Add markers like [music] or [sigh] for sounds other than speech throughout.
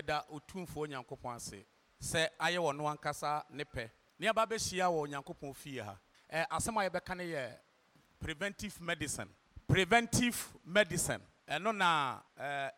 yɛda ɔtumfoɔ nyankopɔn ase sɛ ayɛ wɔ no ankasa ne pɛ ne aba bɛhyia wɔ nyankopɔn fie ha eh, asɛm a yɛbɛka no yɛ preventive medicine preventive medicine ɛno eh, na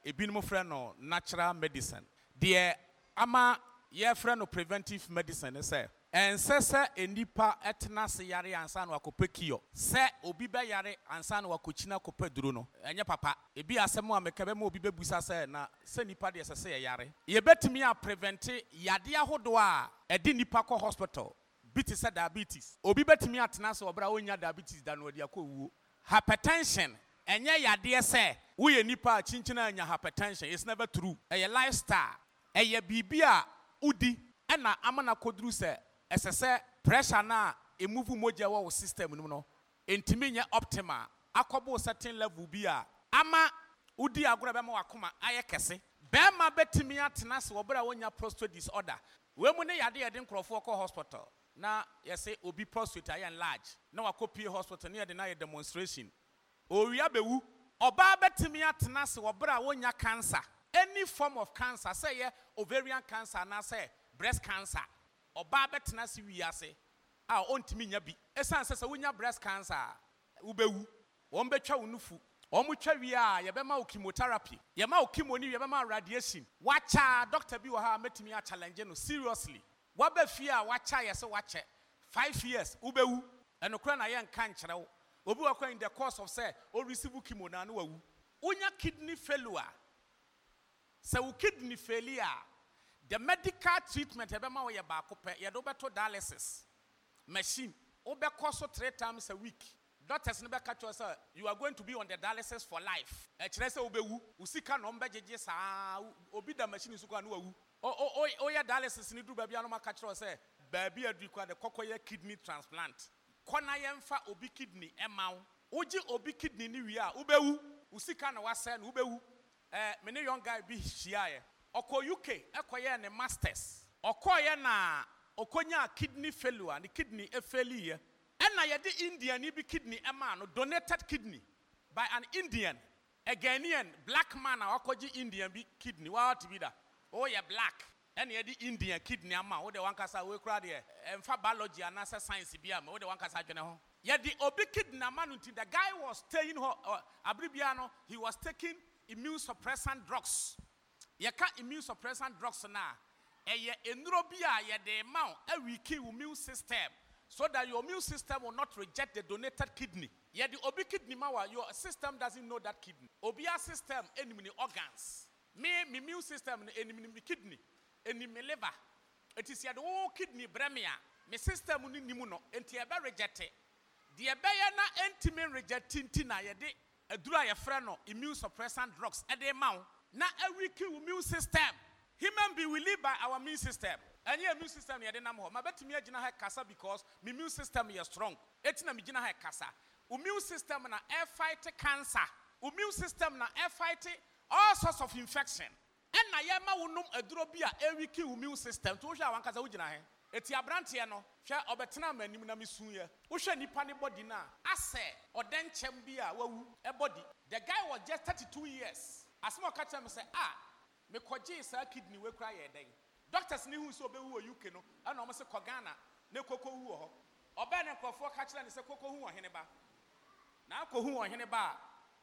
ebinom frɛ no natural medicine deɛ ama yɛfrɛ no preventive medicine ne sɛ ɛnsɛ sɛ nipa tena se yare ansa na wakɔpɛ kiyɔ sɛ obi bɛyare ansa na wakɔkyina kɔpɛ duro no ɛnyɛ papa ebi asɛm a meka bɛma obi bɛbusa sɛ na sɛ nipa deɛ ɛsɛ sɛ yɛyare yɛbɛtumi a prevente yadeɛ ahodoɔ a ɛde nipa kɔ hospital bi te sɛ diabetes obi bɛtumi atena ase ɔbrɛ a ɔnya diabetes da no ɔde akɔwuo hypertension ɛnyɛ yadeɛ sɛ woyɛ nipa a kyinkyin a hypertension it's never true ɛyɛ lifestyle ɛyɛ biribi a wodi ɛna amana kɔduru sɛ I said, pressure now a ɛmuvu mogya wɔ system no mu no ɛntumi nyɛ optimal akɔbɔ certain level bi a ama wodi agorɔ bɛma wakoma ayɛ kɛse bema bɛtumi atena ase wɔ berɛ a wonya prostate disorder wei mu ne yade yɛde nkurɔfoɔ hospital na yɛsɛ obi prostate ayɛ large na wakɔ pie hospital ne yɛde no ayɛ demonstration owia bɛwu ɔbaa bɛtumi atena ase wɔ berɛ a wonya cancer any form of cancer say, ovarian cancer anaasɛ breast cancer ɔbaa bɛtena se ase a ɔntumi nya bi ɛsiane sɛ sɛ wonya breast cancer a wobɛwu wɔn bɛtwa wo nufu wɔn twa wie a yɛbɛma wo chemotherapy yɛma wo chemo ni yɛbɛma radiation wakyɛ a doctor bi wɔ ha a mɛtumi achallenge no seriously wabɛ fie a wakyɛ yɛ sɛ wakyɛ five years wobɛwu ɛnokora na yɛnka nkyerɛ wo obi wɔ kwan in the course of sɛ ɔreceive chemo na ano wawu wonya kidney failure sɛ wo kidney failure a the medical treatment ɛbɛma wɔyɛ baako pɛ yɛde wobɛto dialysis machine wobɛkɔ so three times a week doctors no bɛka kyerɛ you are going to be on the dialysis for life ɛkyerɛ sɛ wobɛwu wo sika na ɔmbɛgyegye saa obi da machine so koa ne wawu woyɛ dialysis no duru baabi a no maka kyerɛ sɛ baabi aduru koa de kɔkɔyɛ kidney transplant kɔ na mfa obi kidney ɛma wo wogye obi kidney ni wie a wobɛwu wo sika na wasɛe no wobɛwu ɛɛ me ne young guy bi hyiaeɛ Oko uk ɛkɔyɛ ne masters ɔkɔɔyɛ na ɔkɔnya kidney failure ni kidney ɛfɛliyɛ ɛna yɛde indian ni bi kidney ɛmaa no donated kidney by an indian a Ghanian, black man a wakɔgye indian bi kidney waawate bi da ɔyɛ oh, black ɛna yɛde indian kidney ama wode wankasa woekura deɛ ɛmfa eh, biology anaasɛ science bi ama wode wankasa adwene ho yɛde obi kidney ama no nti the guy was staying hɔ eh, abere no he was taking immune suppressant drugs yɛka immune suppressant drugs no a ɛyɛ nnuro bi a yɛde ma wo awiki wo immune system so that your immune system will not reject the donated kidney yɛde obi kidney ma wa your system doesn't know that kidney obia system anim ne organs me me immune system no anim ne me kidney anim me liver ɛti sɛ yɛde wo kidney brɛ me a me system no nim no enti ɛbɛ rejecte deɛ ɛbɛyɛ na ɛntimi rejecte nti na yɛde aduru a yɛfrɛ no immune suppressant drugs ɛde ma wo na awiki wo immune system human be we live by our immune system And your immune system na yɛde nam hɔ mabɛtumi agyina ha kasa because me immune system is strong ɛti na megyina ha kasa immune system na fight cancer immune system na fight all sorts of infection ɛna yɛma wo nom aduro bi a ɛwiki wo immune system nti wohwɛ a wankasa wogyina he eti aberanteɛ no hwɛ ɔbɛtena ama anim na mesuiɛ wohwɛ nipa ne bɔdi no a asɛ ɔdɛnkyɛm bi a wawu ɛbɔdi the guy was just 32 years asɛm ɔka kyerɛ me sɛ a mekɔgyee saa kidney wei kora yɛ dɛn doctors ne hu sɛ wɔ uk no ɛna ɔmo sɛ kɔ ghana ne wɔ hɔ ɔbɛn ne nkurɔfoɔ ka kyerɛ ne sɛ hene ba na akɔhu wɔ hene ba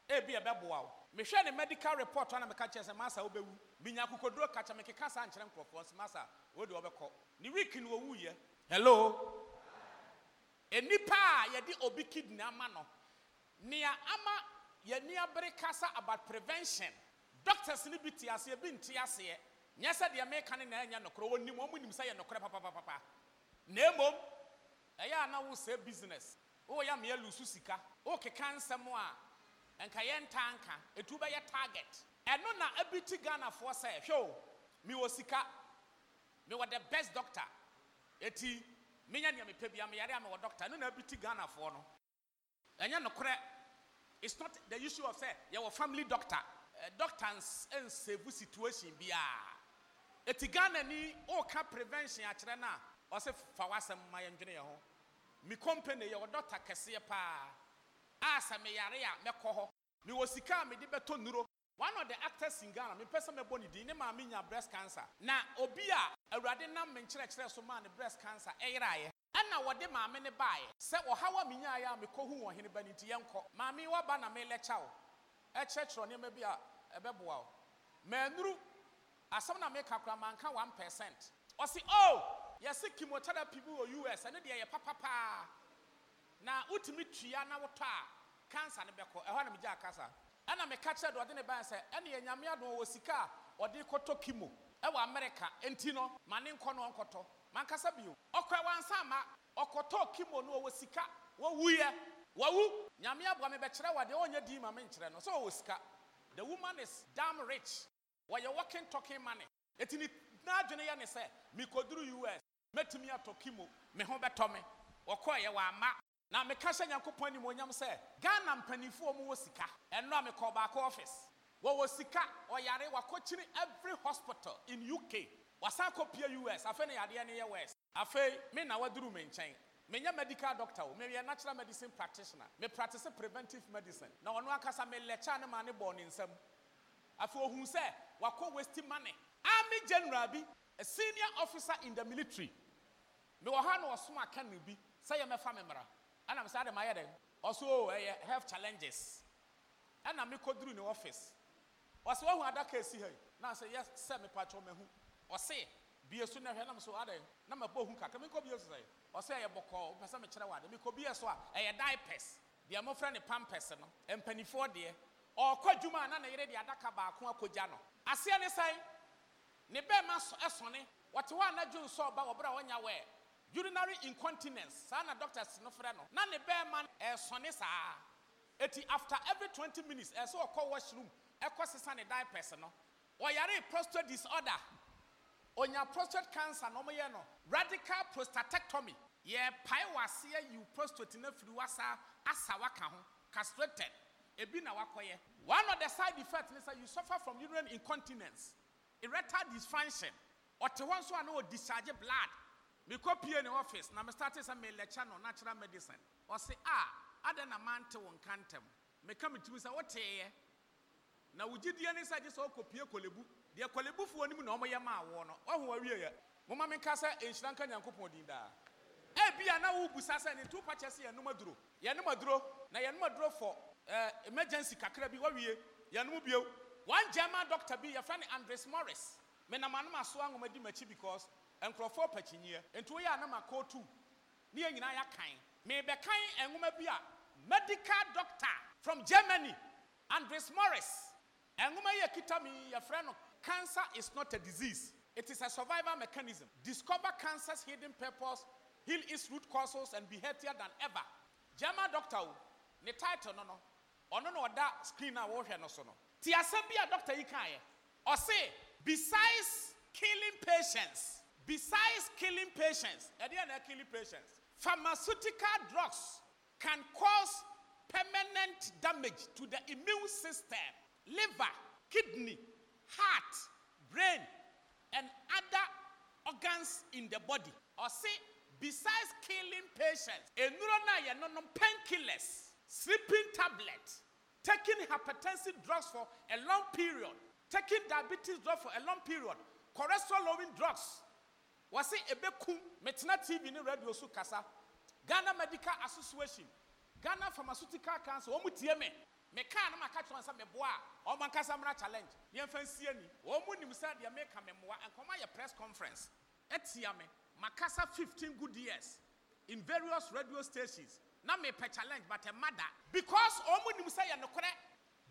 a ebi ɛbɛboa wo mehwɛ ne medical report ana meka kyerɛ sɛ masa wobɛwu menya akokoduro ka kyerɛ mekeka saa nkyerɛ nkurɔfoɔ sɛ masa ɔbɛkɔ ne week a yɛde obi kidney ama no nea ama doctors ni bi te aseɛ bi nte aseɛ nyɛ sɛ deɛ meka ne na ɛnyɛ nokorɛ wɔnim wɔn nim sɛ yɛ nokorɛ papapapa na mmom ɛyɛ a na wosɛ business woyɛ ameɛ lusu sika wokeka nsɛm a nka yɛnta nka be bɛyɛ target ɛno na ɛbi ti ghanafoɔ sɛ hwɛ o mewɔ sika mewɔ the best doctor ɛti menya nea mepɛ bia meyare a mewɔ doctor ɛno na ɛbi ti ghanafoɔ no ɛnyɛ nokorɛ it's not the issue of sɛ yɛwɔ family doctor Eh, doctors nsave situation bi eti ghana ni ɔka prevention akyerɛ na ɔsɛ fa wasɛm ma yɛn dwene yɛn ho mi company yɛ wɔ kɛseɛ paa a sɛ yare a mɛkɔ hɔ mi wɔ sika a mi de bɛtɔ nuro one of the actors in ghana mi pɛ sɛ mɛbɔ ne din ne maame nya breast cancer na obi a awurade nam mi nkyerɛkyerɛ so maa ne breast cancer ɛyera yɛ ɛna wɔde maame ne baayɛ sɛ ɔhawa mi nyaayɛ a mi kɔ hu wɔn hene ba ne ti yɛn kɔ maame waba na mi lɛkya o ɛkyerɛkyerɛ nneɛma bi a ɛbɛboa o mɛnuru asɛm na meka kora manka 1 percent o oh kimo chemotherapy bi wɔ us ɛne deɛ yɛ papapaa na wotumi tua na wotɔ a cancer ne bɛkɔ ɛhɔ na megye akasa ɛna meka kyerɛ deɛ ɔde ne ban sɛ ɛne yɛ nyame adom wɔ sika a ɔde kɔtɔ chemo ɛwɔ america enti no ma ne nkɔ no ɔnkɔtɔ mankasa bio ɔkɔ wansa ma ɔkɔtɔ chemo no ɔwɔ sika wɔwuiɛ wawu nyame aboa me bɛkyerɛ wɔ deɛ ɔnyɛ dii ma menkyerɛ no sɛ ɔwɔ sika The woman is damn rich. While you're working, talking money. It's in it. Now, Jenny, and say, Mikodru US, met me at Tokimo, Mehombe Tommy, or Koya Wama. Now, Mekasha Yankoponi Monyam say, Ghana Penifo Mosika, and now call back office. What was Sika or Yare were every hospital in UK. Wasako Pia US, Afeni Adiani US. Afe, Mena Wadru Menchain. May a medical doctor, maybe a natural medicine practitioner. May practice preventive medicine. Now, on what case I may let China money born in some. I feel who say, Wako wasting money. Army general be a senior officer in the military. May Wahano or Suma can be say, I'm a family member. And I'm sad, my head also have challenges. And I'm a code in the office. What's I with that case here? Now, say, Yes, send me patrol me who or say bie so na hwɛ nam so adɛ na ma bɔ hu kakra mekɔ bie so sɛ ɔsɛ ɛyɛ bɔkɔɔ wopɛ sɛ mekyerɛ wo ade mekɔ bie so a ɛyɛ diapers deɛ mɔfrɛ ne pampers no mpanifoɔ deɛ ɔkɔ adwuma a na ne yere de adaka baako kujano. no aseɛ ne sɛn nebe bɛrima ɛsɔne wɔte hɔ a na dwo nsɔ ɔba wɔberɛ a wɔnya wɛ urinary incontinence saa na doctors no frɛ no na ne bɛrima ɛsɔne eti after every twenty minutes ɛsɛ ɔkɔ washroom ɛkɔ sisa ne diapers no ɔyare prostate disorder onya prostate cancer na ɔmoyɛ no radical prostatectomy yɛpae waseɛ yiw prostate no afiri wasa asa waka ho castrated ebi na wakɔyɛ one of the side effects ni sɛ you suffer from urinary incontinence erectile dysfunction or hɔ nso a na discharge blood mekɔ pie ni office na mestarte sɛ melecture no natural medicine say ah ada na mante wo nka ntɛm meka metumi sɛ woteeɛ na wo gyidie ne sɛ gye sɛ wokɔpie deɛ kɔlebufoɔ ebia emergency one german doctor be your friend andres morris menam anom aso anwoma di m'akyi because nkurɔfoɔ pakyinyiɛ nti woyɛ anam akɔɔ tu ne yɛn nyinaa yɛakan mebɛkan nwoma bi a medical doctor from germany andres morris nwoma yi akita mi yɛfrɛ Cancer is not a disease, it is a survival mechanism. Discover cancer's hidden purpose, heal its root causes, and be healthier than ever. German doctor, the title no no. or no no screen na will no so no. Ti asem doctor yi can ye. say besides killing patients, besides killing patients, e dey na killing patients. Pharmaceutical drugs can cause permanent damage to the immune system, liver, kidney, heart, brain, and other organs in the body. Or see, besides killing patients, a neuronal painkillers, sleeping tablets, taking hypertensive drugs for a long period, taking diabetes drugs for a long period, cholesterol lowering drugs. Wasi ebeku metina TV ni radio su kasa. Ghana Medical Association, Ghana Pharmaceutical Council, omu tieme. meka na maka kyerɛ sɛ meboa a ɔmo ankasa mra challenge yɛmfa enfensi ni o mu nim sɛ deɛ meka moa. Enkoma ya press conference etia me makasa fifteen good years in various radio stations na mepɛ challenge but a da because o mu nim ya yɛ nokorɛ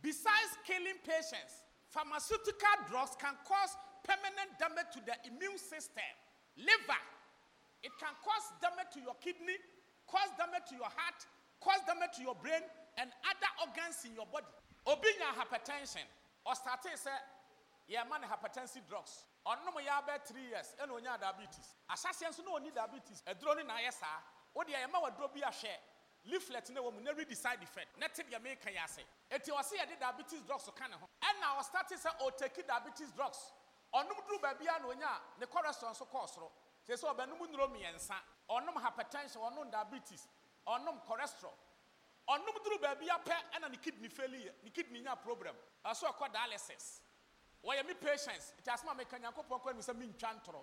besides killing patients pharmaceutical drugs can cause permanent damage to the immune system liver it can cause damage to your kidney cause damage to your heart cause damage to your brain and other organs in your body. Obi nya hypertension. Ɔstate sɛ yɛma ne hypertension drugs. Ɔnom yɛ abɛ three years ɛna onya diabetes. Ahyɛseɛ nso na oni diabetes. Aduro ne na ayɛ saa. Wode yɛma waduro bi share. leaflet ne wɔ mu never decide the side effect. Ne te deɛ meka yɛ ase. Eti ɔsi yɛde diabetes drugs ka ne ho. Ɛna ɔstate sɛ take diabetes drugs. Ɔnom duro baabi a na onya ne cholesterol nso kɔɔ soro. Sɛ sɛ ɔbɛnum nnuro mmiɛnsa. Ɔnom hypertension, ɔnom diabetes, ɔnom cholesterol. ɔnom duru baabi apɛ ɛna ne kidney failure ne kidney nya problem ɛso ɛkɔ dialysis wɔyɛ me patience nti asɛm a meka nyankopɔn kɔ anim sɛ mentwa ntorɔ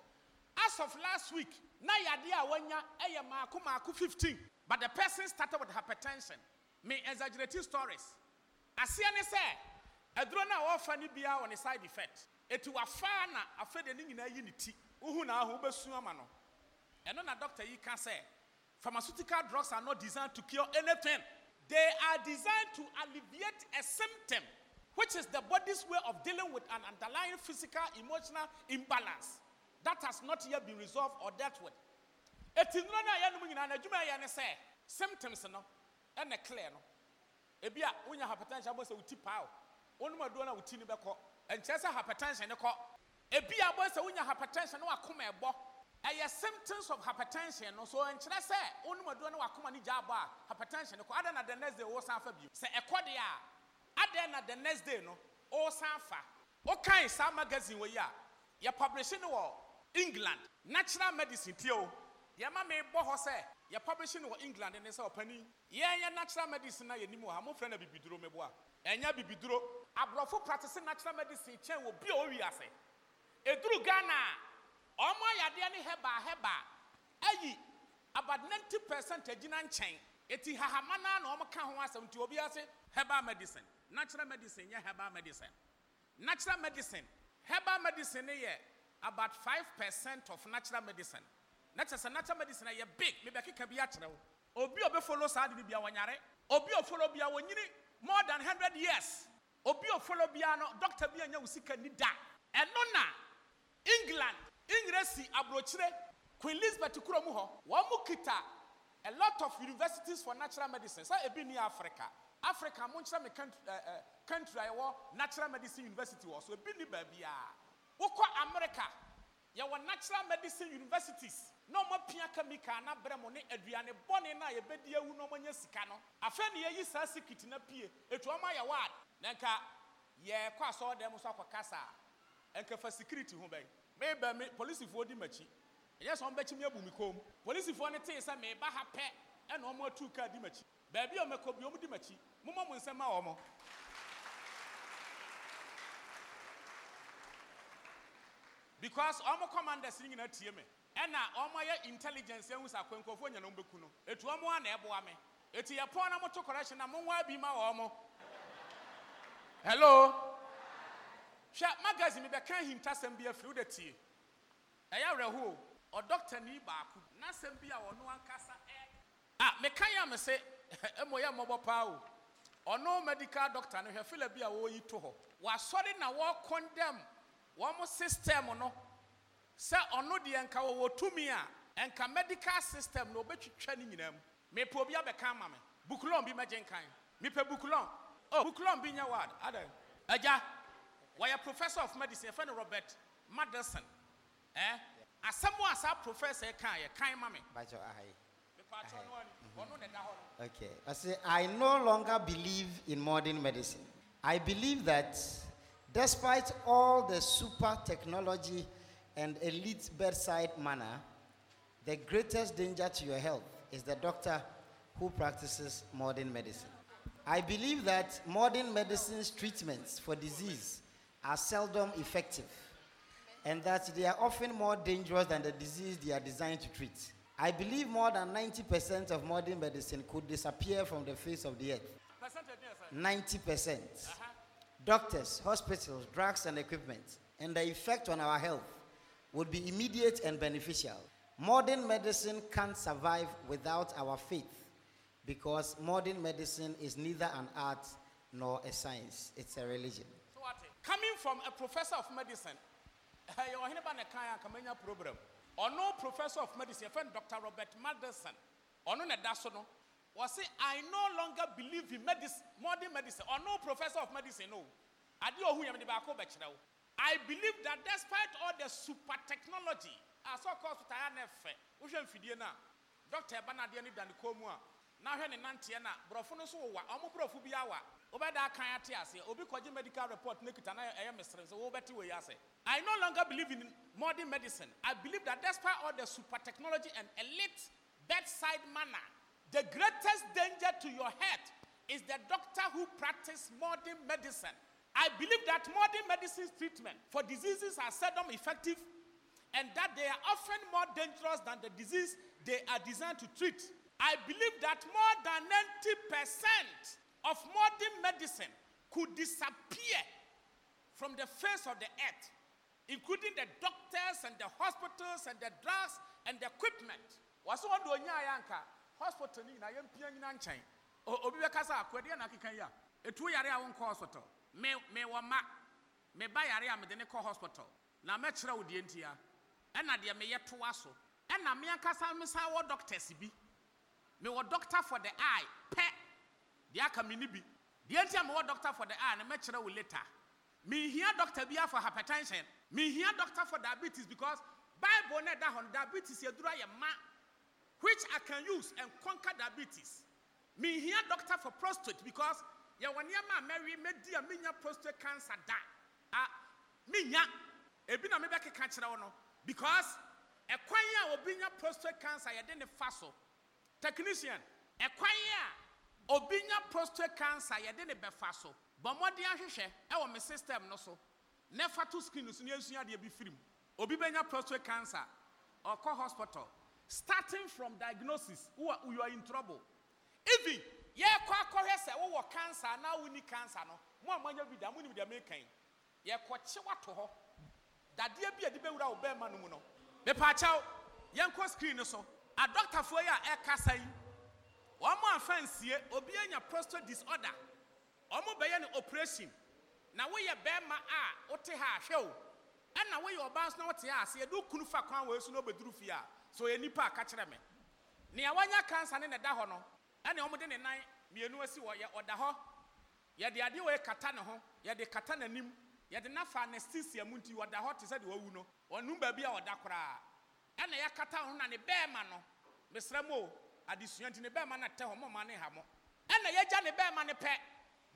as of last week na yadeɛ a wanya ɛyɛ maako maako 15 but the person started with hypertension me exaggerating stories aseɛ ne sɛ aduro no a wɔrefa no biara wɔ ne side effect ɛti wafaa na afei deɛ ne nyinaa yi ne ti wohu na aho wobɛsu ama no ɛno na doctor yi ka sɛ pharmaceutical drugs are not designed to cure anything they are designed to alleviate a symptom, which is the body's way of dealing with an underlying physical, emotional imbalance that has not yet been resolved or dealt with. symptoms no ɛna clear no. Ebia, a wonya hypertension uti sɛ wuti paa o. Wonum aduo na wuti ni bɛkɔ. Ɛnkyɛ sɛ hypertension ne kɔ. Ebi a abɔ sɛ wonya hypertension na ɛyɛ symptoms of hypertension no so nkyerɛ sɛ wonom aduo no wakoma no gyaa a hypertension kɔ adɛn na the next day wɔsan fa bio sɛ ɛkɔ deɛ a adɛn na the next day no wɔsan fa wokae saa magazine wɔ yi a yɛ publish no wɔ england natural medicine tie o deɛ ma mebɔ hɔ sɛ yɛ publish no wɔ england ne sɛ ɔpani yɛnyɛ natural medicine na yɛnim wɔ ha mofrɛ no bibiduro meboa ɛnyɛ bibiduro aborɔfo practice natural medicine kyɛn wɔ bi a ɔwi ase ɛduru ghana a wɔn ayadeɛ ne heba heba ayi about ninety percent agyina nkyɛn eti hahama naa na wɔn ka ho asɛm nti obi ase herbal medicine natural medicine yɛ herbal medicine natural medicine herbal medicine yɛ about five percent of natural medicine na kyerɛ sɛ natural medicine yɛ big mebɛ keka bi akyerɛ wo obi a obɛfolo saa de no bia wɔnyare obi a ofolo bia wɔnyini more than hundred years obi a ofolo bia no doctor bi a nya wo sika ni da ɛno na england Ingresi si aburokyire queen elizabeth kuro mu hɔ wɔn mu kita a lot of universities for natural medicine sɛ ebi ni africa africa mo nkyerɛ mi country ɛɛ eh, eh, country a yɛwɔ natural medicine university wɔ so ebi ni baabi a wokɔ america yɛwɔ natural medicine universities na wɔn apia chemical na brɛ mo ne aduane bɔne na yɛbɛdi ewu na wɔn anya sika no afɛn ni yɛyi saa sikiti na pie etu wɔn ayɛ ward na nka yɛkɔ asɔrɔ dɛm so akɔ kasa nka fa security ho bɛyi mebɛ me polisifoɔ di m'akyi ɛyɛ sɛ ɔmbɛkyi me abu me kɔn mu polisifoɔ no tee sɛ meba ha pɛ ɛna ɔmo atu kaa di m'akyi baabi a ɔmɛkɔ bi ɔmo di m'akyi momɔ mo nsɛm ma ɔmo because ɔmo commanders ne nyinaa tie me ɛna ɔmo ayɛ intelligence ehu sɛ akɔnkɔfoɔ nyɛ na ɔmo bɛku no etu ɔmo a na ɛboa me eti yɛ pɔn na mo to correction na mo nwa bi ma ɔmo hello hwɛ magazine bɛka ahintasɛm bi afiri wode tie ɛyɛ awerɛhoo ɔdɔktani baako na asɛm bi a ɔno ankasa ɛ ah, a meka yɛ me se [laughs] mmɔ yɛ mmɔbɔ paa o ɔno medical doctor no hwɛ fila bi a wɔreyi to hɔ wasɔre na wɔrekɔndɛm wɔn system no sɛ ɔno deɛ nka wɔwɔ tumi a nka medical system na wɔbɛtwitwa ne nyinaa mu mepɛ obi abɛka ama me bukulɔn bi mɛgye nkan mepɛ bukulɔn o oh, bukulɔn bi nyɛ wad adan agya. a professor of medicine friend no robert Madison. eh? as a saa professor can, yɛ kan ma me Okay. I say, I no longer believe in modern medicine. I believe that despite all the super technology and elite bedside manner, the greatest danger to your health is the doctor who practices modern medicine. I believe that modern medicine's treatments for disease are seldom effective and that they are often more dangerous than the disease they are designed to treat. I believe more than 90% of modern medicine could disappear from the face of the earth. 90%. Uh-huh. Doctors, hospitals, drugs, and equipment, and the effect on our health would be immediate and beneficial. Modern medicine can't survive without our faith because modern medicine is neither an art nor a science, it's a religion coming from a professor of medicine ɛyɛ [laughs] ɔhene ba ne kan a kamanya program ɔno professor of medicine yɛfɛ dr robert madison ɔno na ɛda so no wɔsi i no longer believe in medicine modern medicine ɔno professor of medicine no adeɛ ohu yɛn de baako bɛkyerɛ i believe that despite all the super technology I saw taa na ɛfɛ wohwɛ mfidie no a dr ɛba na adeɛ no da ne kɔn mu a n'ahwɛ ne nanteɛ na borɔfo no nso wɔ wa kan ate ase obi medical report ne i no longer believe in modern medicine i believe that despite all the super technology and elite bedside manner the greatest danger to your health is the doctor who practices modern medicine i believe that modern medicine's treatment for diseases are seldom effective and that they are often more dangerous than the disease they are designed to treat i believe that more than 90 percent of modern medicine could disappear from the face of the earth, including the doctors and the hospitals and the drugs and the equipment. Wasu wadu onyayanka hospital ni na yempia nyina nchan. Obi na keka Etu yare a wonko hospital. Me me wama me ba yare a mede ne ko hospital. Na me kire wo die ntia. Ɛna de me yeto aso. Ɛna me ankasa me sa wo doctors bi. Me wo doctor for the eye. Pe deɛ aka me ni bi deɛ nti a mewɔ doctor for the eye no mɛkyerɛ wo later menhia doctor bi for hypertension menhia doctor for diabetes because bible no ɛda hɔ no diabetes yɛduru ayɛ ma which I can use and conquer diabetes menhia doctor for prostate because yɛwɔ nneɛma a mɛwe mɛdi a menya prostate cancer da a menya ebi na mebɛkeka kyerɛ wo no because ɛkwan a obi nya prostate cancer yɛde ne fa so technician ɛkwan a obi nya prostate cancer yɛde ne bɛfa so bɔ mmɔden ahwehwɛ ɛwɔ me system no so ne fa to so ne esua adeɛ bi firim obi bɛnya prostate cancer ɔkɔ hospital starting from diagnosis wo you are in trouble even yɛkɔ akɔhwɛ sɛ wowɔ cancer anaa woni cancer no mo a moanya bi da monim deɛ mekan yɛkɔkye wato hɔ dadeɛ bi a de bɛwura wo bɛrima no mu no mepaakyɛw yɛnkɔ screen no so adɔktafoɔ yi a ɛkasa yi wɔn afansie obi anya prostate disorder wɔn bɛyɛ no operation na woyɛ bɛrima a wote ha ahwɛ o ɛna woyɛ ɔbaa nso na wote ha ase yɛde okunu fa kwan wɔ esu na fie a so yɛ nipa a ka mị. nea wanya cancer na ɛda hɔ no ɛna wɔn de ne nan mmienu esi yɛ ɔda hɔ yɛde adeɛ wɔyɛ kata ne ho yɛde kata n'anim yɛde n'afa anesthesia mu nti ɔda hɔ te sɛ deɛ wawu no ɔnum baabi a ɔda koraa ɛna ho na ne no mu o adesua nti ne bɛrima no atɛ hɔ mɔma ne ha mɔ ɛna yɛgya ne bɛrima no pɛ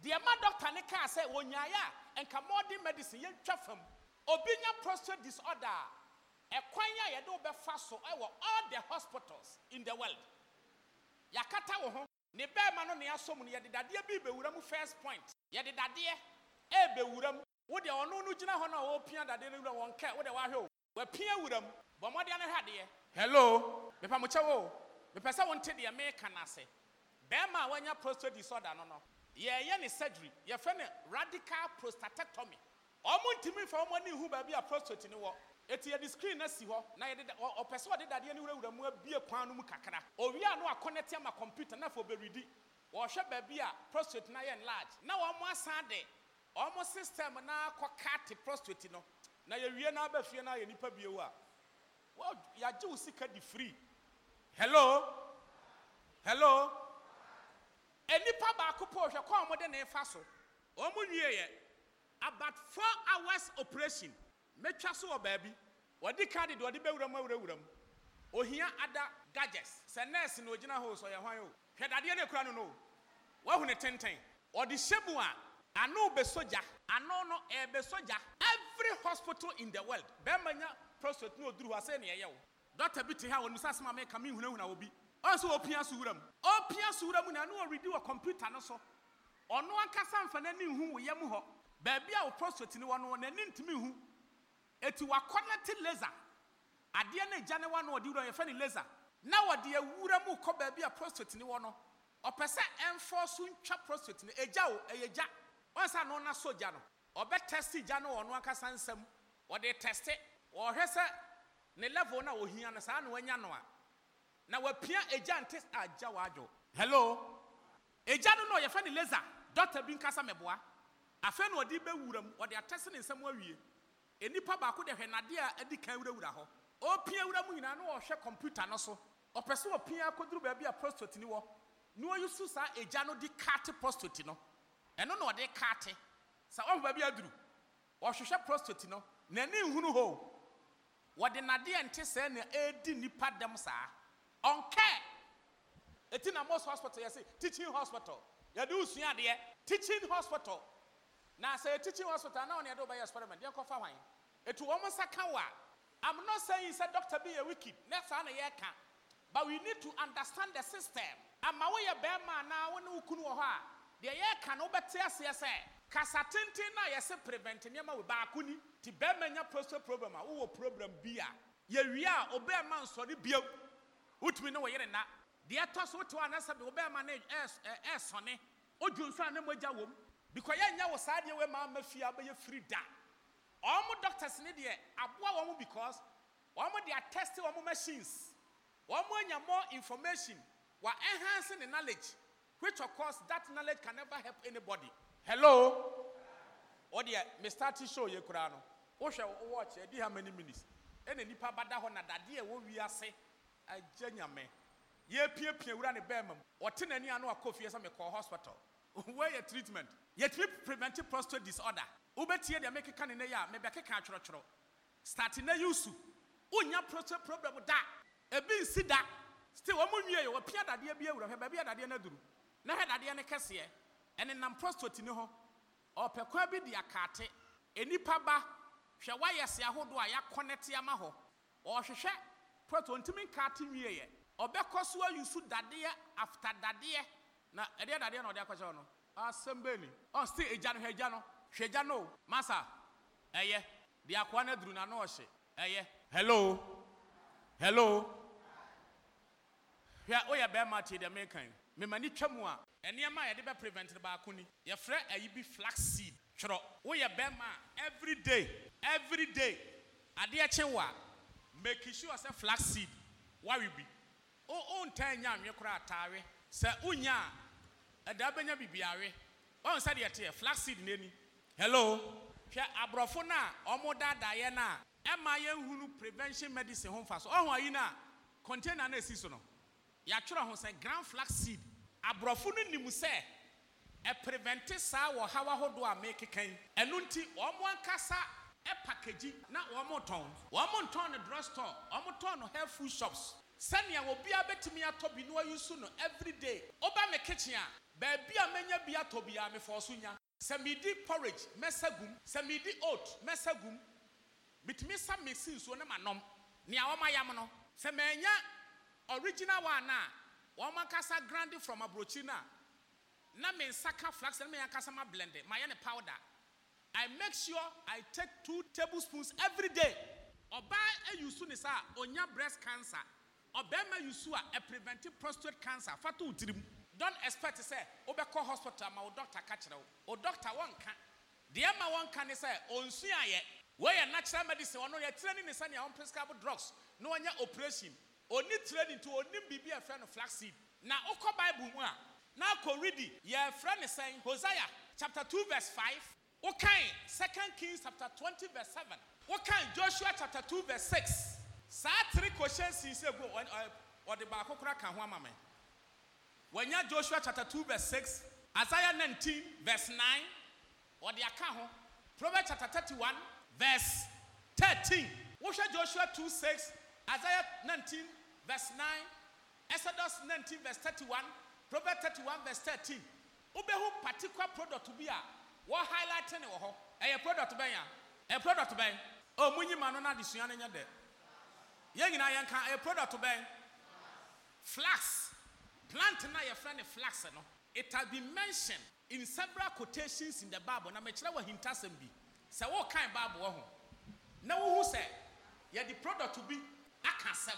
deɛ ma dɔkta ne kaa sɛ wɔnyaeɛ a nka mɔden medicine yɛntwa fam obi nya prostate disorder a ɛkwan a yɛde wo bɛfa so ɛwɔ all the hospitals in the world yɛakata wo ho ne bɛrima no ne asɔ mu no yɛde dadeɛ bi bɛwura mu first point yɛde dadeɛ ɛbɛwura mu wodeɛ ɔno no gyina hɔ no a wɔpia dadeɛ no wura wɔn kɛ wodeɛ wahwɛ o wapia wura mu bɔmmɔdeɛ no hwɛ adeɛ hello mepamokyɛ wo mepɛ sɛ wonte deɛ meka no ase bɛrima a wanya prostate disorder no no yɛyɛ ne surgery yɛfɛ no radical prostatectomy ɔmo ntumi fa ɔmo ani hu baabi a prostate ne wɔ eti yɛde screen na si hɔ na yɛde ɔpɛ sɛ ɔde dadeɛ no wurawura mu abie kwan no mu kakra owia no akɔnɛte ama computer na afɔ bɛredi wɔhwɛ baabi a prostate na yɛ enlarge na wɔn asan de wɔn system na akɔ prostate no na yɛwie na aba na yɛ nipa bie wo wɔ yagye wo sika di free hello hello enipa eh, baako po hwɛ kɔn mo de ne fa so wɔn mo nwie yɛ about four hours operation metwa so wɔ baabi wɔde kaadi de wɔde bɛwura mu awurawura mu ohia ada gadgets sɛ nɛɛse na ogyina hɔ so ɔyɛ hwan o hwɛ dadeɛ no ekura no no wahu ne tenten ɔde hyɛ mu a ano bɛ sogya ano no ɛɛbɛ sogya every hospital in the world bɛrima nya prostate na oduru hɔ asɛ ne ɛyɛ o dɔkta bi te ha wɔn musa asoma mɛka mi nhunahuna wɔ bi ɔnso opia suwura mu opia suwura mu na ɛno ɔredi wɔ kɔmputa no so ɔno ankasa nfa n'ani nhu wɔ yam hɔ beebi a prostate ni wɔ no n'ani ntumi nhu eti wakɔnɛte laser adeɛ no gya ne wa no ɔde wura yɛfɛ ne laser na wɔde ewura mu kɔ beebi a prostate ni wɔ no ɔpɛ sɛ ɛnfɔ so ntwa prostate no egya o ɛyɛ gya ɔnsa no na so gya no ɔbɛ testi gya no wɔ no ankasa nsam ɔde testi wɔhwɛ ne level na ohia no saa na wanya no na wapia agya nte agya wadwo hello agya no na ɔyɛfɛ ne laser doctor bi nkasa mɛboa afɛ na ɔde bɛwura mu ɔde atɛse ne nsɛm awie enipa baako de hwɛ nade a adi kan wurawura hɔ ɔpia wura mu nyinaa na ɔhwɛ computer no so ɔpɛ sɛ ɔpia akɔduru baabi a prostate ni wɔ na ɔyi so saa agya no de kaate prostate no ɛno na ɔde kaate saa ɔhwɛ baabi aduru ɔhwehwɛ prostate no n'ani nhunu hɔ o. What nadeɛ nte sɛɛ na ɛredi nipa dɛm saa ɔnkɛ ɛti na most hospital say, teaching hospital yɛde wosua adeɛ teaching hospital na say, teaching hospital na ɔne yɛde wobɛyɛ experiment yɛnkɔfa Etu ɛtu wɔn nsa i'm not saying said doctor be a wicked na saa na yɛreka but we need to understand the system ama woyɛ bɛrima anaa wo ne wo kunu wɔ no kasa tenten na yɛsɛ prevent nneɛma wɔ baako ni ti bɛrima nya prostate problem a wowɔ problem bi a yɛwie a ɔbɛrima nsɔre bio wotumi ne wɔyere na deɛ ɛtɔ so wote hɔ a bi ɔbɛrima no ɛɛsɔne odwo nso a ne mogya wɔ mu bikɔ yɛnyɛ wɔ saa deɛ wei maa ma fie abɛyɛ firi da wɔn doctors ne deɛ aboa wɔn because wɔn de atest wɔn machines wɔn anya more information wɔ enhance ne knowledge which of course that knowledge can never help anybody hello Mr. mestarte show yɛ koraa no wohwɛ wo watch adi how many minutes ɛna nipa bada hɔ na dadeɛ ɛwɔ wiase agye nyame yɛpiapia wura ne bɛrima mu ɔte n'ani ano akɔ fie sɛ mekɔɔ hospital [laughs] wɔyɛ treatment yɛtumi prevent prostate disorder wobɛtie deɛ mekeka ne nɛyɛ a mebɛkeka atwerɛtwerɛ starte na yusu wonya prostate problem da ebi nsi da still wɔn mu nwie yɛ wɔpia dadeɛ bi awura hɛ baabi yɛ dadeɛ no aduru na hɛ dadeɛ no kɛseɛ ɛne nam prostate ni hɔ ɔpɛ kwan bi de akaate enipa ba hwɛ wayɛsi ahodoɔ a yakɔnɛte ama hɔ ɔhwehwɛ prostate ntumi nkaate nwie yɛ ɔbɛkɔ so ayusu dadeɛ after dadeɛ na ɛdeɛ e dadeɛ na ɔde akɔhyɛ hɔ no asɛm bɛɛ ni ɔn still egya no hwɛ egya no hwɛ egya no masa ɛyɛ de akoa no aduru n'ano ɔhyɛ ɛyɛ hello hello hwɛ oyɛ bɛrima tie deɛ mɛkan mɛma ni twɛ mu a nneɛma a yɛde bɛ prevent no baako ni yɛfrɛ ayi bi flax seed twerɛ woyɛ bɛrima a every day every day adeɛ kye wa make sure sɛ flax seed wawe bi o o ntaa nya anwe koraa ataare sɛ unya a ɛdaa bɛnya bibiare o sɛ deɛ teɛ flax seed n'ani hello hwɛ aborɔfo no a wɔn daadaeɛ no a ɛma yɛnhunu prevention medicine ho mfa so ɔhun ayi no container no esi so no yɛatwerɛ ho sɛ grand flax seed aborɔfo no nim sɛ ɛprevente saa wɔ haw ahodoɔ a mekeka yi ɛno nti wɔn ankasa ɛpakagyi na wɔn tɔn no drugstore wɔn tɔn no hair food shops sɛnea obiara bɛtumi atɔ bi na wɔyi so no everyday ɔba me kitchen a baabi a menya bi atɔ bi a mefɔ so nya sɛ medi porridge mɛsa gum sɛ medi oat mɛsa gum bitumi sa mesi nsuo ne ma nom nea wɔn ayam no sɛ menya original one a wɔn ankasa grande from aburokyi na na me nsa ka flax na me ankasa ma blend ma yɛ ne powder i make sure i take two tablespoons every day ɔbaa eyusu ne sa onya breast cancer ɔbɛrima yusu a prevent prostate cancer fata o tirim don expect sɛ wobɛkɔ hospital ma wo doctor ka kyerɛ wo o doctor wɔnka deɛ ma wɔnka ne sɛ onsua yɛ wɔyɛ natural medicine ɔno yɛ tire ne ni sɛ nea wɔn prescribe drugs na wɔnyɛ operation. oni training to onim bibi a friend no flaxseed na okɔ bible mu a na akɔ redi yɛfrɛ ne hosea chapter 2 verse 5 wokan second kings chapter 20 verse 7 wokan joshua chapter 2 verse 6 Sa three questions you say what ɔde baako kora ka ho ama me joshua chapter 2 verse 6 isaiah 19 verse 9 ɔde aka ho proverbs chapter 31 verse 13 wohwɛ joshua 2 6 isaiah 19 verse 9, Exodus 19, verse 31, Proverbs 31, verse 13. Ubehu particular product to be a what highlighting or ho. A product be oh, a product by oh, Muni Manona, the Sian in your day. Yang in Ianca, a product by flax. Plant na your friend a flax. No? It has been mentioned in several quotations in the Bible. Na mechira wa hintasem what kind of Bible wɔ ho. Na wohu sɛ yɛde product to be, asɛm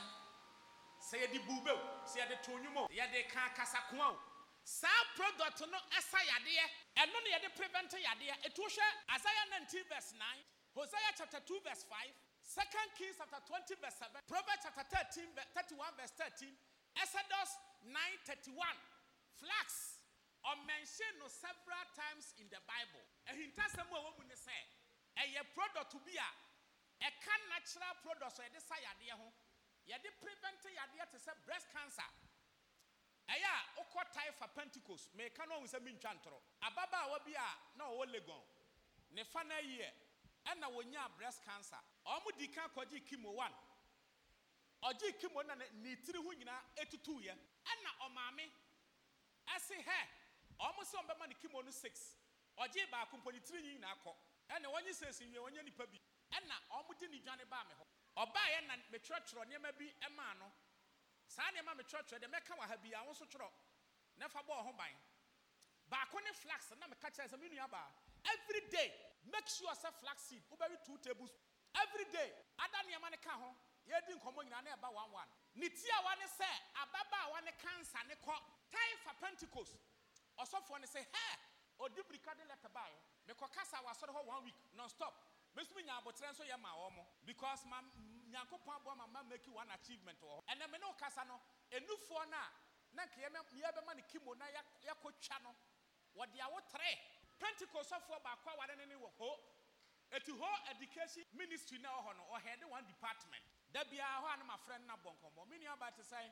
sɛ yɛde bube o sɛ yɛde to de o yɛde ka Sa o saa product no ɛsa yadeɛ ɛno ne de prevent yadeɛ ɛtu hwɛ isaiah 19 verse 9 hosea chapter 2 verse 5 second kings chapter 20 verse 7 proverbs chapter 13 31 verse 13 exodus 9 31 flax or mentioned no several times in the bible ɛhinta sɛm a ɛwɔ mu ne say. ɛyɛ product bi a ɛka natural product a yɛde sa yadeɛ ho yɛde prevent yadeɛ te sɛ breast cancer ɛyɛ a wokɔ tae fa pentecost meka no ɔhu sɛ mentwa ntorɔ ababaawa bi a na ɔwɔ legon ne fa no ayiɛ ɛna wɔnyaa breast cancer ɔmo di ka kɔgye kimo 1 ɔgye kimo na ne tiri ho nyinaa ɛtutuyɛ ɛna ɔmaame ɛse hɛ ɔmo sɛ ɔmbɛma ne kimo no 6 ɔgye baako mpo ne tiri nyinaa kɔ ɛna wɔnye sɛsi wie wɔnyɛ nipa bi ɛna ɔmo de ne dwane baa me hɔ ɔbaayɛ na metwerɛtwerɛ nneɛma bi maa no saa nneɛma metwerɛtwerɛ deɛ mɛka wɔ ha bi a wɔn nso twerɛ na fa bɔɔ ho ban baako ne flax na meka kyerɛ sɛ me nua baa every day make sure sɛ flax seed wobɛwe two tables every day ada nneɛma ne ka ho yɛdi nkɔmmɔ nyinaa na ɛba one one ne ti a wa ne sɛ ababaawa ne kansa ne kɔ time for pentecost ɔsɔfoɔ ne sɛ hɛ odi birika de lɛtɛ baayɛ mekɔ kasa wɔ asɔre hɔ one week non stop mesumi nya abotire nso yɛ ma wɔn mo because ma nyankopɔn aboa ma ma make one achievement wɔ hɔ ɛnna mi ne kasa no enufoɔ no na nkeɛ yɛ bɛma ne kimo na yɛkɔ twa no wɔde awotire pentikos sɔfoɔ baako a ne ne wɔ hɔ eti hɔ education ministry na wɔ hɔ no ɔhɛ de one department dabi a hɔ a ne ma frɛ no na bɔnkɔnbɔ mi nua ba te sɛ.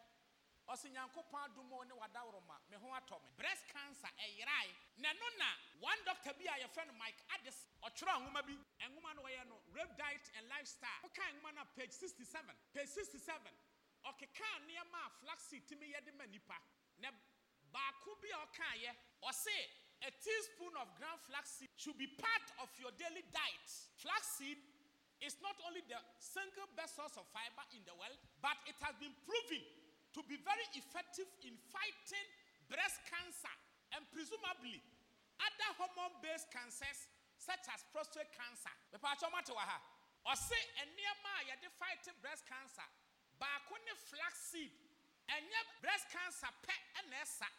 ɔsi nyankopɔn adumu ne wadaworoma me ho atɔ me breast cancer ɛyerae na no na one doctor bi a yɛfrɛ no mike addis ɔtwerɛ nwoma bi nwoma no wɔyɛ no rape diet and lifestyle woka nwoma no page 67 page 67 ɔkeka nneɛma a flaxseed tumi yɛde ma nipa na baako bi a ɔkaeɛ ɔse a teaspoon of ground flaxseed should be part of your daily diet flaxseed is not only the single best source of fiber in the world but it has been proven to be very effective in fighting breast cancer and presumably other hormone based cancers such as prostate cancer. Mepachomatewaha. Or say, and near my, you're fighting breast cancer. Bakone flaxseed. And yet, breast cancer, pe enesa essa.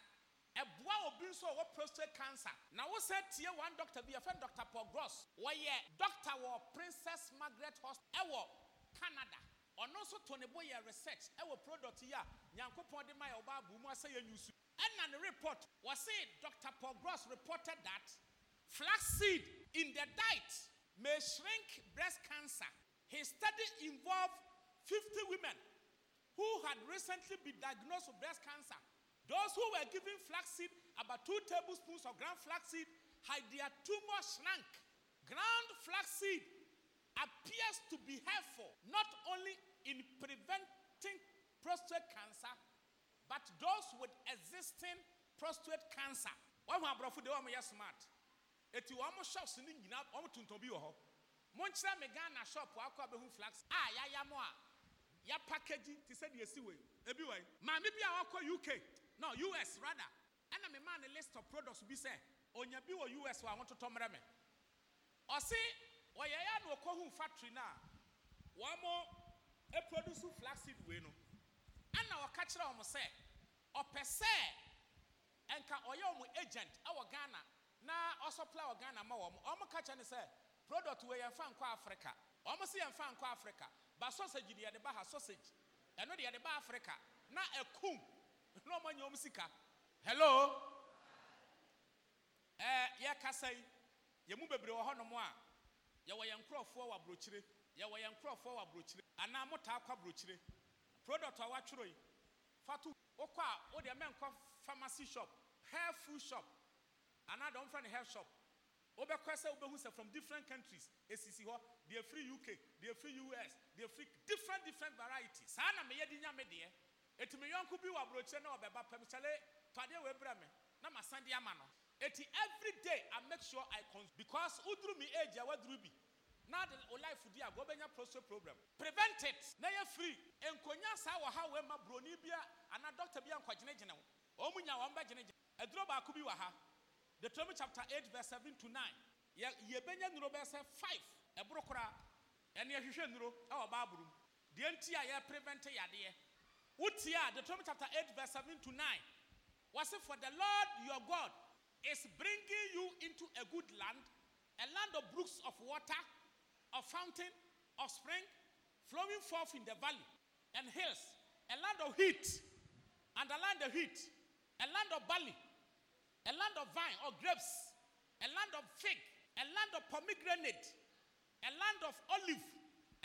A boa will so prostate cancer. Now, what said tier one doctor be a friend, Dr. Paul Gross? Why, yeah, Dr. War Princess Margaret Hospital, Canada. Or no, so Tony Boyer research, our product here. nyankopɔn de ma yɛ ɔba abu mu asɛ yɛ nyusu ɛna ne report dr paul gross reported that flaxseed in the diet may shrink breast cancer his study involved 50 women who had recently been diagnosed with breast cancer those who were given flaxseed about two tablespoons of ground flaxseed had their tumor shrunk ground flaxseed appears to be helpful not only in preventing prostate cancer but those with existing prostate cancer wɔn aborɔfo de wɔn yɛ smart eti wɔn shops ne nyinaa wɔn tuntum bi wɔ hɔ monkyerɛ me ghana shop akɔ abɛhu flax a yɛayɛ mo a yɛapakagi te sɛ deɛ ɛsi wei ebi wei maame bi a wakɔ uk no us rather ɛna memaa ne list of products bi sɛ onya bi wɔ us wɔ ahototɔ mmerɛ me ɔse wɔyɛyɛ na wɔkɔhu factory no a wɔn produce flaxseed wei no ana ɔka kyerɛ wɔn sɛ ɔpɛ sɛ nka ɔyɛ wɔn agent ɛwɔ ghana na ɔsɔpla wɔ ghana ma wɔn wɔn ka kyerɛ ne sɛ product wɔ yɛn fa nkɔ africa wɔn si yɛn fa nkɔ africa ba sausage deɛ yɛde ba ha sausage ɛno deɛ yɛde ba africa na ɛkum [laughs] na wɔn anya wɔn sika hello ɛɛ yɛkasa yi yɛn mu bebree wɔ hɔnom a yɛwɔ yɛn nkurɔfoɔ wɔ aburokyire yɛwɔ yɛn nkurɔfoɔ wɔ aburokyire anaa motaa kɔ aburokyire. product a wɔatwerɛ yi Fatu. to wokɔ a wode mɛnkɔ pharmacy shop hair food shop anaa deɛ wɔmfrɛ hair shop wobɛkɔ sɛ wobɛhu sɛ from different countries ɛsisi hɔ deɛ firi uk deɛ firi us deɛ firi different different variety saa na meyɛ de nya me deɛ ɛti me yɔnko bi wɔ aburokyerɛ na ɔbɛba pɛm kyɛle padeɛ wɔabrɛ me na masan de ama no ɛti every day i make sure i consume because woduru me age a waduru bi na de o life di a wɔbɛnya prostate problem prevent it na yɛ free nkonya saa wɔ ha wɔma bronibia bi a doctor bi a nkɔgyinagyina ho wɔn nya wɔn bɛgyinagyina aduro baako bi wɔ deuteronomy chapter eight verse seven to nine Yebenya yɛbɛnya nnuro bɛyɛ sɛ five ɛboro koraa ɛne nuro. nnuro ɛwɔ baaburu mu deɛ nti a yɛ prevent yadeɛ deuteronomy chapter eight verse seven to nine wɔsi for the lord your god is bringing you into a good land a land of brooks of water a fountain of spring flowing forth in the valley and hills, a land of heat, and a land of heat, a land of barley, a land of vine or grapes, a land of fig, a land of pomegranate, a land of olive,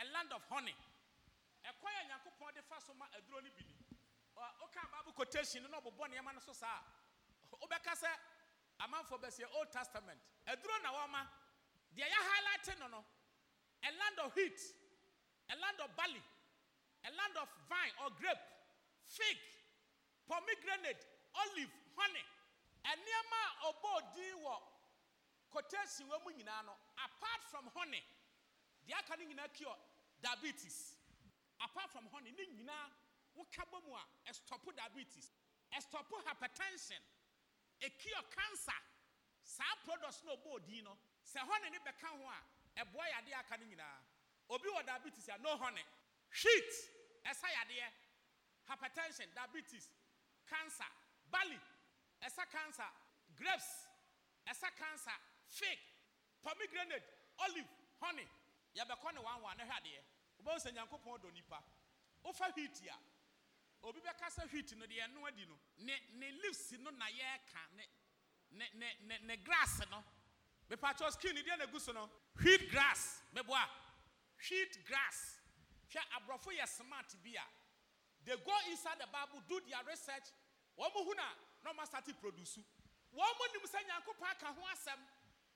a land of honey. a quotation no old testament no no a land of wheat, a land of barley, a land of vine or grape, fig, pomegranate, olive, honey. Nneɛma a ɔbɔ din wɔ kɔtɛsi wɔ mu apart from honey, deɛ aka no nyinaa cure diabetes. Apart from honey, ne nyinaa woka bɔ mu a ɛstɔpo diabetes, ɛstɔpo hypertension, ɛcure cancer. Saa products no ɔbɔ din no, sɛ honey ne bɛka ho ɛboa yadeɛ aka no nyinaa obi wɔ diabetes a no hone heat ɛsa yadeɛ hypertension diabetes cancer barley ɛsa cancer grapes ɛsa cancer fig pomegranate olive honey yɛbɛkɔ ne wanwan ne hwɛ adeɛ wobɛhu sɛ nyankopɔn dɔ nipa wofa wheat a obi bɛka sɛ wheat no deɛ ɛno adi no ne ne leaves no na yɛreka ne ne ne ne grass no mepatwɔ skin deɛ na egu so no wheat grass meboa wheat grass hwɛ aborɔfo yɛ smart bi a they go inside the bible do their research wɔn mu hu na na wɔn asate produce wɔn mu nim sɛ nyankopɔn aka ho asɛm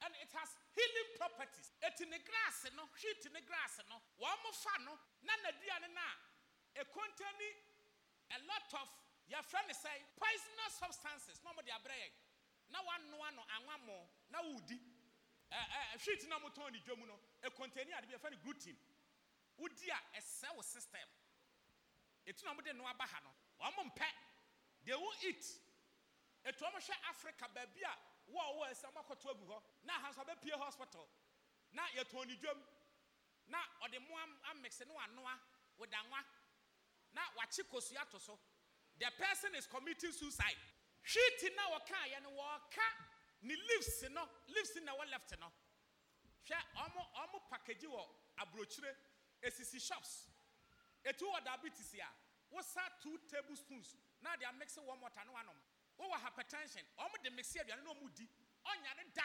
and it has healing properties eti ne grass no wheat ne grass no wɔn mu fa no na n'aduane na e contain a lot of yɛfrɛ ne sɛ poisonous substances na wɔn de abrɛ yɛn na wɔn anoa no anwa mo na wɔn di. hwit eh, eh, eh, na motɔn ne dwa mu no ɛkɔntani ade bi yɛfɛ no gluten wodi a ɛsɛ wo system ɛtu na mode noa ba ha no wɔn mpɛ they will eat ɛtu wɔn hwɛ africa baabi a wɔn a wɔn ɛsɛ wɔn akɔto agu hɔ na ha nso abɛpie hospital na yɛtɔn ne dwam na ɔde mo amix ne wanoa wodanwa na wakye kosua ato so the person is committing suicide hwit na wɔka yɛ no wɔka. ne leaves no leaves na wɔ left no hwɛ ɔmo ɔmo package wɔ aburokyire esisi shops etu wɔ diabetes a wosa two tablespoons na de amix wɔn water no anom wowɔ hypertension ɔmo de mix aduane na ɔmo di ɔnya ne da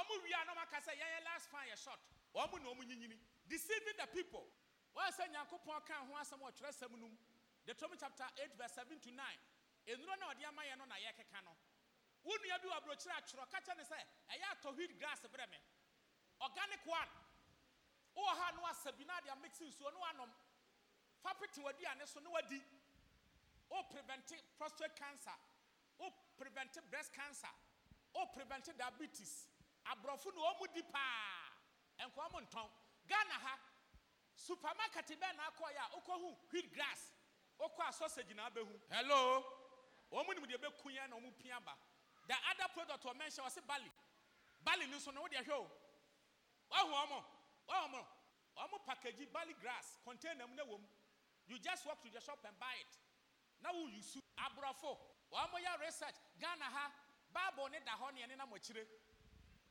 ɔmo wia na ɔmo aka sɛ yɛn last fan yɛ short ɔmo na ɔmo nyinyini deceiving the people wɔn sɛ nyankopɔn kan ho asɛm wɔ twerɛ sɛm no mu Deuteronomy chapter eight verse seven to nine enuro na ɔde ama yɛn no na yɛ keka no. wo nua bi wɔ aburokyire atwerɛ ka ne sɛ ɛyɛ atɔhwid grass brɛ me organic one wowɔ ha no asabi na ade amixi nsuo ne woanom fa pete w'aduane so ne woadi wo prevente prostate cancer wo prevente breast cancer wo prevente diabetes aborɔfo na wɔn di paa nkɔn mu ntɔn ghana ha supermarket bɛn na akɔ yɛ a wokɔhu wheat grass wokɔ a sausage na abɛhu hello wɔn mu nim deɛ bɛku yɛn na wɔn pia ba the other product wɔ mention ɔsi bali bali ni nso no wodi ɛhwɛ o wahu ɔmo ɔmo ɔmo package bali grass container mu na wɔm you just walk to the shop and buy it na wo yusu aborɔfo wɔn yɛ research ghana ha baabul ne da hɔ ne yɛne nam akyire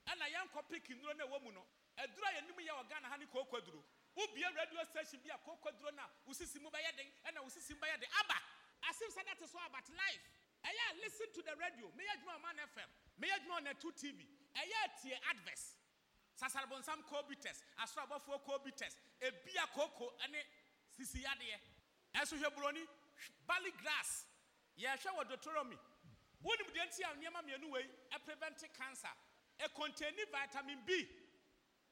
ɛna yɛn kɔ pick nnuro na ɛwɔ mu no aduro a yɛnim yɛ wɔ ghana ha ne kooko duro wobie radio station bi a kooko duro na wosisi mu bɛyɛ den ɛna wosisi mu bɛyɛ den aba asim sɛ that is all about life. ɛyɛ listen to the radio meyɛ adwuma ɔman fm meyɛ adwuma ɔna two tv ɛyɛ tie adverse sasarbonsam kobites asorabɔfoɔ kobites ebia koko ɛne sisi yadeɛ ɛso hwɛ buroni barley grass yɛhwɛ wɔ deuteronomy wonim deɛ nti a nneɛma mmienu wei ɛprevent cancer ɛkɔntɛni vitamin b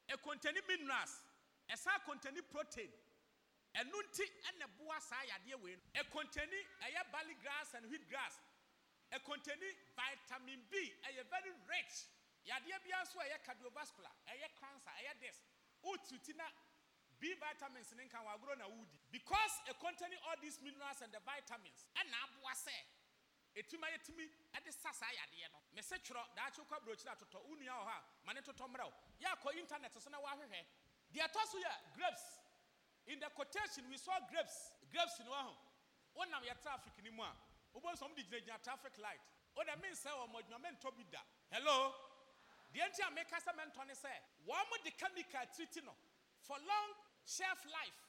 ɛkɔntɛni minerals sa kɔntɛni protein ɛnu nunti ɛna boa saa yadeɛ wei no ɛkɔntɛni ɛyɛ barley grass and wheat grass ɛkɔntani vitamin b ɛyɛ very rich yadeɛ bia nso ɛyɛ cardiovascular ɛyɛ cancer ɛyɛ this wotu ti na b vitamins ne nka wagoro na wudi because ɛkɔntani all these minerals and the vitamins ɛna aboa sɛ ɛtumi yɛtumi ɛde sa saa yadeɛ no mese twerɛ daakye kɔ aburokyiri atotɔ wo nua wɔ hɔ internet so na woahwehwɛ deɛ grapes in the quotation we saw grapes grapes no wɔ ho wonam yɛ traffic no mu wobɛhu sɛ ɔmde gyinagyina traffic light wode mensɛ wɔ mɔ adwuma mentɔ bi da hello deɛ nti a meka sɛ mentɔ ne sɛ wɔn de chemical tiriti no for long shelf life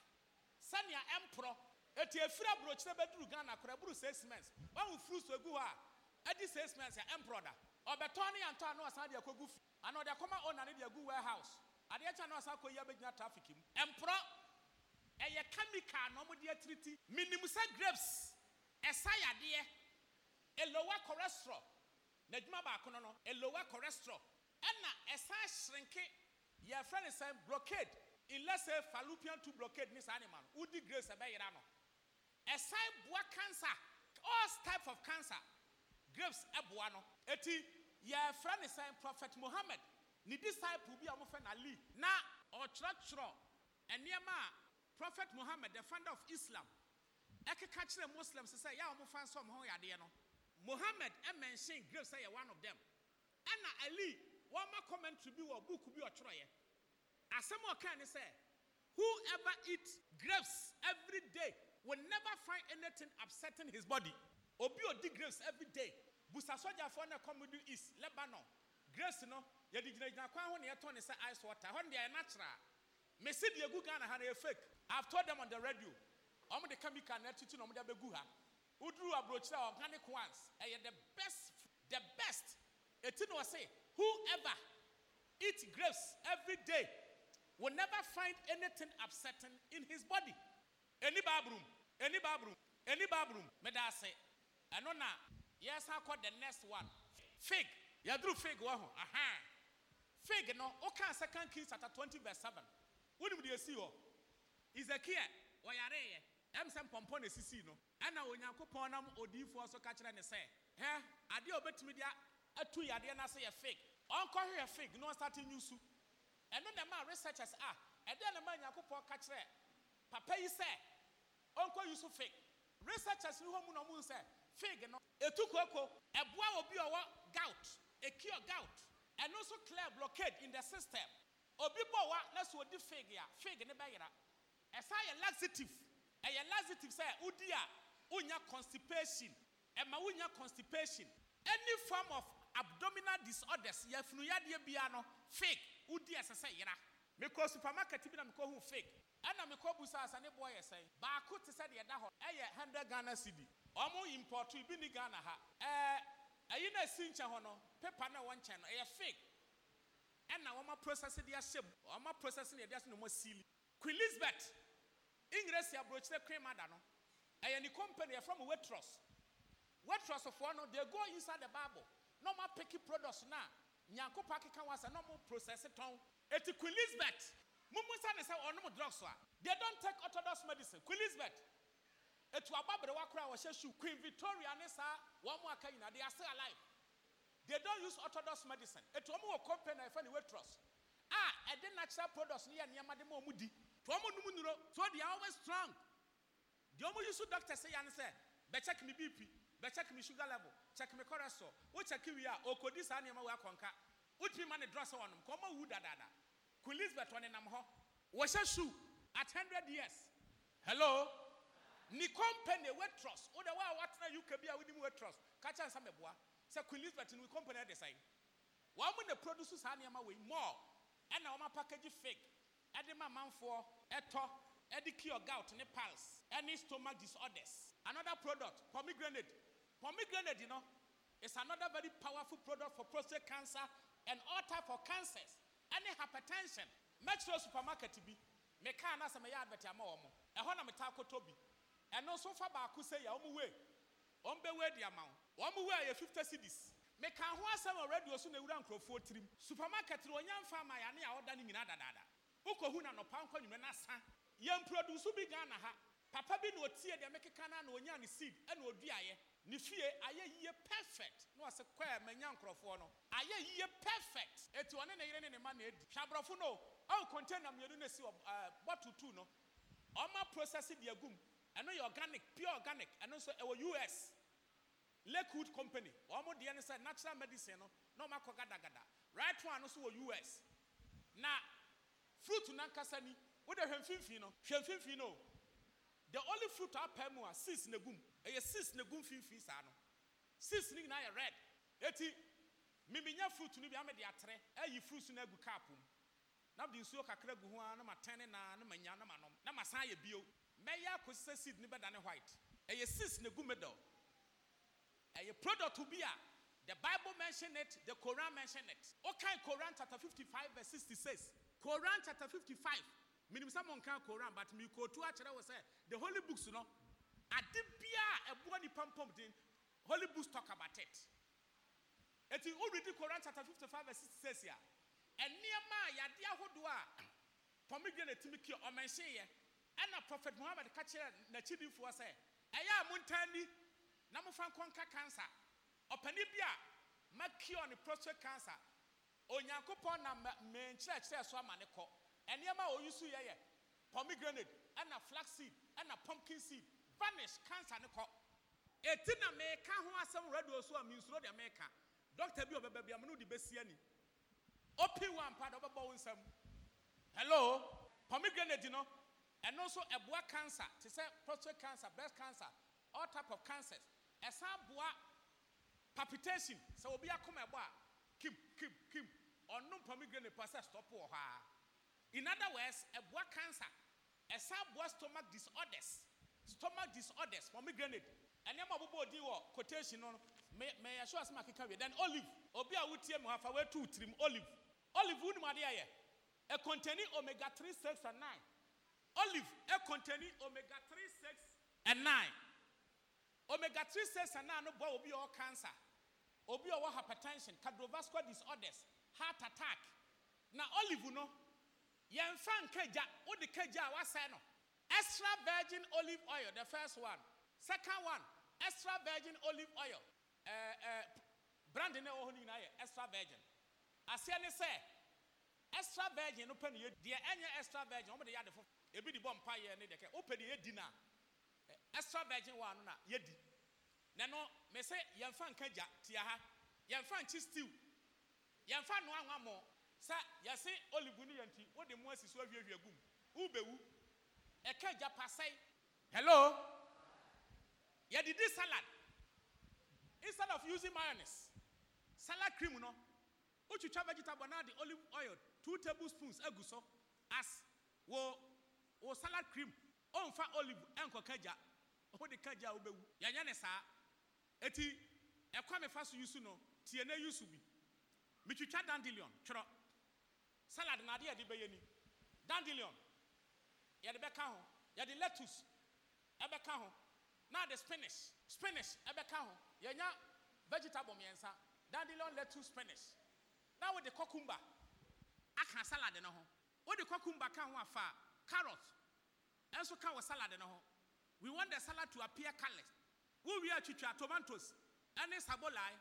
sɛnea ɛmporɔ ɛti efiri aburokyerɛ bɛduru ghana koraa ɛburu six months wɔn fruits egu hɔ a ɛdi six months yɛ ɛmporɔ da ɔbɛtɔn ne yantɔ anu ɔsan deɛ kogu fi ana ɔde akɔma owner ne deɛ gu warehouse adeɛ kyɛn na ɔsan kɔ yi abɛgyina traffic mu ɛmporɔ ɛyɛ chemical na wɔn de atiriti minimusa grapes ɛsa yadeɛ elowa cholesterol na adwuma baako no no elowa cholesterol ɛna ɛsa hyerenke yɛfrɛ ne sɛ blockade ilese fallopian tube blockade ne saa nima no wodi grace ɛbɛyera no ɛsan boa cancer all types of cancer grapes ɛboa no eti yɛfrɛ ne sɛ prophet mohammed ne disciple bi a wɔfrɛ no ali na ɔkyerɛkyerɛ nneɛma a prophet mohammed the founder of islam ɛkeka kyerɛ muslims sɛ yɛ a wɔmfa nsɔ mo ho yadeɛ no mohammed mention grape sɛ yɛ one of them ɛna ali wɔma commentary bi wɔ book bi ɔtwerɛeɛ asɛm a ɔkaa ne sɛ whoever eat grapes every day will never find anything upsetting his body obi odi grapes every day busa sogyafoɔ no ɛkɔ middle east lebanon grapes no yɛde gyinagyina kwan ho ne yɛtɔ ne sɛ ice water hɔ ne deɛ yɛ natural mesi deɛ gu ghana ha no yɛ fake i've told them on the radio ɔmo de chemical na ɛtutu na ɔmo de abegu ha uduru aburokyire a organic ones ɛyɛ the best the best eti na ɔse whoever eat grapes every day will never find anything upsetting in his body Any bathroom? Any bathroom? eni baabrum meda ase ɛno na yɛsan kɔ the next one fig yɛduru fig wɔ ho ahan fig no ɔka second kings chapter twenty verse seven wɔnum deɛ esi hɔ ezekiel wɔyareeɛ ɛm sɛ mpɔmpɔ na esisi no ɛna onyankopɔn nam odiifoɔ so ka kyerɛ ne sɛ hɛ adeɛ a obetumi de atu yadeɛ n'ase yɛ fake ɔnkɔhwɛ fake na ɔsate nyusu ɛno na ma researchers a ɛdeɛ na ma onyankopɔn ka kyerɛ papa yi sɛ ɔnkɔ yusu fake researchers ni hɔ mu na ɔmo sɛ fake no etu kooko ɛboa obi ɔwɔ gout ecure gout ɛno nso clear blockade in the system obi bɔ wa na so odi fake a fake ne bɛyera ɛsan yɛ laxative. ɛyɛ laxative sɛ wodi a wonya constipation ɛma wonya constipation any form of abdominal disorders yɛfunuyadeɛ biara no fake wodi ɛsɛ sɛ yera mekɔ supermarket bi na mekɔ hu fake ɛna mekɔ busa asane boɔ yɛ sɛn baako te sɛ deɛ ɛda hɔ ɛyɛ hundred ghana cedi ɔmo import ibi ni ghana ha ɛɛ ɛyi na esi nkyɛn hɔ no paper na ɛwɔ nkyɛn no ɛyɛ fake ɛna wɔn process de ahyɛ mu wɔn process de ahyɛ mu na wɔn sealing queen elizabeth ngrɛ si aburokyerɛ cream ada no ɛyɛ ne company yɛfrɛ mo waitress waitressfoɔ no they go inside the bible na ɔmo apeki products na nyankopɔ akeka wasa na ɔmo process tɔn eti queen elizabeth mumu sa ne sɛ ɔnom drugs a they don take orthodox medicine queen elizabeth etu ababerewa koraa wɔhyɛ shoe queen victoria ne saa wɔn mo aka nyina they are still alive they don use orthodox medicine etu ɔmo wɔ company na yɛfrɛ no waitress a ah, ɛde natural products ne yɛ nneɛma de ma ɔmo di. So they are always strong. The only use doctor say and say, but check me BP, but check me sugar level, check me cholesterol, what check we are, or could this animal work on car? Would me money dress on them, come on, wood da da. Could Lisbeth on them? What's a shoe at 100 years? Hello? Ni company we trust. Oh, the way what now you can be with him we trust. Catch and some boy. Say, could Lisbeth in we company design? One when the producers animal way more, and our package fake. ɛde ma amanfoɔ ɛtɔ ɛde cure gout ne pals ɛne stomach disorders another product pomegranate pomegranate you know, is another very powerful product for prostate cancer and all type of cancers ɛne hypertension metro supermarket bi mekaa na sɛ meyɛ advert ama wɔn ɛhɔ na metaa kɔtɔ bi ɛno nso fa baako sɛ yɛ wɔn wei wɔn bɛ wei di ama wɔn wɔn wei yɛ fifty cedis mekaa ho asɛm wɔ radio so na ewura nkurɔfoɔ tirim supermarket no wɔnyɛ nfa ama yɛ ane a ɔda ne nyinaa dadaada wokɔhu na nɔpa nkɔ nwummerɛ no asa yɛn produce bi ghana ha papa bi na otie deɛ mekeka no a na ɔnya ne seed ɛna ɔduaeɛ ne fie ayɛ yie perfect na wɔse kɔɛ manya nkurɔfoɔ no ayɛ yie perfect ɛti ɔne ne yere ne ne ma na adi hwɛ aborɔfo no ɔwo container mmienu no si wɔ bottle two no ɔma process de agum ɛno yɛ organic pure organic ɛno nso ɛwɔ us lakewood company wɔn deɛ no sɛ natural medicine no na ɔma kɔ gadagada right one no so wɔ us na fruit nankasa ni wode hwɛ mfimfini no hwɛ mfimfini no the only fruit apɛ mu a six na gum ɛyɛ six na gum mfimfini saa no six ne nyinaa yɛ red eti miminya fruit no bi ama de atrɛ ayi fruit no agu cup mu na de nsuo kakra gu ho a na ma tɛn ne na na ma nya na ma nom na ma san yɛ bio mɛyɛ akɔsi sɛ seed no bɛda ne white ɛyɛ six na gu middle ɛyɛ product bi a the bible mention it the Quran mention it okay Quran chapter 55 verse 66. Quran chapter 55. Minim someone can Quran, but me go to actually was say the holy books, you know. Adibia a body pump pumped in. Holy books talk about it. It's you already Quran chapter 55 verse 6 says here. And near my yadia hodua pomegranate timiki or mention And a prophet Muhammad catcher Nachidi for say, Aya Muntani, Namufankonka cancer, or Panibia, Makion prostate cancer. onyankopɔn na mmɛn kyerɛkyerɛ so ama ne kɔ nneɛma a oyi so yɛ yɛ pomegranate ɛna flaxseed ɛna pumpkin seed vanish cancer ne kɔ eti na mɛka ho asɛm radio so a minsuro deɛ mɛka doctor bi ɔbɛbɛ bi amunu de bɛsi ani open one pa de ɔbɛbɔ wɔn nsam hello pomegranate no ɛno nso ɛboa cancer te sɛ prostate cancer breast cancer all type of cancers ɛsan boa palpitation sɛ obi akoma ɛbɔ a kim kim kim ɔnom pomegranate pa sɛ stop wɔ hɔ a in other words ɛboa cancer ɛsan boa stomach disorders stomach disorders pomegranate ɛnneɛma ɔbɛbɔ odi wɔ quotation no mɛ mɛ yɛsɔ asɛm akeka wie then olive obi a wotie mu afa wetu tirim olive olive wunum adeɛ yɛ ɛkɔntɛni omega three six and nine olive ɛkɔntɛni omega three six and nine omega three six and nine no bɔ obi a ɔwɔ cancer obi a ɔwɔ hypertension cardiovascular disorders. heart attack na olive no yɛmfa nkagya wode kagya a wasɛe no extra virgin olive oil the first one. Second one extra virgin olive oil uh, uh, brand ne Oh, hɔ no nyinaa extra virgin Asia ni se. extra virgin Open ye. no yɛ deɛ extra virgin Omo de yade fofo ebi di bom pa ye ne deɛ kɛ wopɛ deɛ yɛdi eh, extra virgin wɔ ano na ye di. no me se sɛ yɛmfa nkagya tia ha yɛmfa nkyi stew yɛmfa noa nwa mɔ sɛ yɛse olive no yɛ wode mu asi so ahwiahwia gum wobɛwu ɛka gyapa sɛe hello yɛdidi salad instead of using mayonnaise salad cream no wotwitwa vegetable na de olive oil two tablespoons agu so as wo wo salad cream ɔmfa olive ɛnkɔka gya wode ka gya wobɛwu yɛnyɛ ne saa eti ɛkwa mefa so yusu no tie ne yusu bi metwitwa dandelion twerɛ salad na adeɛ yɛde bɛyɛ ni dandelion yɛde bɛka ho yɛde lettuce ɛbɛka ho na de spinach spinach ɛbɛka ho yɛnya vegetable mmiɛnsa dandelion lettuce spinach na wode cucumber aka salad no ho wode cucumber ka ho afa carrot ɛnso ka wɔ salad no ho we want the salad to appear colors wowie atwitwa tomatoes ɛne sabolai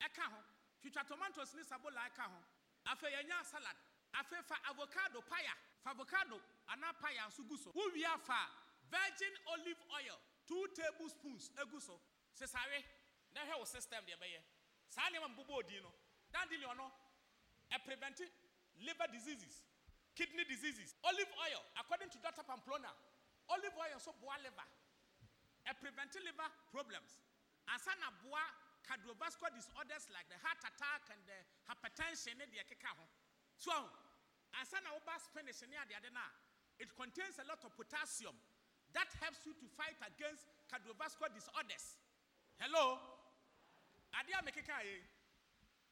ɛka ho twitwa tomatoes ne sabola ka ho afei yɛnya salad afei fa avocado paya fa avocado anaa paya nso gu so wowie fa virgin olive oil two tablespoons egu so sesare na hwɛ wo system deɛ bɛyɛ saa nneɛma mbobɔ odin no dandelion no ɛprevent liver diseases kidney diseases olive oil according to dr pamplona olive oil nso boa liver ɛprevent liver problems ansa na boa cardiovascular disorders like the heart attack and the hypertension in the keka ho so ansa na woba spanish ne adeade adena. it contains a lot of potassium that helps you to fight against cardiovascular disorders hello adia mekeka yɛ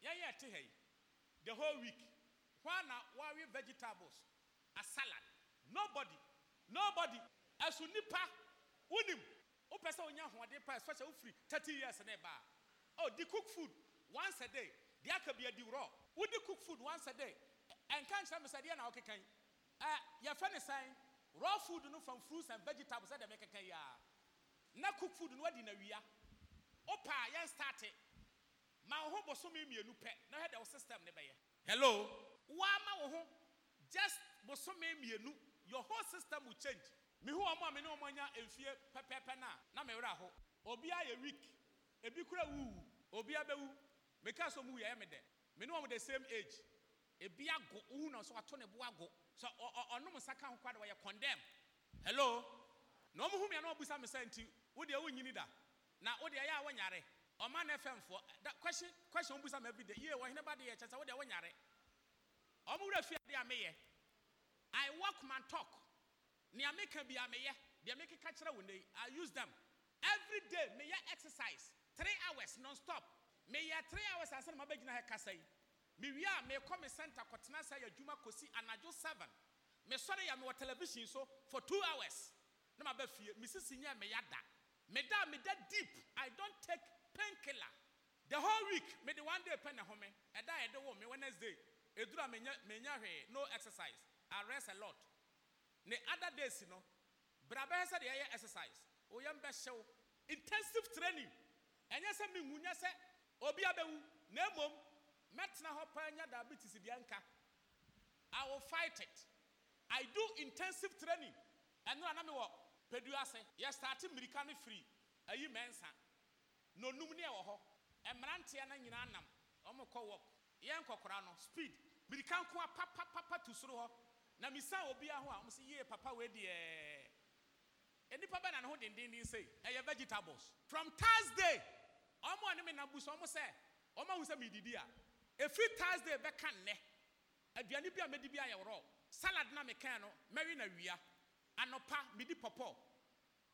yɛyɛ ɛte ha the whole week hwa na wawe vegetables a salad nobody nobody ɛso unim. O pesa sɛ wonya ahoɔden pa especially wofiri 30 years ne Oh, they cook food once a day. They could be a raw. Would they cook food once a day? And can't some say, yeah, okay, can uh, you? Your friend is saying, raw food no from fruits and vegetables that they make a can ya. Now cook food no di na wia. Opa, yan start it. My Ma ho boso me mienu pe. Na head our system ne beye. Hello. Wa my wo just just boso me mienu your whole system will change. Me ho amo me no mo nya emfie pepepe na na me wra Obi a ye weak. Ebi kura wu obi meka so mu me me the same age so ato ne bo ago so ho kwa de condemn hello hu na nti nyini da na na that question question ba de nyare wura fie de i walk my talk nea mi a mi yɛ i use them every day mi exercise three hours non-stop meyɛ three hours ansa na mabɛgyina ha kasa yi mewie a meekɔ me center kɔtena sa yɛ adwuma kɔsi anadwo seven mesɔre me mewɔ television so for two hours na maba fie mesisi nyɛ Me da me da deep i don't take painkiller the whole week me the one day pɛ ne home I don't wo me wednesday ɛduru a menya menya hwee no exercise i rest a lot ne other days you know, bɛhɛ sɛ deɛ ɛyɛ exercise woyɛ oh, show intensive training ɛnyɛ sɛ mehu nyɛ sɛ obi abɛwu na mmom mɛtena hɔ paa nya diabetes deɛ nka i will fight it i do intensive training ɛnora na mewɔ pɛdu ase yɛstarte mmirika no firi ayi mɛnsa na onum ne ɛwɔ hɔ mmeranteɛ no nyinaa nam ɔmokɔ wɔk yɛn nkɔkora no speed mmirika nko a papapapa to soro hɔ na misa obi ho a ɔmo sɛ yie papa wei deɛ nnipa bɛ na ne ho dendenden sei ɛyɛ vegetables from thursday ɔmo a ne me nam busu ɔmo sɛ ɔmo ahu sɛ medidi a efiri thursday bɛka nnɛ aduane bi a medi bi ayɛ salad na mekan no na wia anɔpa medi pɔpɔ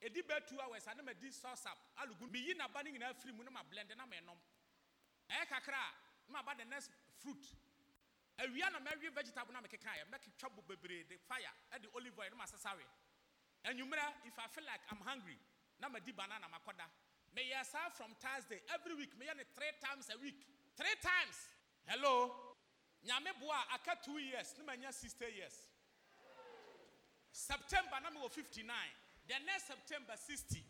edi bɛ two hours ne ma di sauce up alugu miyi naba ne nyinaa firi mu ne ma blend na ma ɛnom ɛyɛ kakra a ma ba the next fruit awia na mɛwe vegetable na mekeka yɛ mɛketwa bo bebree de fire ɛde olive oil ne ma sasare enyimrɛ if i feel like i'm hungry na ma di banana ma kɔda. Me serve from Thursday every week. Me yani three times a week. Three times. Hello. Nyame boa aka two years. Ne manya sister years. September number 59. The next September 60.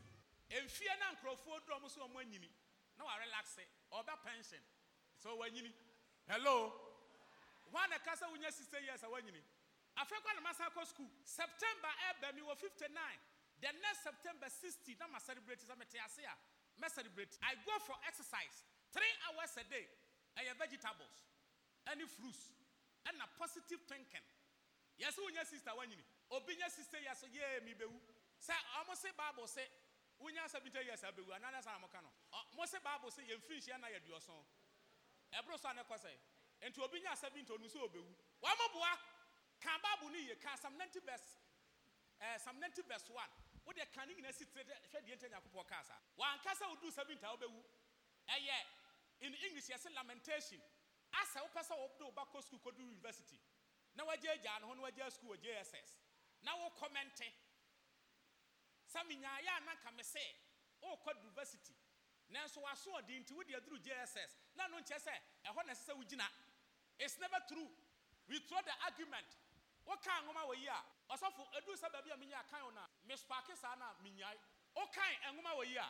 Emfie na nkrofo drum so omo anyini. Na wa relax it. Oba pension. So wa anyini. Hello. Wana kasa wunya sister years a wa anyini. Afekwa na masa school. September ebe me 59. The next September 60 na ma celebrate sa mete ase celebrate. I go for exercise three hours a day. I have vegetables, any fruits, and a positive thinking. Yes, when your sister, when you obi your sister, yes, yeah, me be. Say, I must say, Bible say, when you say, yes, I be, and another time, can. Most Bible say, you finish, and I do your song. Ebro son, I say, and to obi your seven to Nusu be. One more boy, can Bible need you, can some 90 verse, eh, some 90 verse 1 wode ka ne nyina si tire hwɛ deɛ nta nyankopɔn kaa saa wankasa woduu sɛ bi ntaa wobɛwu ɛyɛ in english yɛse lamentation asɛ wopɛ sɛ wode wo kɔ sukuu kɔdu university na wagye agyaa ho na wagye sukuu wɔ jss na wokɔmɛnte sɛ menyaayɛ a na me sɛ wokɔ university nanso wasoɔden nti wode aduru jss na no nkyɛ sɛ ɛhɔ na ɛsɛ sɛ wogyina it's never true we throw the argument wokaa nwoma wɔ yi a ɔsɔfo ɛduru sɛ baabi a menya kan wo no a saa no a menyae wokan nwoma wɔ yi a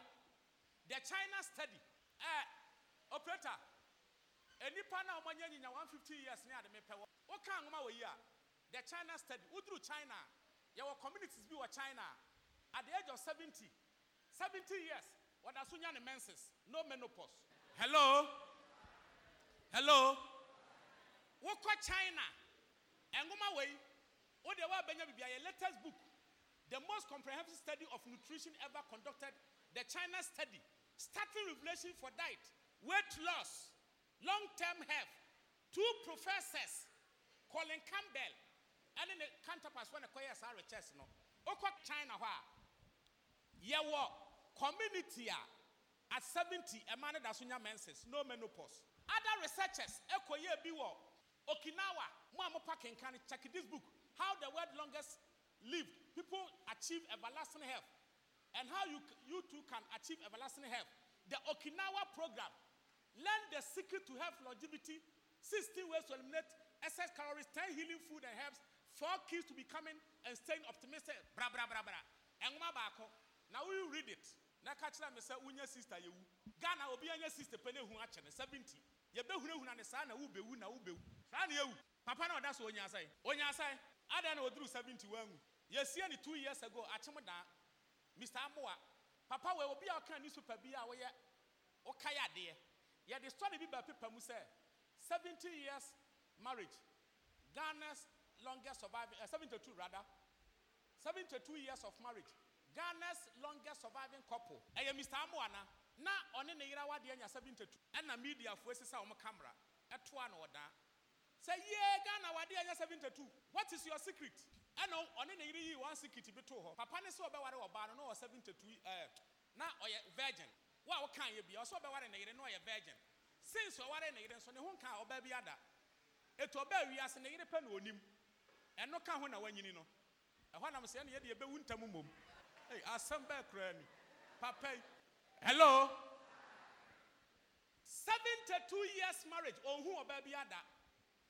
the china study ɛ operator nnipa no a wɔmanya nyinya fifty years ne ade mepɛ wɔ wokaa nwoma wɔ yi a the china study woduru china a yɛwɔ communities bi wɔ china at the age of seventy, seventy years wɔda so nya ne menses no menopause hello hello wokɔ china Engoma Way, Odewa Benya a latest book, the most comprehensive study of nutrition ever conducted, the China study, starting revelation for diet, weight loss, long term health. Two professors, Colin Campbell, and then the counterparts when the choir are research no. Oko China wa. Yewo community at 70 a man that's menses, no menopause. Other researchers, Eko ye Okinawa, Mwamopa Kenkani, check this book. How the world longest lived. People achieve everlasting health. And how you, you too can achieve everlasting health. The Okinawa program. Learn the secret to health longevity. 16 ways to eliminate excess calories, 10 healing food and herbs, four keys to becoming and staying optimistic. Bra bra bra bra. Enguma bako. Now will you read it? Na kachira me say unya sister yewu. Ghana obi anya sister pene hu ache 70. Ye be huna huna ne sa na wo be wu na be wu saa ne ewu papa na ɔda so onyansan onyansan adan na oduru seventy wangu yɛsie ne two years ago akyem dan mr amoa papa wɔ obi a ɔka ne super bi a wɔyɛ ɔka yɛ adeɛ yɛde story bi ba pepa mu sɛ seventy years marriage ghana's longest surviving uh, seventy two rather seventy two years of marriage ghana's longest surviving couple ɛyɛ mr amoa na na ɔne ne yere awadeɛ nya seventy two ɛna media foɔ esisa wɔn camera ɛtoa na ɔdan sɛ yie ghana wade ɛnyɛ 72 what is your secret know. ɔne eh, ne yere one secret bi to papa ne sɛ ɔbɛware ɔbaa no na 72 na ɔyɛ virgin wo a wokan yɛ bi ɔsɛ ɔbɛware ne yere na ɔyɛ virgin since ɔware ne yere nso ne ho nka ɔbaa ada etu ɔbaa wiase ne yere pɛ na onim ɛno ka no ɛhɔ nam sɛ ɛna yɛde yɛbɛwu ntam Hey ɛy asɛm bɛɛ papa hello 72 years marriage ohun ɔbaa bi ada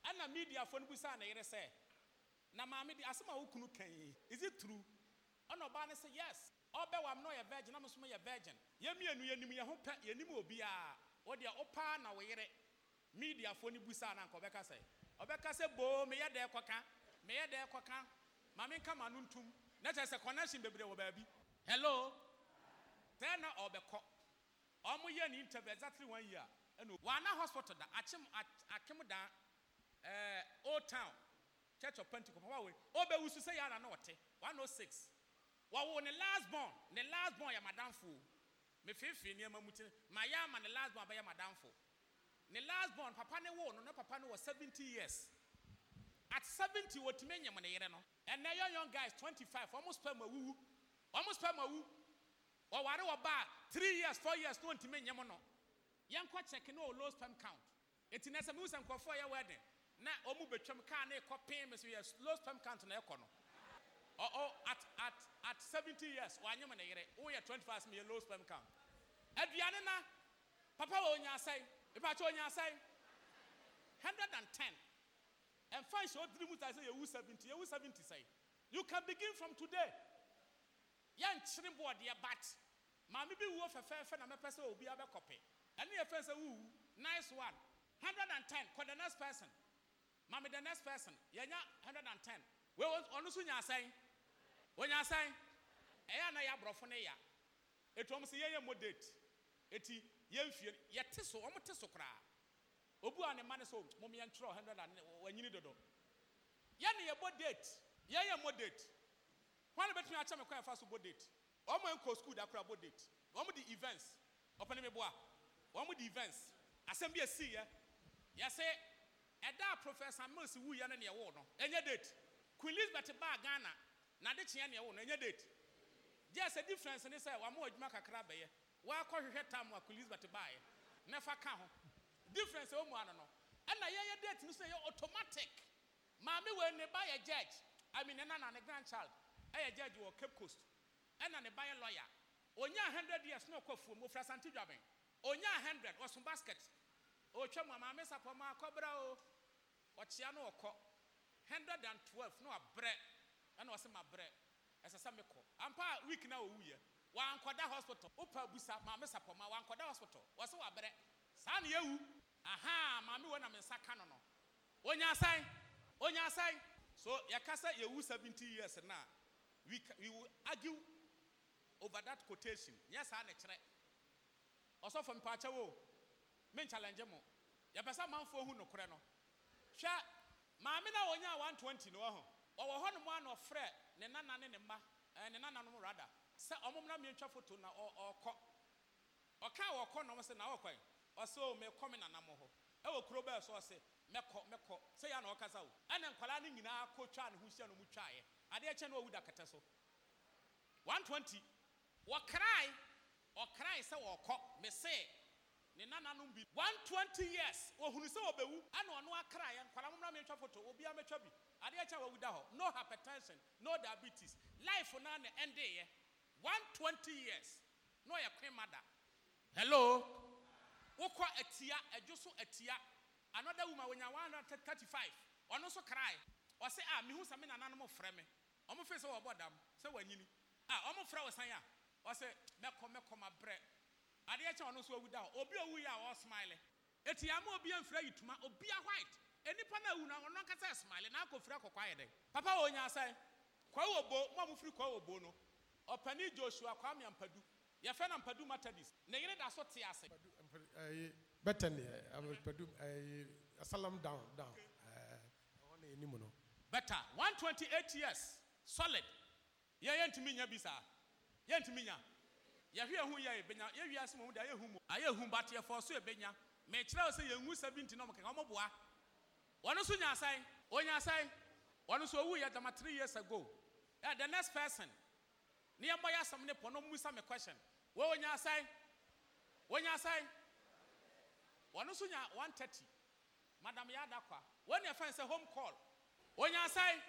ɛna mediafoɔ no busaa ne yere sɛ na maame de asɛm a wo kunu kan yi is it true ɔna ɔbaa no sɛ yes ɔbɛ wam na ɔyɛ virgin ama soma yɛ virgin yɛ mmienu yɛnim yɛ ho pɛ yɛnim obiara wɔdeɛ ɔpaa na wo yere mediafoɔ no busaa no anka ɔbɛka sɛ ɔbɛka sɛ boo meyɛ dɛ kɔka meyɛ dɛ kɔka maame nka ma no ntum na kyerɛ sɛ connection bebree wɔ baabi hello tɛɛ na ɔbɛkɔ ɔmo yɛ ne interview exactly one year ɛna wɔana hospital da akyem akem da ɛɛ eh, old town church of Pentecost. papa wei ɔbɛwu so say yàrá náà ɔte one oh six wɔwɔ ne last born ne last born yɛ madamfo mefeefee nneɛma mu ti ma yɛ ama ne last born ba ya madam madamfo ne last born papa ne wo no ne papa no was seventy years at seventy wɔtumi nyɛm ne yere no ɛnna young young guys twenty five wɔn sperm awuwu wɔn sperm awu wɔware wɔ baa three years four years ne wɔntumi nyɛm no yɛn kɔ check no wɔ low sperm count eti na sɛ mi wusa nkɔfoɔ wedding. na ɔmu bɛtwam car na ɛkɔ pin mi so yɛ slow storm count na ɛkɔ no ɔɔ at at at seventy years wanyam ne yere woyɛ twenty five mi yɛ low storm count aduane na papa wɔ onyaa sɛn ipakyɛ onyaa sɛn hundred and ten ɛnfa nhyɛ odiri mu ta sɛ yɛwu seventy yɛwu seventy sɛn you can begin from today yɛn kyerɛ bɔɔdeɛ but maame bi wuo fɛfɛɛfɛ na mɛpɛ sɛ obi abɛkɔpe ɛne yɛ fɛn sɛ wuwu nice one hundred and ten kɔ the next person. Mommy, the next person. Yenya 110. We on so nya sign. When you sign, ɛyɛ na yɛ aborɔfo ya ɛtu ɔm sɛ yɛyɛ modate ɛti yɛmfie yɛte so ɔmo te so koraa obu a ne ma ne sɛ oh, hundred and hundred a wanyini dodo yɛne yɛbɔ date yɛyɛ modate hwan ne bɛtumi akyɛ me kwan ɛfa so bɔ date ɔmo ɛnkɔ school da koraa bɔ date ɔmo de events ɔpɛ me boa Omo de events asɛm bi asiiɛ yɛsɛ ɛda a professor mills wuyɛ no neɛ woo no ɛnyɛ date queen elizabeth baa ghana na de kyeɛ neɛ woo no ɛnyɛ date gye sɛ difference ne sɛ wama adwuma kakra bɛyɛ wakɔhwehwɛ tam a queen elizabeth baeɛ na fa ka ho difference ɛwɔ mu ano no ɛna yɛyɛ date no sɛ yɛ automatic maame wei ne ba yɛ judge i mean ɛna na ne grandchild ɛyɛ judge wɔ cape coast ɛna ne ba yɛ lawyer onya 100 years na ɔkɔ afuom ofura santidwaben onya 100 ɔso basket ɔretwa mu amaame sapɔma akɔbra o ɔkyea no ɔkɔ hundred and twelve na wabrɛ ɛna ɔsɛ mabrɛ ɛsɛ sɛ mekɔ ampa week na ɔwuyɛ wankɔda hospital wopa busa maame sapɔma wankɔda hospital wɔsɛ wabrɛ saa ne yɛwu aha maame wɔ nam nsa ka no no onya asan onya asan so yɛka sɛ yɛwu seventy years na we, we will argue over that quotation nyɛ saa ne kyerɛ ɔsɔfo mpaakyɛ wo me nkyalɛngye mo yɛpɛ sɛ amanfoɔ hu nokorɛ no hwɛ maame no a wɔnya a 120 no wɔ ho ɔwɔ hɔ nom a na ɔfrɛ ne nana ne ne mma eh, ne nananom rada sɛ ɔmom na meɛtwa foto na ɔkɔ ɔka wɔkɔ nom sɛ na wɔkɔe ɔsɛ o oh, mekɔ me nanam hɔ ɛwɔ kuro bɛɛ so ɔse mɛkɔ mɛkɔ sɛ yɛ na ɔkasa o ɛna nkwadaa no nyinaa kɔ twaa ne ho hyia no mu twaeɛ adeɛ kyɛ no ɔwu da so 120 wɔkrae ɔkrae sɛ wɔkɔ mesee ne nananom bi 120 years ohunu sɛ ɔbɛwu ana ɔno akraeɛ nkwara momra metwa foto obia mɛtwa bi adeɛ kyɛ wawu da hɔ no hypertension no diabetes life na ne ɛndeeɛ 120 years na ɔyɛ kwe mada hello wokɔ atia adwo so atia another woman wonya 135 ɔno nso krae ɔse a ah, mehu sɛ me nananom frɛ me ɔmofei sɛ wɔbɔ dam sɛ wanyini a ah, ɔmofrɛ wo san a ɔsɛ mɛkɔ mɛkɔ mabrɛ adeɛ kyɛ ɔno nso awu da hɔ obi owu yi a ɔsmaile eti ama obi amfira yi tuma obi a white enipa na awu na ɔno ankasa ɛsmaile na akɔfira kɔkɔɔ ayɛ dɛ papa wɔ onyaa sɛ kɔɛ wɔ bo mo a mo firi kɔɛ wɔ bo no ɔpanin joshua kwame ampadu yɛfɛ na mpadu matadis ne yere da so te ase. bɛtɛni mpadu eh, eh, eh, asalam down down ɛwɔ na anim no. better one twenty eight years solid yɛn yɛn ntumi nya bi saa yɛn ntumi nya. yɛhwɛ yɛhu yɛ ɛbɛnya yɛwi ase mu de ayɛ hu mu ayɛ hu but yɛfɔ so ɛbɛnya mɛkyerɛ sɛ yɛnhu seventy na ɔmɔkɛkɛ ɔmɔboa wɔn nso nya asan onya asan wɔn nso owu yɛ dama three years ago the next person ne yɛ mbɔ yɛ asɛm ne pɔ na ɔmu sa mi question wɔn onya asan onya asan nya one thirty madam yɛ adakwa wɔn yɛ sɛ home call onya asan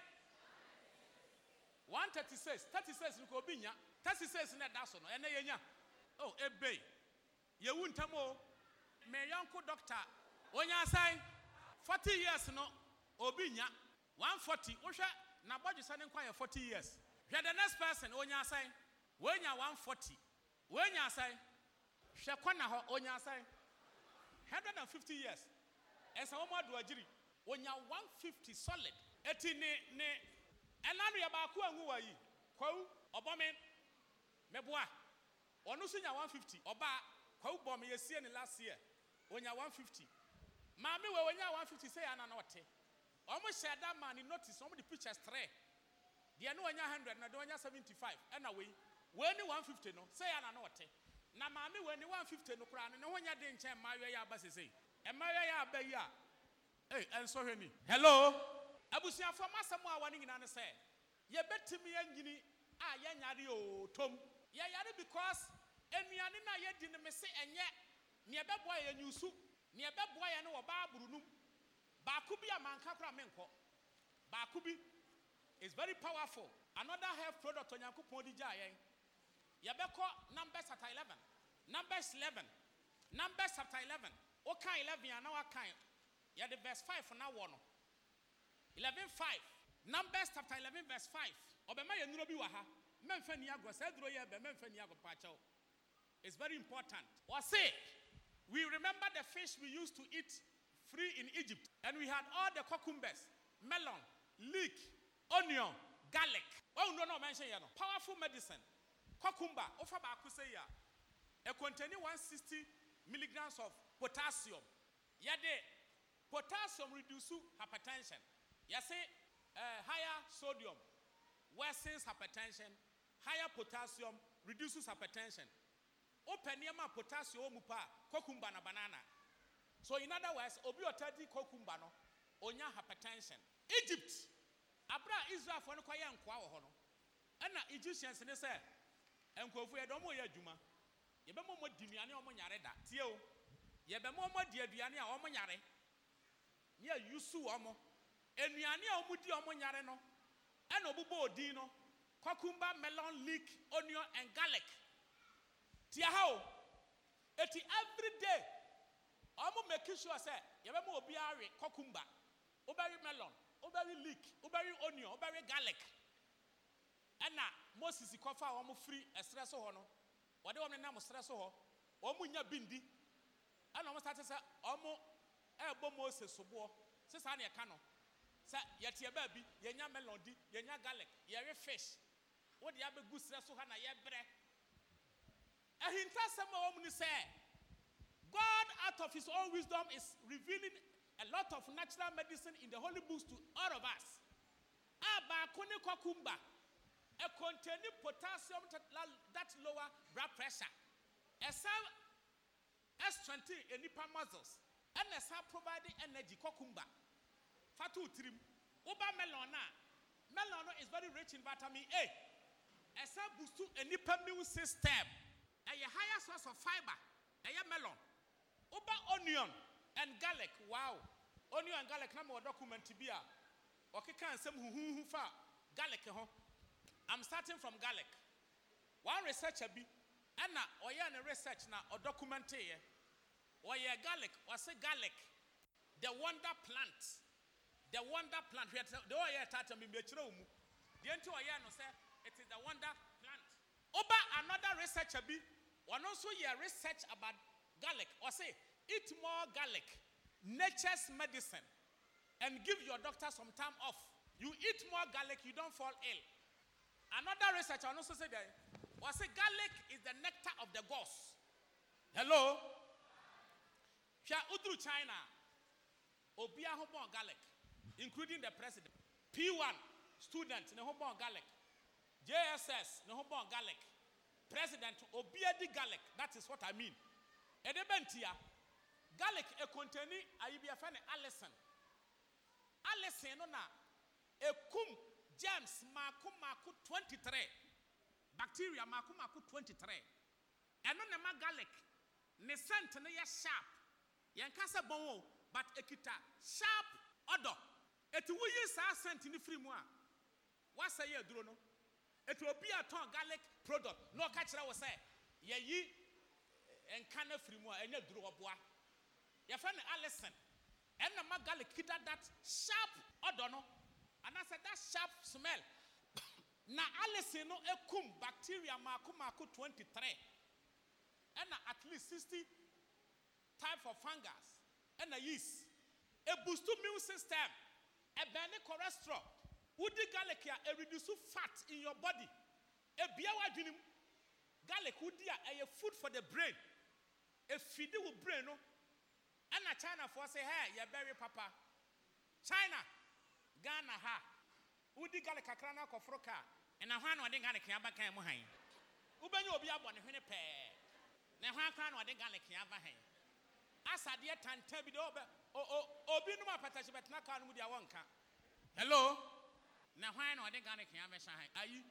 one thirty six thirty six nko obi nya tasi sɛsi na ɛda so no ɛnɛ yɛnya o ebe yɛwu ntam o mɛyɔnko dɔkta onye asan forty years no obi nya one forty wohwɛ n'abɔdwesa ne nkwa yɛ forty years hwɛ the next person onye asan wonya one forty wonya asan hwɛ kɔna hɔ onye asan hundred and fifty years ɛsɛ wɔn adu agyiri wonya one fifty solid eti ne ne ɛnanu yɛ baako ehu wɔ yi kɔw ɔbɔmin mɛboa ɔno nso nya 150 ɔbaa kwawu bɔ mi yɛsie ne last year ɔnya 150 maame wɔ ɔnya 150 sɛ yɛana na ɔte ɔmo hyɛ da ma ne notice ɔmo de pictures trɛ deɛ ne ɔnya 100 na deɛ ɔnya 75 ɛna wei wei 150 no sɛ yɛana na ɔte na maame wɔ 150 no koraa no ne ho nya de nkyɛn mmaayewa yɛ aba sesei mmaayewa yɛ aba yi a ee ɛnsɔhwɛ ni hello abusuafoɔ mo asɛm a wɔne nyinaa ne sɛ yɛbɛtumi anyini a yɛnyare oo tom yɛyare because nnuane no a yɛdi no mese ɛnyɛ neɛ ɛbɛboa yɛ nyusu neɛ ɛbɛboa yɛ no wɔ baa burunum baako bi a manka koraa menkɔ baako bi is very powerful another health product onyankopɔn de gyaa yɛn yɛbɛkɔ numbers chapter eleven numbers eleven numbers chapter eleven woka eleven a na waka yɛde verse five na wɔ no eleven five numbers chapter eleven verse five ɔbɛma yɛ nnuro bi wɔ ha. it's very important it? we remember the fish we used to eat free in egypt and we had all the cucumbers melon leek onion garlic powerful medicine cucumber wofa baako one sixty milligrams of potassium yɛde potassium reduces hypertension yɛse uh, eh, higher sodium worsens hypertension higher potassium reduces hypertension. Open nneɛma potassium wɔ mu pa na banana. So in other words, obi ɔtadi cucumber no, onya hypertension. Egypt, abra Israelfoɔ no kɔyɛ nkoa wɔ hɔ no, ɛna Egyptians ne sɛ nkurɔfoɔ yɛ dɛ ɔmo ya adwuma. Yɛbɛma ɔmo di nnuane a ɔmo nyare da. Tie o, yɛbɛma ɔmo di aduane a ɔmo nyare. Yɛ yusu ɔmo. Nnuane a ɔmo di ɔmo nyare no, ɛna ɔbobɔ odin no. cucumber, melon, leek, onion, and garlic. Ti Tiaho. Eti every day. I'm making sure I say, Yabamu obiari, cucumber, obari melon, obari leek, obari onion, obari garlic. Ɛna Moses kɔfa a mu firi ɛsrɛ so hɔ no, wɔde wɔn nam ɛsrɛ so hɔ, wɔn nya bindi, ɛna wɔn sate sɛ wɔn ɛrebɔ Moses soboɔ, sisan na yɛka no, sɛ yɛte ɛbaa bi, yɛnya melon di, yɛnya garlic, yɛwe fish, wode abɛgu serɛ so ha na yɛbrɛ ahintasɛm a wɔm ne sɛ god out of his own wisdom is revealing a lot of natural medicine in the holy books to all of us a baako ne kɔkumba ɛkɔntani potassium that lower blood pressure ɛsan ɛstrɛnten enipa muscles ɛna ɛsan providing energy kɔkumba fatu tirim woba melon na melon is very rich in vitamin a ɛsɛ busu enipa meal system ɛyɛ higher source of fibre ɛyɛ melon uba onion and garlic wow onion and garlic na ma wɔ document bi a ɔkeka nsɛm huhuhu fa garlic eh, ho i'm starting from garlic one researcher eh, bi ɛna ɔyɛ ne research na ɔdocumenteeɛ eh, ɔyɛ garlic ɔse garlic the wonder plant the wonder plant deɛ ɔyɛ tata mbembe kyerɛ mu deɛ nti ɔyɛ no sɛ the wonder plant. Over another researcher be one also your research about garlic or say eat more garlic, nature's medicine, and give your doctor some time off. You eat more garlic, you don't fall ill. Another researcher also said that was say garlic is the nectar of the gods. Hello. here Udru China. Obia Hobon garlic, including the president. P1 student in garlic. jss ne ho garlic president Obiadi di garlic that is what i mean ɛde bɛ ntia garlic ekontani ayi bi afɛ ne alison alison no na ekum germs mako mako twenty three bacteria mako mako twenty three ɛno ne ma garlic ne scent no yɛ sharp yɛn kasa bɔn but ekita sharp odor etu wuyi sa scent ne firi mu a wasa yɛ aduro no ɛti obi a tɔn garlic product na ɔka kyerɛ wo sɛ yɛyi nka no afiri eh, mu a ɛnyɛ duro ɔboa yɛfrɛ no alison ɛna ma garlic kita that sharp ɔdɔ no anaasɛ that sharp smell [coughs] na alison no ekum bacteria mako mako twenty three ɛna at least sixty type of fungus ɛna yeast ebustu immune system ɛbɛn ne cholesterol. wodi garlic a reduce fat in your body ebia wadwene mu garlic wodi a ɛyɛ food for the brain efidi wo brain no ɛna china foɔ sɛ hɛ yɛbɛwe papa china ghana ha wodi garlic kakra na akɔforo kaa ɛna hɔ ana ɔde garlic aba kan mu han wobɛnya obi abɔ ne hwene pɛɛ na ɛhɔ akora na ɔde garlic aba han asadeɛ tantan bi de ɔbɛ o o obi nom apatahye bɛtena kaa no mu deɛ wɔnka hello na hwan na ɔde garlic yɛn abɛhyɛ han ayi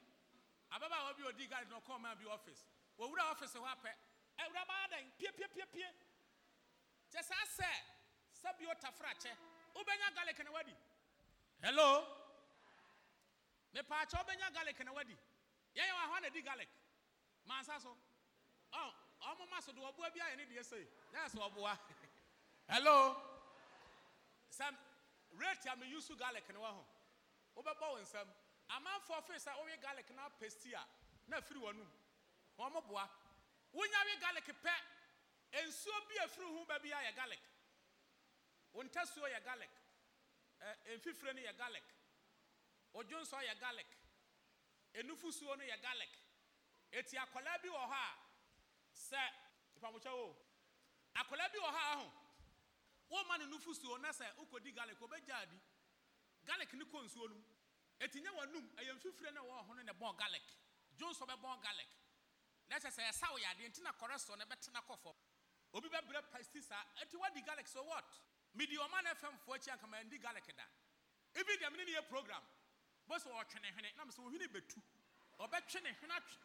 ababaawa bi odi garlic na ɔkɔɔ maa bi ɔfis wɔwura ɔfis hɔ apɛ ɛwura baa dan piepiepiepie kyɛ saa sɛ sɛbi o tafra kyɛ wobɛnya garlic na oh, wadi [laughs] hello mepaakyɛ wobɛnya garlic na wadi yɛn yɛ wɔ ahɔ na di garlic mansa so ɔn ɔmo ma so do ɔboa bi ayɛ ne deɛ sɛ yɛn ɔboa hello sɛ rate a mi yusu garlic na wɔ ho. wobɛbɔ wo nsam amanfoɔ firi sɛ wowe garlic na apɛsti a na afiri w'anom wɔn mo boa wonya we garlic pɛ nsuo bi afiri ho baabi a yɛ garlic wo ntasuo yɛ garlic ɛ mfifire no yɛ garlic odwonso yɛ garlic enufusuo no yɛ garlic eti akwadaa bi wɔ hɔ a sɛ ipamokyɛ wo akwadaa bi wɔ hɔ a ho wɔn ma ne nufusuo na sɛ okodi garlic obɛgya adi. garlic ne kɔ nsuo no eti nyɛ wɔn num ɛyɛ nfifire na wɔn ho no na bɔn garlic jones bɛ bɔn garlic na kyerɛ sɛ ɛsaw yɛ adeɛ nti na kɔrɛsɔ no bɛtena kɔ fam obi bɛbrɛ pastis a eti wadi garlic so what midi ɔman na fɛn foɔ akyi ankama ndi garlic da ibi dɛm ne ne yɛ program bɔsɛ ɔtwene hwene nam sɛ ohwene bɛtu ɔbɛtwene hwene atwe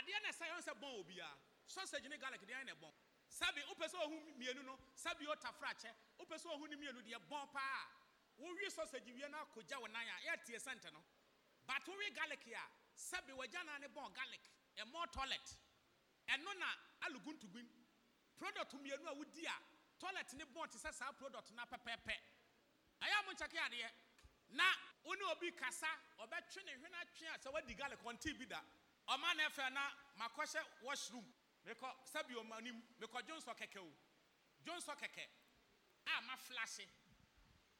adeɛ na ɛsɛ yɛn sɛ bɔn obiara sausage ne garlic deɛ na ɛbɔn sabi wopɛ sɛ ohu mmienu no sabi ota frakyɛ wopɛ sɛ ohu ne mmienu deɛ bɔn paa wowie sausage wie no akɔgya wo nan a yɛatie sɛnte no but wowe garlic a sɛbe wagya naa ne bɔn garlic ɛmɔ toilet ɛno na aluguntugun product mmienu a wodi a toilet ne bɔn te sɛ saa product na pɛpɛɛpɛ ɛyɛ mo nkyɛke adeɛ na wo ne obi kasa ɔbɛtwe ne hwene atwe a sɛ wadi garlic ɔnte bi da ɔma na ɛfɛ na makɔhyɛ washroom mekɔ sɛbe ɔmanim mekɔdwo nsɔ kɛkɛ o dwo nsɔ kɛkɛ a maflashe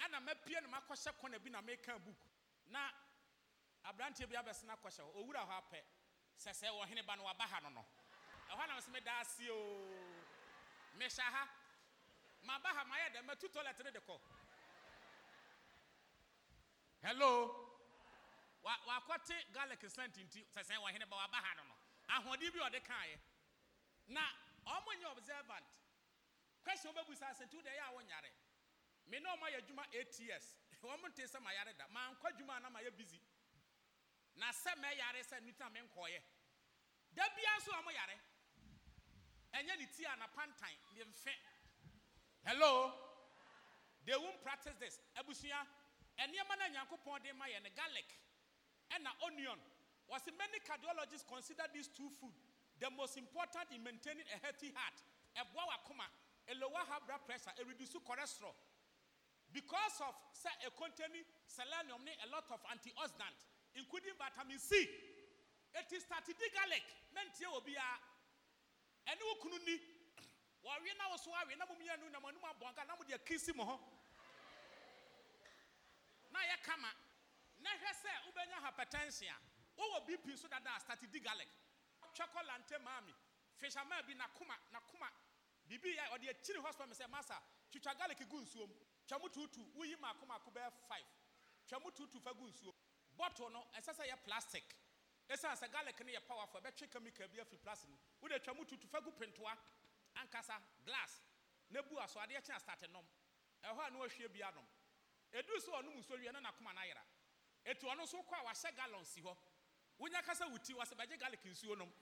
ɛna mapie no makɔhyɛ kɔna bi na meka book na aberanteɛ bi abɛse no akɔhyɛ hɔ hɔ apɛ sɛ sɛ ɔhene ba no waba ha no no ɛhɔ na mesɛ meda ase o mehyɛ ha maba ha mayɛ dɛ matu toilet no de kɔ hello wakɔte garlic slant nti sɛ sɛ ba waba ha no no ahoɔden bi ɔde kaeɛ na ɔmo nyɛ observant question wobɛbu sa sɛ nti wode a wonyare me na ɔma yɛ adwuma eight years [laughs] wɔn te sɛ ma yare da Ma nkwa juma na ma yɛ busy na sɛ mɛ yare sɛ nuta mɛ nkɔɔyɛ da bia nso wɔn yare ɛnyɛ ne ti na pantan ne mfɛ hello they won't practice this abusua nneɛma na nyankopɔn de ma yɛ ne garlic ɛna onion wɔsi many cardiologists consider these two food the most important in maintaining a healthy heart ɛboa wa koma a lower high blood pressure a reduce cholesterol. Because of say, a containing selenium, a lot of antioxidant, including vitamin C. It is started garlic. Meant will be a and who couldn't need. While we now so are we now me and Namanuma Bonga, now with your kissing more. Now you come. Now you say, Ubenya hypertension. What will be so that I started garlic? Chocolate, mommy. Fisherman be Nakuma, Nakuma. Bibi, or the chili hospital, Mr. Massa, Chicha garlic, a swim. twam tuutu woyi mako mako bɛyɛ five twam tuutu fa gu nsuo bottle no ɛsɛ sɛ yɛ plastic ɛsiane sɛ garlic no yɛ powerful ɛbɛtwe chemical bi afiri plastic no wode twam tuutu fa gu pentua ankasa glass na bu aso adeɛ kyena start nom ɛhɔ a na wahwie bia nom ɛduru sɛ ɔnom nsuo wie na nakoma no ayera ɔno nso kɔ a wahyɛ gallon si hɔ wonya kasa wo ti wasɛ bɛgye garlic nsuo nom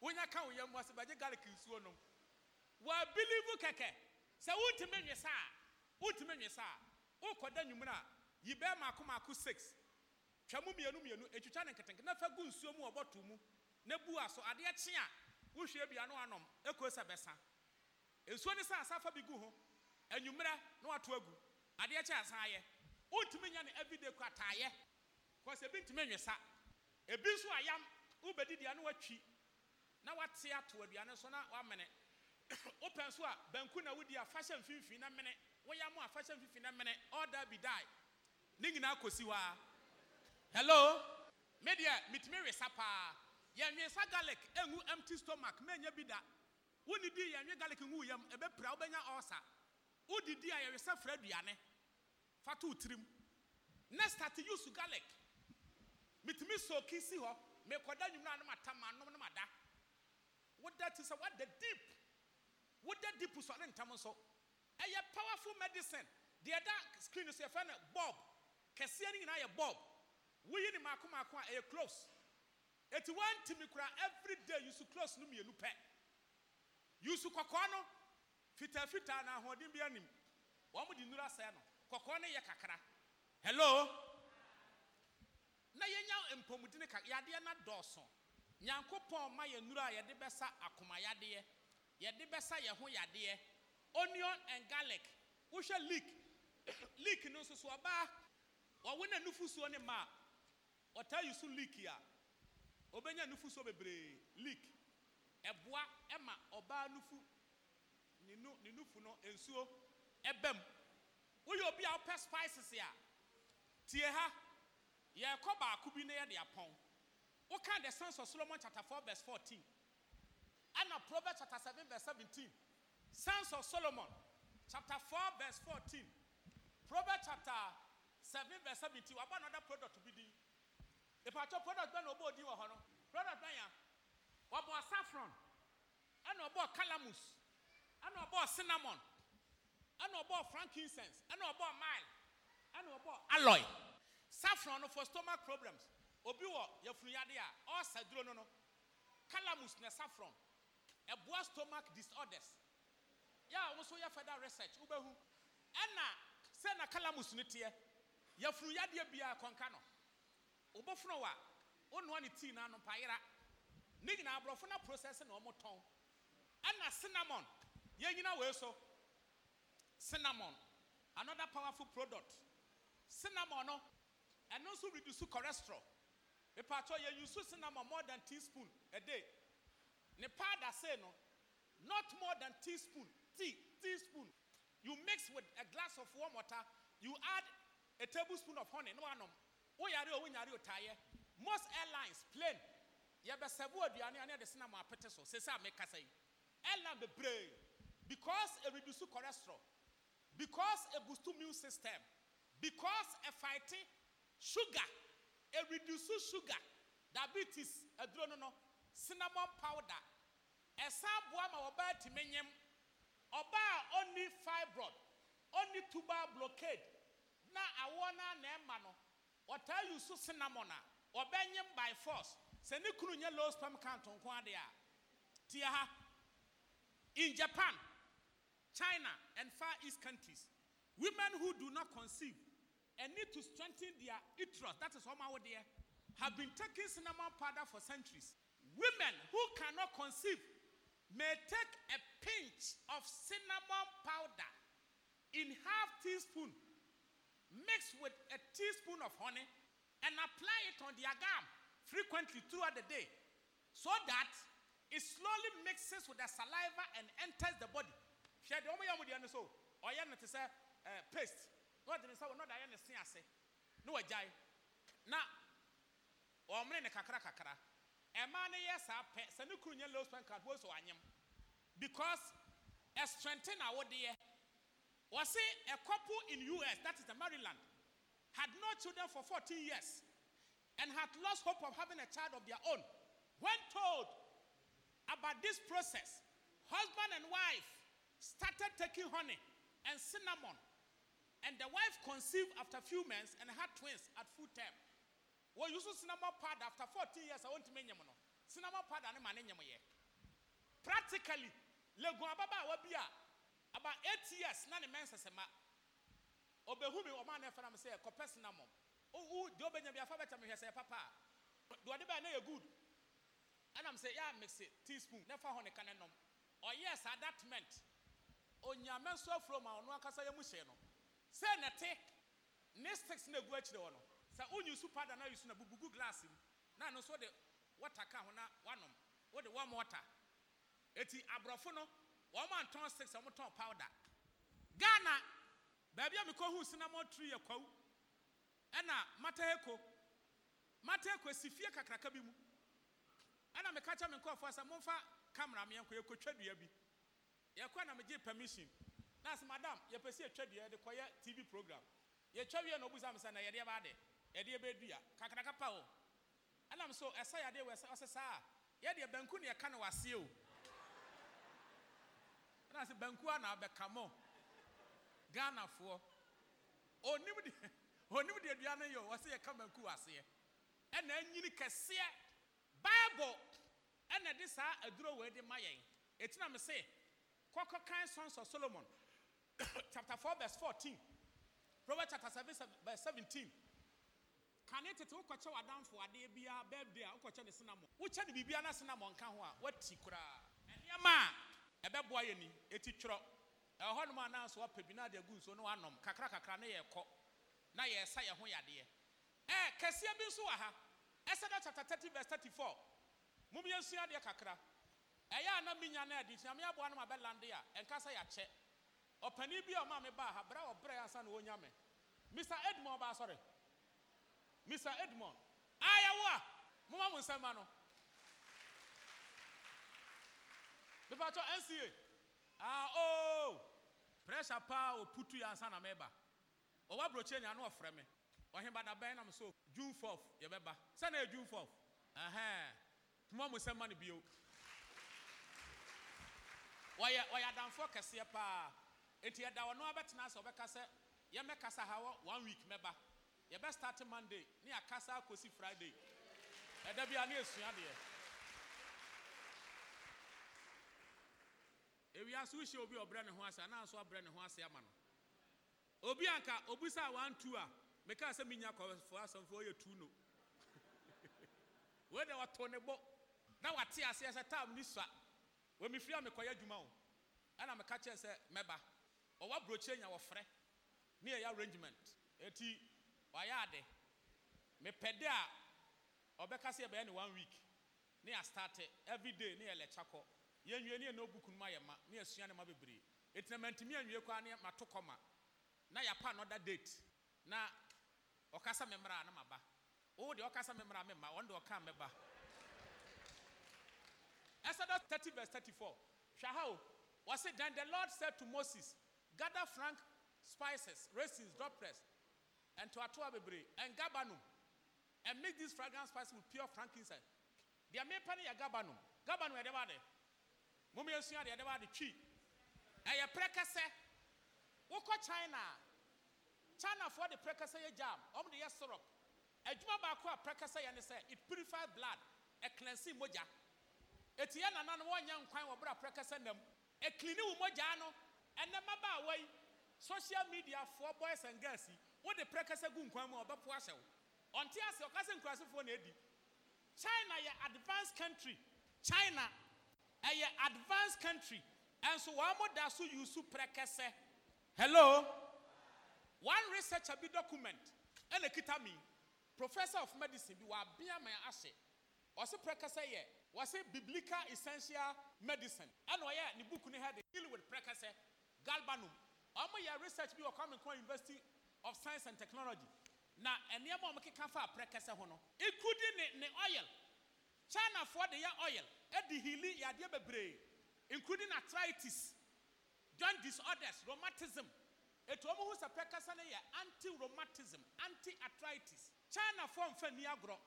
wonya ka wo yam wasɛ bɛgye garlic nsuo nom waabilivu kɛkɛ sɛ wotumi nwe sa a wotumi nwe sa a wokɔda nwumere a yi bɛɛ mako mako six twa mu mmienu mmienu etwitwa ne nketenkete na fa gu nsuo mu ɔbɔto mu na bu aso adeɛ kye wohwie bia no anom ekuro sɛ bɛsa nsuo ne sa asa fa bi gu ho enwumere na wato agu adeɛ kye asa ayɛ wotumi nya ne everyday kɔ ataayɛ kɔsɛ ebi ntumi nwe sa ebi nso ayam wobɛdidi ano watwi na wate ato aduane so na wamene. open [coughs] so a banku na wodi afahyɛ mfimfini na mene woyɛ mo afahyɛ mfimfini na mene all be die ne nyinaa kɔsi hɔ a hello me deɛ metumi resa paa yɛnwesa garlic ɛngu empty stomach mɛnyɛ bi da wonidi yɛnwe garlic ngu yam ɛbɛpira wobɛnya ɔsa wodidi a yɛresa fira aduane fa to tirim next ati use garlic metumi soki si hɔ mekɔda nwumna no matam anom no mada woda ti sɛ wada deep woda deep sɔre ntam nso ɛyɛ powerful medicine deɛ da screen so yɛfrɛ no bob kɛseɛ no nyinaa yɛ bob woyi ne maako maako a ɛyɛ close eti wantumi kura every day yusu close no mmienu pɛ yusu kɔkɔɔ no fitafitaa na ahoɔden bi anim wɔn de nnura sɛɛ no kɔkɔɔ no yɛ kakra hello na yɛnya mpɔmudini ka yadeɛ na dɔɔso nyankopɔn ma yɛ nnura a yɛde bɛsa akomayadeɛ yɛde bɛsa yɛn ho yadeɛ onion and garlic wohwɛ leek leek no nso so ɔbaa wɔwo na nufusuo ne ma a ɔtaa yi so leek a ɔbɛnya nufusuo bebree leek ɛboa ɛma ɔbaa nufu ne nu ne nufu no nsuo ɛbɛ mu woyɛ obi a wopɛ spices a tie ha yɛrekɔ baako bi na yɛde apɔn woka the sense of solomon chapter four verse fourteen ɛna proverbs chapter seven verse seventeen sons of solomon chapter four verse fourteen proverbs chapter seven verse seventeen wabɔ another product to bi din ìpàtɔ product bẹ́ẹ̀ na ọbọ̀ òdi wɔ hɔ no product bẹ́ẹ̀ yà wabɔ saffron ɛna buy calamus ɛna buy cinnamon ɛna buy frankincense buy ɔbɔ mile ɛna buy alloy saffron for stomach problems obi wɔ yɛfunuyade a ɔɔsa no no calamus na saffron ɛboa stomach disorders yɛ a wɔn nso yɛ further research wobɛhu ɛna sɛ na calamus no teɛ yɛfunu yadeɛ biara kɔnka no wobɛfunu wa wonoa ne tii n'ano payera ne nyinaa aborɔfo na process na wɔn tɔn ɛna cinnamon yɛn nyina wɔ so cinnamon another powerful product cinnamon no ɛno nso reduce cholesterol mipatɔ yɛ use cinnamon more than teaspoon a day. ne powder say no, not more than teaspoon, tea, teaspoon. You mix with a glass of warm water, you add a tablespoon of honey, no anom. Oyare o winyare o taye. Most airlines plane yɛbɛsɛbo aduane ane de sena mo apete so sɛ sɛ a mekasa yi ɛna bebree because ɛreduce cholesterol because ɛboost immune system because a fighting sugar a reduce sugar diabetes aduro eh, no no cinnamon powder ɛsan aboa ma ɔbaa tìmɛ nyɛm ɔbaa ɔni fibroid ɔni tuber blockade na awoɔ na na ɛma no ɔtaa yi so cinnamon a ɔbɛ nyɛm by force sɛ ne kunu nyɛ low sperm count nko ade a tia ha in japan china and far east countries women who do not conceive and need to strengthen their uterus that is how my dear have been taking cinnamon powder for centuries women who cannot conceive may take a pinch of cinnamon powder in half teaspoon mixed with a teaspoon of honey and apply it on their gum frequently throughout the day so that it slowly mixes with the saliva and enters the body. paste ɛmaa no yɛ saa pɛ sɛ ne kuru nyɛ low span card wɔsɔ anyam because ɛstrɛnte na wodeɛ wɔsi a couple in us that is the maryland had no children for fourteen years and had lost hope of having a child of their own when told about this process husband and wife started taking honey and cinnamon and the wife conceived after few months and had twins at full term. wɔyi so sinama pad after fourteen years a wɔntumi nyɛm no sinama pad ne ma ne nyɛm yɛ practically legun ababaawa bi a about eight years na ne mɛnsɛsɛ ma ɔbɛhu mi ɔmo anɛ fɛnam sɛ kɔpɛ sinamɔ owu deɛ ɔbɛnya bi afa bɛtɛm hwɛsɛ papa deɛ ɔde bɛyɛ ne yɛ good ɛnam sɛ yɛa mix teaspoon ne fa hɔ ne ka ne nom ɔyɛ oh, saa adaptment onyame nso afuro ma ɔno akasa yɛ mu hyɛ no sɛ nɛte ne sticks na egu akyire hɔ no. sɛ wonyi su pada na yusu na bubugu glass mu na no so wode water ka ho na wanom wode warm water eti aborɔfo no wɔn antɔn six wɔn tɔn powder ghana baabi a mekɔhu cinnamon tree yɛ kwawu ɛna mataheko mataheko si fie kakraka bi mu ɛna meka kyɛ me nkɔfoɔ sɛ momfa kamera me nkɔ yɛkɔtwa dua bi yɛkɔ na megye permission na sɛ madam yɛpɛ sɛ yɛtwa dua yɛde kɔyɛ tv program yɛtwa wie na ɔbusa me sɛ na yɛdeɛ baa de yɛde bɛdua kakraka pa o ɛnam so ɛsɛ yadeɛ wɔ ɛsɛ ɔsɛ saa yɛdeɛ banku ne yɛka no waseɛ o ɛna sɛ banku ana bɛka mɔ ghanafoɔ onim deɛ [laughs] onim deɛ dua no yɛ o ɔsɛ yɛka banku waseɛ ɛna anyini kɛseɛ bible ɛna de saa aduro wɔ de ma yɛn etina mi sɛ kɔkɔ kan sons of solomon [coughs] chapter four verse fourteen proverbs chapter seven verse seventeen. kane tete wokɔkyɛ w'adamfo adeɛ biara birthday a wokɔkyɛ ne sinamɔ wokyɛ ne biribiara na sinamɔ nka ho a wati koraa nneɛma a ɛbɛboa yɛ ni eti twerɛ ɛwɔ nom anan so wapɛ bi na de agu nsuo no wanom kakra kakra na yɛkɔ na yɛsa yɛn ho yadeɛ ɛɛ kɛseɛ bi nso wɔ ha ɛsɛdɛ chapter thirty verse thirty four mum yɛ nsua adeɛ kakra ɛyɛ a na mi nya na ɛdi nsia mi aboa no ma lande a nkasa yɛakyɛ ɔpanin bi a ɔmaa mi baa ha bere a ɔbrɛ yɛ asa na wɔnya mi mr edmond baasɔre mr edmond ayawo a moma mo nsɛm ma no mepatɔ nca ao pressure paa oputu yɛ ansa na mɛba ɔwɔ aburokyi anya no ɔfrɛ me ɔhen ba dabɛn so june fourth yɛbɛba sɛnɛ yɛ june fourth ɛhɛn moma mo nsɛm ma no bio wɔyɛ wɔyɛ adamfoɔ kɛseɛ paa eti ɛda wɔn no abɛtena ase ɔbɛka sɛ yɛmɛkasa ha wɔ one week mɛba yɛbɛ start monday ne yɛakasa akɔsi friday ɛda bia ne yɛsua deɛ ewia so wohyɛ obi a ɔbrɛ ne ho ase anaa nso abrɛ ne ho ase ama no obi anka obusa a wantu a mekaa sɛ menya kɔfoɔ asɛmfoɔ yɛ tu no [laughs] wei de wɔto ne bo na wate aseɛ sɛ tam ne sua wɔmefiri a mekɔyɛ adwuma o ɛna meka kyerɛ sɛ mɛba ɔwɔ aburokyi nya wɔfrɛ ne yɛyɛ arrangement ɛti ɔyɛ me mepɛ de a ɔbɛka sɛ yɛbɛyɛ ne one week ne yɛ start every day ne yɛ lɛkya yɛnwie ne yɛ no book no ma yɛ ma ne yɛsua ne ma bebree ɛtina mantumi anwie koraa ne mato kɔma na yɛapa another date na ɔkasa oh, me mmra na maba wo deɛ ɔkasa me mmra me mma ɔno ɔka mɛba Exodus 30 verse 34 Shahao was it then the Lord said to Moses gather frank spices raisins droplets and to atua bebre and gabanum and make this fragrance spice with pure frankincense. They are making a gabanum. Gabanum where they are? Mumi esua they are the tree? twi. Ɛyɛ prekese. Wokɔ China. China for the prekese jam. Ɔmo de yɛ syrup. Adwuma baako a prekese yɛ ne it purifies blood. Ɛcleanse mogya. moja. yɛ nana no wɔnyɛ nkwan wɔ bere a prekese nam. Ɛklini wo mogya no. Ɛnɛ maba yi social media for boys and girls yi wode prɛ kasa gu nkwan mu a ɔbɛpo ahyɛ wo ɔnte ase ɔkasa nkurasefoɔ na adi china yɛ advanced country china ɛyɛ advanced country ɛnso wɔn mo da so yusu prɛ hello one researcher bi document ɛna kita mi professor of medicine bi wabea ma ahyɛ ɔsi prɛ kɛsɛ yɛ wɔsi biblical essential medicine ɛna ɔyɛ ne book ne head deal with prɛ galbanum wɔn yɛ research bi wɔ kwame nkrumah university of science and technology na nneɛma a wɔkeka fa aprɛ kɛsɛ ho no including ne ne oil chinafoɔ de yɛ oil de hili yadeɛ bebre. including arthritis joint disorders rheumatism etu wɔn hu se pɛ kɛsɛ no yɛ anti rheumatism anti arthritis chinafoɔ nfa ni agorɔ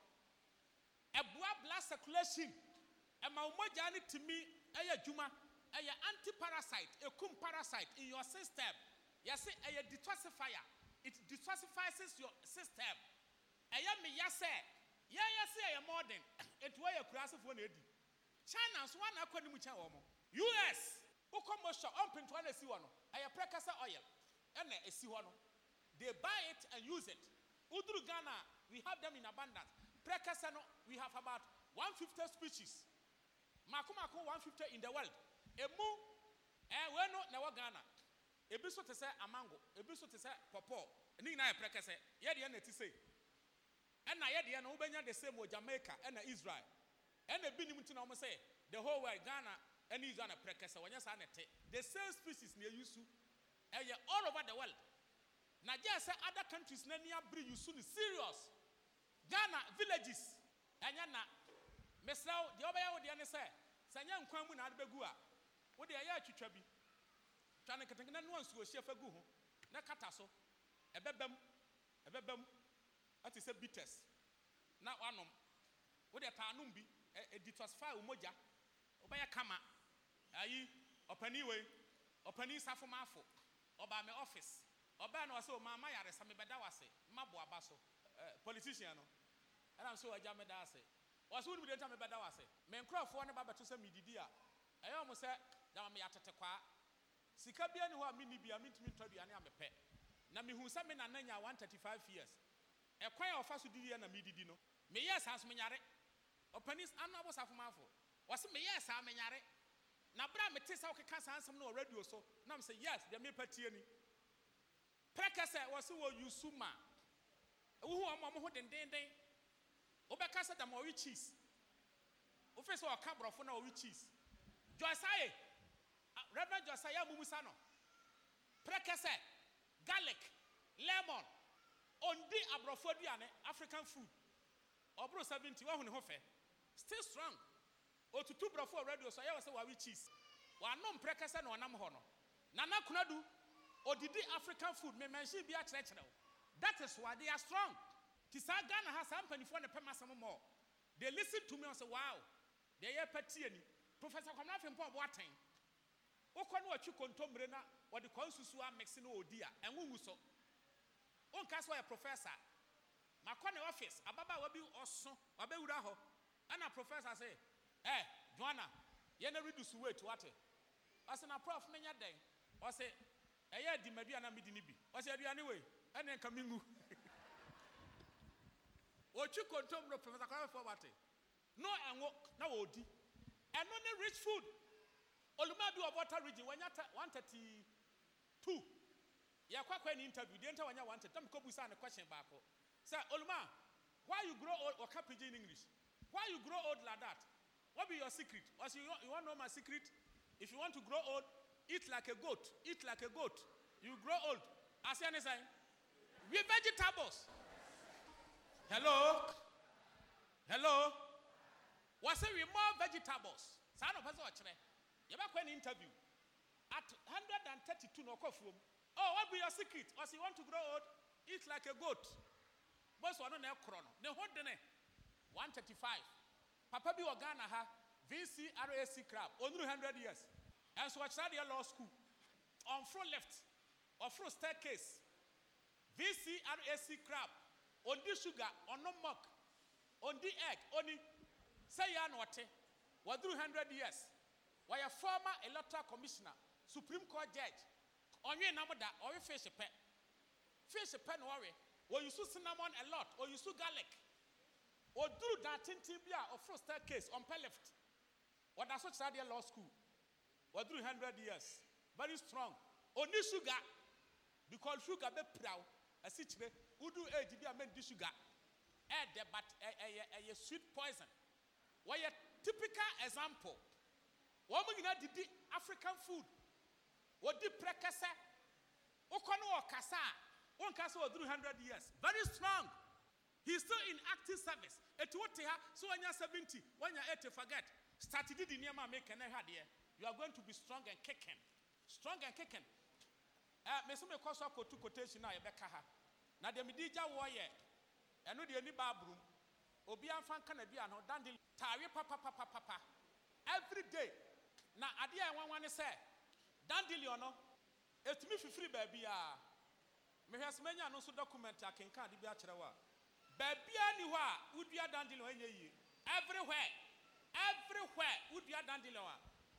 ɛboa blood circulation ɛma wɔn mogya ne tumi ɛyɛ adwuma ɛyɛ anti parasite ekum parasite in your system yɛsi ɛyɛ detoxifier it dysphasifies your system ɛyɛ meya sɛ yɛyɛ sɛ yɛyɛ mɔden etu yɛ kurasefoɔ na edi china nso wɔn akɔ ne mu kyɛn wɔn us wokɔ mɔhyɛ ɔmpintoa na esi hɔ no ɛyɛ prekasa oil ɛna esi they buy it and use it ghana we have them in abundance we have about one fifty species mako one fifty in the world emu ɛɛ eh, We no ghana ebi nso te sɛ amango ebi nso te sɛ pɔpɔ ne nyinaa yɛ prɛ yɛdeɛ na ti se ɛna yɛdeɛ na wobɛnya de same wɔ jamaica ɛna israel ɛna ebi nim ti na wɔn sɛ the whole world ghana ɛne israel na prɛ wɔnyɛ saa na te the same species na eyi su ɛyɛ all over the world na gye sɛ other countries na ni abiri yi su serious ghana villages ɛnyɛ na mesrɛw deɛ ɔbɛyɛ wo deɛ ne sɛ sɛ nyɛ nkwan mu na ade bɛgu a wo deɛ ɛyɛ atwitwa bi twa ne nketenkete na noa nsuo hyia fa gu ho na kata so ɛbɛbɛm ɛbɛbɛm ɛte sɛ bitters na wanom wode taa nom bi ɛdi tɔsfaa wo mogya kama ayi ɔpanin wei ɔpanin safomaafo ɔbaa me office ɔbaa na ɔsɛ ɔmaa ma yaresa mebɛda wase ma bo aba so ɛɛ politician no ɛnam so ɔgya meda ase ɔsɛ wonum deɛ nta mebɛda wase me nkurɔfoɔ ne ba bɛto sɛ mididi a ɛyɛ ɔmo sɛ dama me yɛatete kwaa sika bia ne hɔ a menni bia mentumi ntɔ aduane a na mehu sɛ me nana nya 135 years ɛkwan a ɔfa so didiɛ na medidi no meyɛɛ saa so menyare ɔpani anabo safomaafo ɔse meyɛɛ saa menyare na berɛ a mete sɛ wokeka saa nsɛm no wɔ radio so na m yes deɛ mepɛ tie ni prɛkɛ sɛ wɔ wɔ yusuma wohu ɔma mo ho dendenden wobɛka sɛ dama ɔwe cheese wofei sɛ ɔka borɔfo na ɔwe cheese joysae Ah, reverend josiah Mumusano, prekese garlic lemon ondi aborɔfo aduane african food ɔboro seventy wahu ne ho fɛ still strong otutu borɔfo radio so ɛyɛ wɔ sɛ wawe cheese wanom prekese na ɔnam hɔ no nana kunadu odidi african food mmemmɛnhyɛn bi akyerɛkyerɛ o that is why they are strong ti saa ghana ha saa mpanimfoɔ na pɛm asɛm mɔ they lis ten to me and say wow deɛ yɛ pɛ tie ni professor kwamina afei mpɔn ɔbɔ atɛn wokɔ ne wɔtwe kontommire na wɔde kɔn susu amix no ɔdi a ɛnwonwu so wonka sɛ ɔyɛ professor makɔ ne office ababaawa bi ɔso ɔbɛwura hɔ ɛna professor sɛ ɛ joana yɛne reduce weight wate ɔsɛ na prof no nyɛ dɛn ɔsɛ ɛyɛ adimadua na medi no bi ɔsɛ aduane wei ɛne nka mengu [laughs] wɔtwi kontommire professor kɔrɛfoɔ wate no ɛnwo na wɔdi ɛno ne rich food Olumabi of Water Region, when you're 132, you're quite an interview. The enter when you wanted. Tom Kobusa and a question back. Sir, Oluma, why you grow old or capage in English? Why you grow old like that? What be your secret? Or you, you want to know my secret? If you want to grow old, eat like a goat. Eat like a goat. You grow old. I see any We vegetables. Hello? Hello? What's say We more vegetables. Son of us, what's yɛbɛkɔ ne interview at 132 na ɔkɔ fuom oh what be your secret ɔsi you want to grow old eat like a goat bɔsɔ ɔno na ɛkorɔ no ne ho dene 135 papa bi wɔ ghana ha vcrac crab onuru 100 years ɛnso ɔkyerɛ deɛ law school ɔnforo left ɔforo staircase vcrac crab ondi sugar ɔno mok ondi egg oni sɛ yɛ na ɔte wɔduru 100 years a former electoral commissioner supreme court judge ɔnwe nam da ɔwe fish pɛ fish pɛ na ɔwe ɔyusu cinnamon a lot or ɔyusu garlic do that tenten bi a case staircase ɔmpɛ lift What so kyerɛ adeɛ law school do hundred years very strong Only sugar because sugar bɛ proud. I kyerɛ wudu age bi a mɛ Do sugar ɛɛdɛ but a sweet poison Why a typical example wɔn nyinaa didi african food wɔdi Prekese? wokɔ no wɔ kasa a Kasa wɔ duru years very strong he is still in active service etu wote ha so wanya seventy wanya eighty forget start didi nneɛma a meka na ɛha deɛ you are going to be strong and kicking strong and kicking ɛɛ eh, mesi mi kɔ so akotu quotation a yɛbɛka ha na deɛ mi di gya wɔ yɛ ɛno deɛ ni baaburu obi afa nkanna bi ano dandeli taare papapapapa every day. na adeɛ a ɛwanwa ne sɛ dandelion no ɛtumi fifiri baabi a mehwɛ sɛ manya no nso document akenka ade bi akyerɛ wo a baabia ni hɔ a wodua dandelion ɛnyɛ yie everywhere everywhere wodua dandelion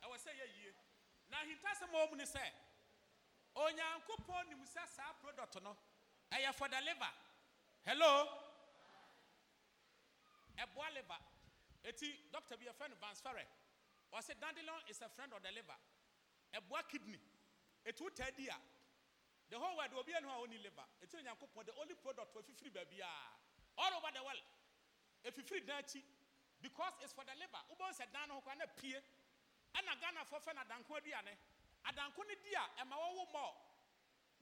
a ɛwɔ sɛ ɛyɛ yie na ahintasɛm a ɔmu ne sɛ onyankopɔn nim sɛ saa product no ɛyɛ for the liver hello ɛboa liver eti doctor bi yɛfrɛ no vance ferrer ɔsɛ dandelion is a friend of the liver a ɛboa kidney a tɛ di the whole world will obi enu a ɔni liver It's etu nyankopɔn the only product efifiri free baby all over the world efifiri free dirty because it's for the liver wobɛn sɛ dan no ho kora na pie ɛna ghana fɔ fɛ na adanko aduane adanko ne di a ɛma wɔwo mɔ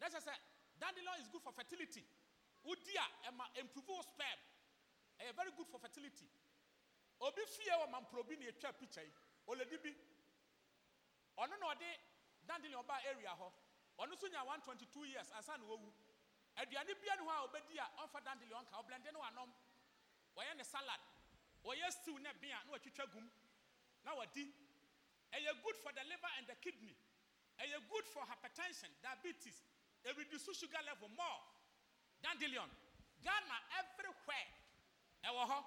na ɛsɛ sɛ dandelion is good for fertility wodi a ɛma improve sperm ɛyɛ very good for fertility obi fie wɔ mamprobi na etwa picture oledi bi ɔno na ɔde dandeli ɔba area ho, ɔno nso nya one twenty two years ansa na owu aduane bia ne ho a obedi a ɔnfa dandeli ɔnka ɔblende ne wanom wɔyɛ ne salad wɔyɛ stew ne bea na wɔtwitwa gum na wɔdi ɛyɛ good for the liver and the kidney ɛyɛ good for hypertension diabetes it reduces sugar level more dandelion ghana everywhere ewo ho,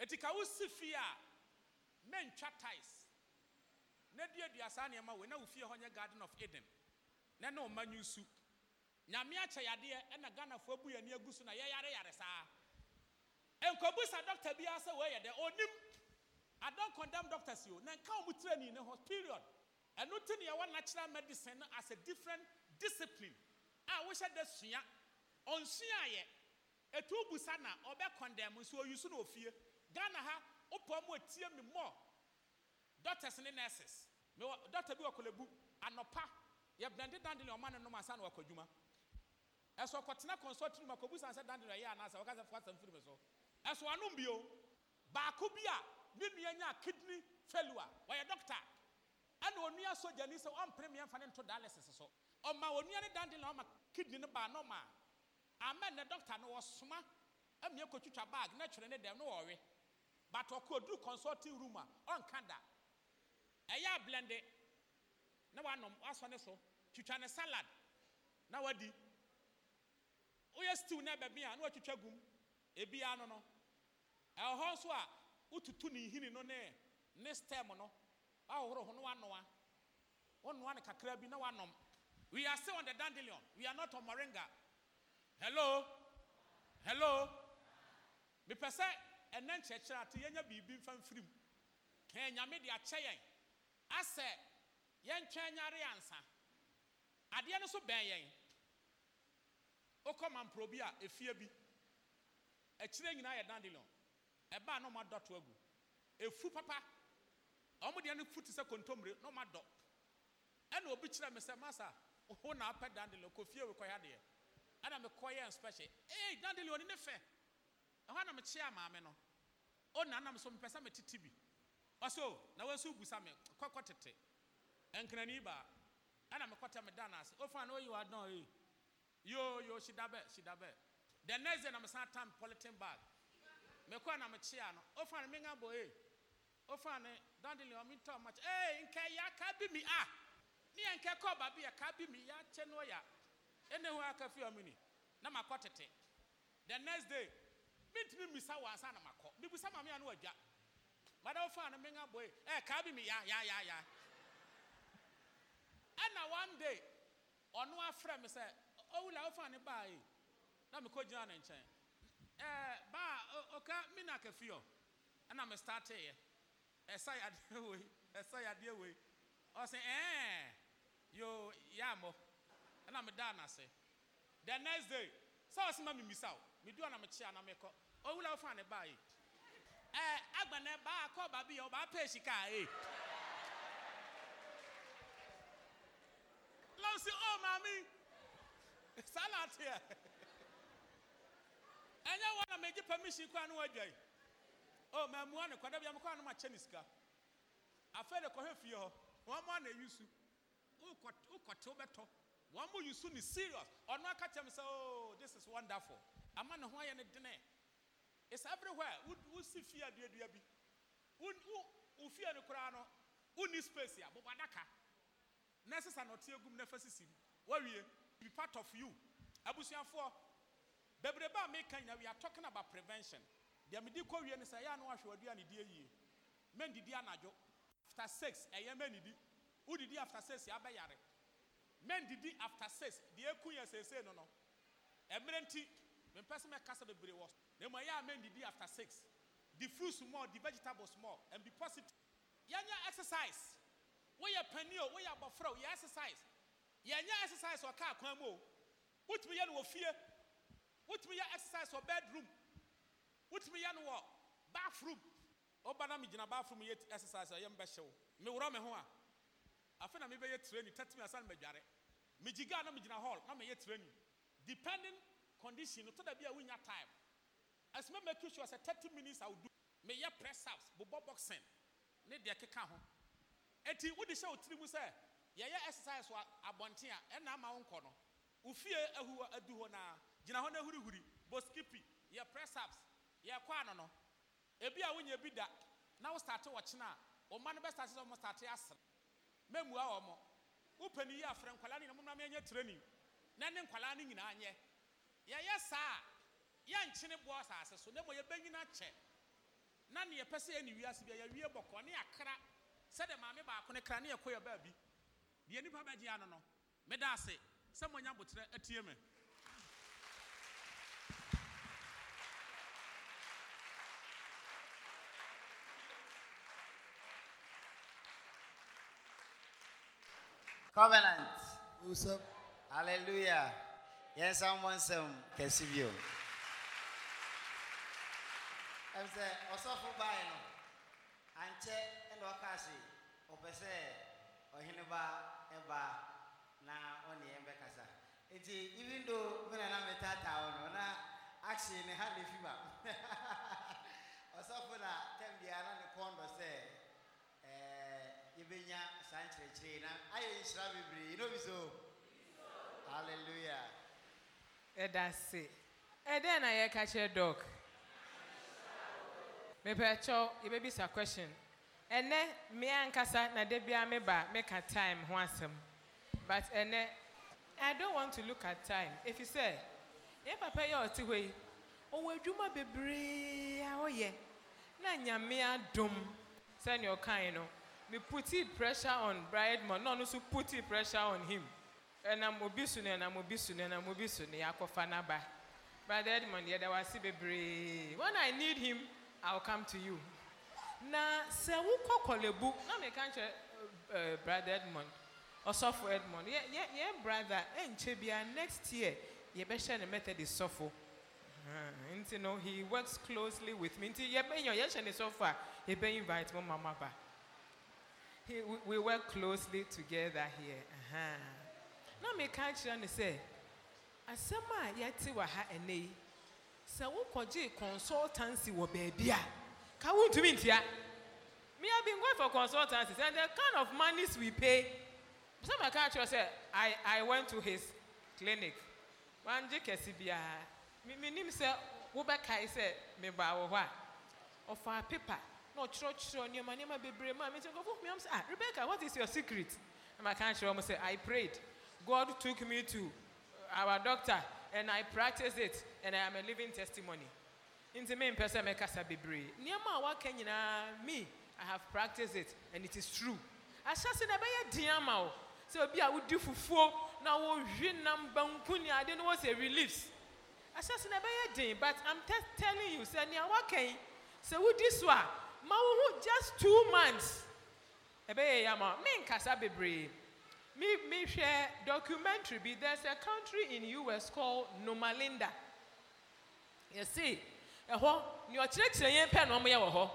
etika wosi sifia. mentwa ties na duadua saa nneɛma wei na wofie hɔ nyɛ garden of eden na ne ɔma nyusu nyame akyɛ yadeɛ ɛna ghanafoɔ abu yɛn ani agu so na yɛyareyare saa nkɔbu sa dɔkta biara sɛ wɔyɛ dɛ onim i don condemn doctors o na nka wɔn tirani ne ho period ɛno ti ne yɛwɔ natural medicine as a different discipline a wɔhyɛ dɛ sua ɔnsua yɛ etu busa na ɔbɛ condemn nso oyi so na ofie ghana ha wopɔ mu etie mi mɔ doctors ne nurses mewɔ doctor bi wɔ kɔlɛbu anɔpa yɛ blende dandelion ɔma ne nom ansa na wakɔ adwuma ɛsɛ ɔkɔtena consulting room akɔbu sansa dandelion ɛyɛ anaasɛ wɔkasa fo asɛm firi mi so ɛsɛ ɔanom bio baako bi ne nua nya kidney failure wɔyɛ doctor ɛna onua sojani sɛ ɔmpere mmiɛnfa ne nto dialysis so ɔma onua ne dandelion ɔma kidney no baa nɔma amen ne doctor no wɔsoma ɛmiɛ kɔtwitwa bag na twere ne dɛm no wɔwe but ɔkɔduru consulting room a ɔnka da ɛyɛ ablɛnde na wanom wasɔ ne so twitwa ne salad na wadi woyɛ stew na baabi a na watwitwa gum ebiara no no ɛwɔ hɔ nso a wotutu ne nhini no ne ne stem no ahohoro ho no wanoa wonoa ne kakra bi na wanom we are still on the dandelion we are not on moringa hello hello mepɛ sɛ ɛnɛ nkyerɛkyerɛ ate yɛnya biribi mfa mfirim kɛn nyame de akyɛ yɛn asɛ yɛntwɛn nyare ansa adeɛ no so bɛn yɛn wokɔ mamporo bi a efie bi akyire nyinaa yɛ dandelion ɛbaa na ɔma agu efu papa ɔmo deɛ no fu te sɛ kontomire na ɔma dɔ ɛna obi kyerɛ me sɛ masa wo na apɛ dandelion kɔ fie wekɔyɛ adeɛ ɛna mekɔ yɛ inspection ee dandelion ne fɛ ɛhɔ na mekye a maame no ɔnanam so mepɛ sɛ metete bi ɔsɛ o na wɔnso gu sa me kɔkɔ tete nkanani baa ɛna mekɔtɛ meda no ase ɔfa na ɔyi wadɔn yi yoo yoo hyida bɛ hyida bɛ the next day na mesan tam politin bag mekɔ na mekyea no ɔfa no menga bɔ yi eh. ɔfa no dandeli ɔme ntɔ makyɛ ee eh, nka ya ka bi mi a ah. ne yɛ nka kɔ baabi yɛ ka bi mi ya kyɛ no ya ɛne ho aka fi ɔmo ni na makɔ tete the next day mintimi misa wansa na makɔ bibusa maame ano adwa madam fan no menga boy eh ka bi me ya ya ya ya ana one day ɔno afrɛ me sɛ owula wofa ne baa yi na mekɔ gyina ne nkyɛn eh baa ɔka me na kafiɔ ɛna me starteeɛ ɛsa yadeɛ [laughs] wei ɛsa yadeɛ wei ɔsɛ ɛɛ yo ya mɔ ɛna me daa n'ase the next day sɛ ɔsɛ ma me misa o me du a na me kyea na me kɔ owula wofa ne baa yi. Eh, agbana ebe a akɔ ba bi yɛ ɔba pɛ sika ee eh. lɔn si o oh, maami salatiɛ enye wɔn na eji permission kɔ anu adwa yi o oh, mɛ mua ne kɔda bi amu kɔ anu ma kyɛ ne sika afɛ de kɔhɛ fie hɔ wɔn mu ana eyi su ukɔ ukɔte wobɛtɔ wɔn yi su ne serious akacha akakyɛm sị ooo oh, this is wonderful ama ne na ayɛ ne dene. it's everywhere wosi fie aduadua bi wo fie no koraa no wonni space a bobɔ adaka na ɛsesa na ɔte agum na fa sisi mu wawie be part of you abusuafoɔ bebrebe a meka nyina we are talking about prevention deɛ mede kɔ wie no sɛ ɛyɛ a no wahwɛ wadua ne di ayie mɛndidi anadwo after six ɛyɛ eh, mɛndidi didi after six abɛyare didi after six deɛ ɛku yɛ seesei no no ɛmmerɛ eh, nti mempɛ sɛ mɛkasa bebree wɔ na mmom ɛyɛ a mɛndidi after six the fruits more the vegetables more and be positive yɛnyɛ exercise woyɛ panin o woyɛ are o you exercise yɛnyɛ exercise wɔ car, kwan mu o wotumi yɛ no wɔ fie wotumi yɛ exercise wɔ bedroom wotumi yɛ no walk. bathroom ɔba na mi gyina bathroom yɛ exercise ɛyɛ mi bɛhyɛ o mi wura mi ho a afei na mi bɛyɛ training thirty minutes asan mi dware mi gyi gaa na mi jina hall na mi yɛ training depending condition to da bi a winya time. as me make you sure say 30 minutes I will do me ye press ups bobo boxing ne de keka ho Eti wo de say otiri mu say ye exercise wa abonten a e na ma wo nko no ofie ahu eh, adu eh, ho na gina ho na hurihuri bo skippy ye press ups ye kwa no no ebi a wonye bi da na wo start wo kyena o ma no be start so mo start asere memu a wo mo wo pani ye afre nkwala ne mo na me nye training na ne nkwala ne nyina anye ye ye saa yɛnkyene boɔ asase so na mmom yɛbɛnyina kyɛ na neɛ pɛ sɛ yɛne wiase bia yɛwie bɔkɔ ne akra sɛdeɛ maame baako ne kra ne yɛkɔ yɛ baabi deɛ nnipa bɛgyea no no meda ase sɛ mmɔnya botrɛ atie me Covenant. Yes, sir. Hallelujah. Yes, I'm one, sir. Can see you. ɛmu sɛ ɔsɔfo baayi no ankyɛ ɛna ɔkaa se ɔpɛ sɛ ɔhene baa ɛba na ɔne yɛn bɛkasa nti even though mi na na mi taataa wɔ no na ahyɛ ne ha [laughs] na efi ba ɔsɔfo na tɛm biara na ne kɔn dɔ sɛ ɛɛ yɛbɛnya saa nkyerɛkyerɛ na ayɛ nhyira bebree yìí n'obi so hallelujah. ɛda se ɛdɛn na yɛka kyerɛ dɔk mepɛkyɛw yɛbɛbisa question ɛnɛ me ankasa na da bia meba meka time ho asɛm but ɛnɛ i don't want to look at time efi sɛ yɛ papa yɛ ɔte hɔ yi ɔwɔ adwuma bebree a ɔyɛ na nyame adom sɛnea ɔkae no me puti pressure on brideman na ɔno nso puti pressure on him ɛnam obi so no ɛnam obi so no ɛnam obi so no yɛakɔfa n'aba brother edmond yɛda wase bebree when i need him I'll come to you. Na sɛ wokɔ kɔlɛbu na meka nkyerɛ eh, eh, brother Edmond ɔsɔfo Edmond yɛ yɛ yɛ brother ɛnkyɛ eh, bia next year yɛbɛhyɛ ne Methodist sɔfo uh-huh. nti no he works closely with me nti yɛbɛnyɛ yɛhyɛ ne sɔfo a yɛbɛ invite mo mama ba he we, work closely together here uh-huh. na meka nkyerɛ ne sɛ asɛm a yɛte wɔ ha ɛnɛ yi sɛ wokɔgye consultancy wɔ baabi a ka wontumi ntia me have been going for consultancy and the kind of monies we pay some I can't I I went to his clinic me? gye kɛse biara menim sɛ wobɛkae sɛ mebaa wɔ hɔ a ɔfaa paper na ɔkyerɛkyerɛ nneɛma nneɛma bebree me a mete nkɔfo hua m sɛ ah rebecca what is your secret na maka kyerɛ m sɛ i prayed god took me to our doctor and I practice it and I am a living testimony. In me main person, mɛkasa bebree. Nneɛma a waka me I have practiced it and it is true. Ahyɛse na ɛbɛyɛ den ama wo sɛ obi a wodi fufuo na wohwi nam I ne not no wɔ sɛ reliefs. Ahyɛse na ɛbɛyɛ di, but I'm te- telling you sɛ nea waka yi sɛ wodi so ma just two months ɛbɛyɛ yɛ ama wo. Menkasa me me share documentary bi there's a country in US called Nomalinda you see ɛhɔ nea ɔkyerɛkyerɛ yɛn pɛ na ɔmo yɛ wɔ hɔ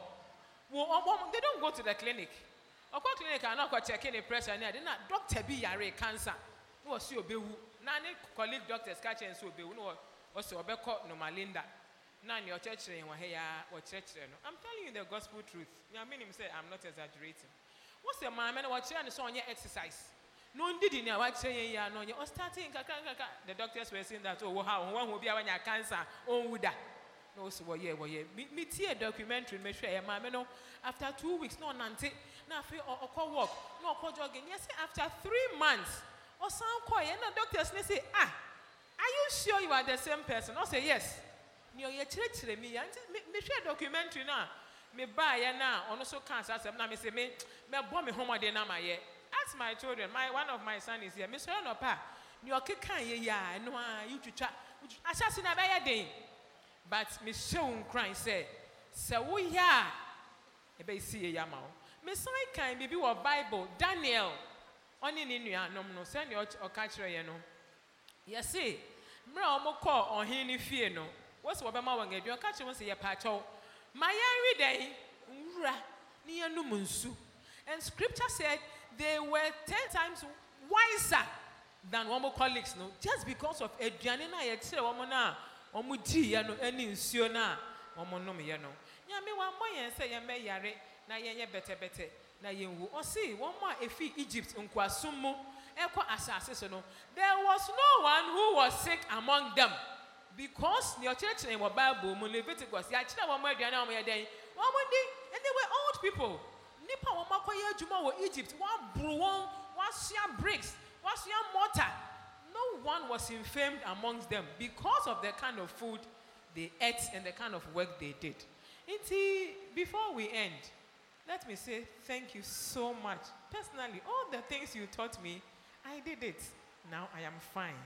wɔn ɔmo they don't go to the clinic ɔkɔ clinic a na ɔkɔ check the pressure ne ade na doctor bi yare cancer na ɔsi obewu na ne colleague doctors ka kyerɛ nso obewu na ɔsi ɔbɛkɔ Nomalinda na nea ɔkyerɛkyerɛ yɛn wɔ hɛ ya ɔkyerɛkyerɛ no i'm telling you the gospel truth nyame nim say i'm not exaggerating wɔsɛ maame no wɔkyerɛ ne sɛ ɔnyɛ exercise nondidi nea wakyerɛ yɛn yi a na ɔnyɛ ɔstate oh, nkakrankakra the doctors were saying that oh wɔ ha ɔho wahu bi a wanya cancer ɔnwu oh, da na ɔsi wɔyɛ wɔyɛ a documentary no mehwɛ ɛ maame no after two weeks na ɔnante na afei ɔkɔ work na ɔkɔ jogging yɛ sɛ after three months ɔsan kɔɔyɛ na doctors ne say ah are you sure you are the same person ɔsɛ yes nea ɔyɛ kyerɛkyerɛ mi yɛ nti a documentary no a mebaayɛ no na ɔno so kaa say asɛm na mesɛ me mɛbɔ me homɔden ma amayɛ ask my children my one of my son is here Mr. mesoro nɔpa nea ɔkeka yɛ yɛ a ɛno a yɛtwitwa ahyɛse no ɛbɛyɛ ah, den but mehyɛ wo nkran sɛ sɛ woyɛ a ɛbɛsi yɛ yɛ I can mesan kan biribi wɔ bible daniel ɔne ne nuanom no Send sɛnea ɔka kyerɛ yɛ no yɛse mmerɛ a wɔkɔɔ ɔhene no fie no wɔsɛ wɔbɛma wɔn aduan ɔka kyerɛ wɔn sɛ yɛpaakyɛw ma My dɛn Ura. ne yɛnum nsu and scripture said they were 10 times wiser than wɔn colleagues no just because of Adrianina, no a yɛkyerɛ wɔn no a wɔn gyiiɛ no ne nsuo no a wɔn nomyɛ no nyame wɔammɔ yɛn sɛ yɛmmɛ yare na yɛnyɛ bɛtɛbɛtɛ na yɛnwu ɔsi wɔn a egypt nkoasom mu ɛkɔ asase no there was no one who was sick among them because nea ɔkyerɛkyerɛ wɔ bible mu leviticus yɛakyerɛ wɔn aduane a wɔn yɛ dɛn di and they were old people nipa wɔn akɔyɛ adwuma wɔ egypt waburu wɔn wasua bricks wasua mortar no one was infamed amongst them because of the kind of food they ate and the kind of work they did nti before we end let me say thank you so much personally all the things you taught me i did it now i am fine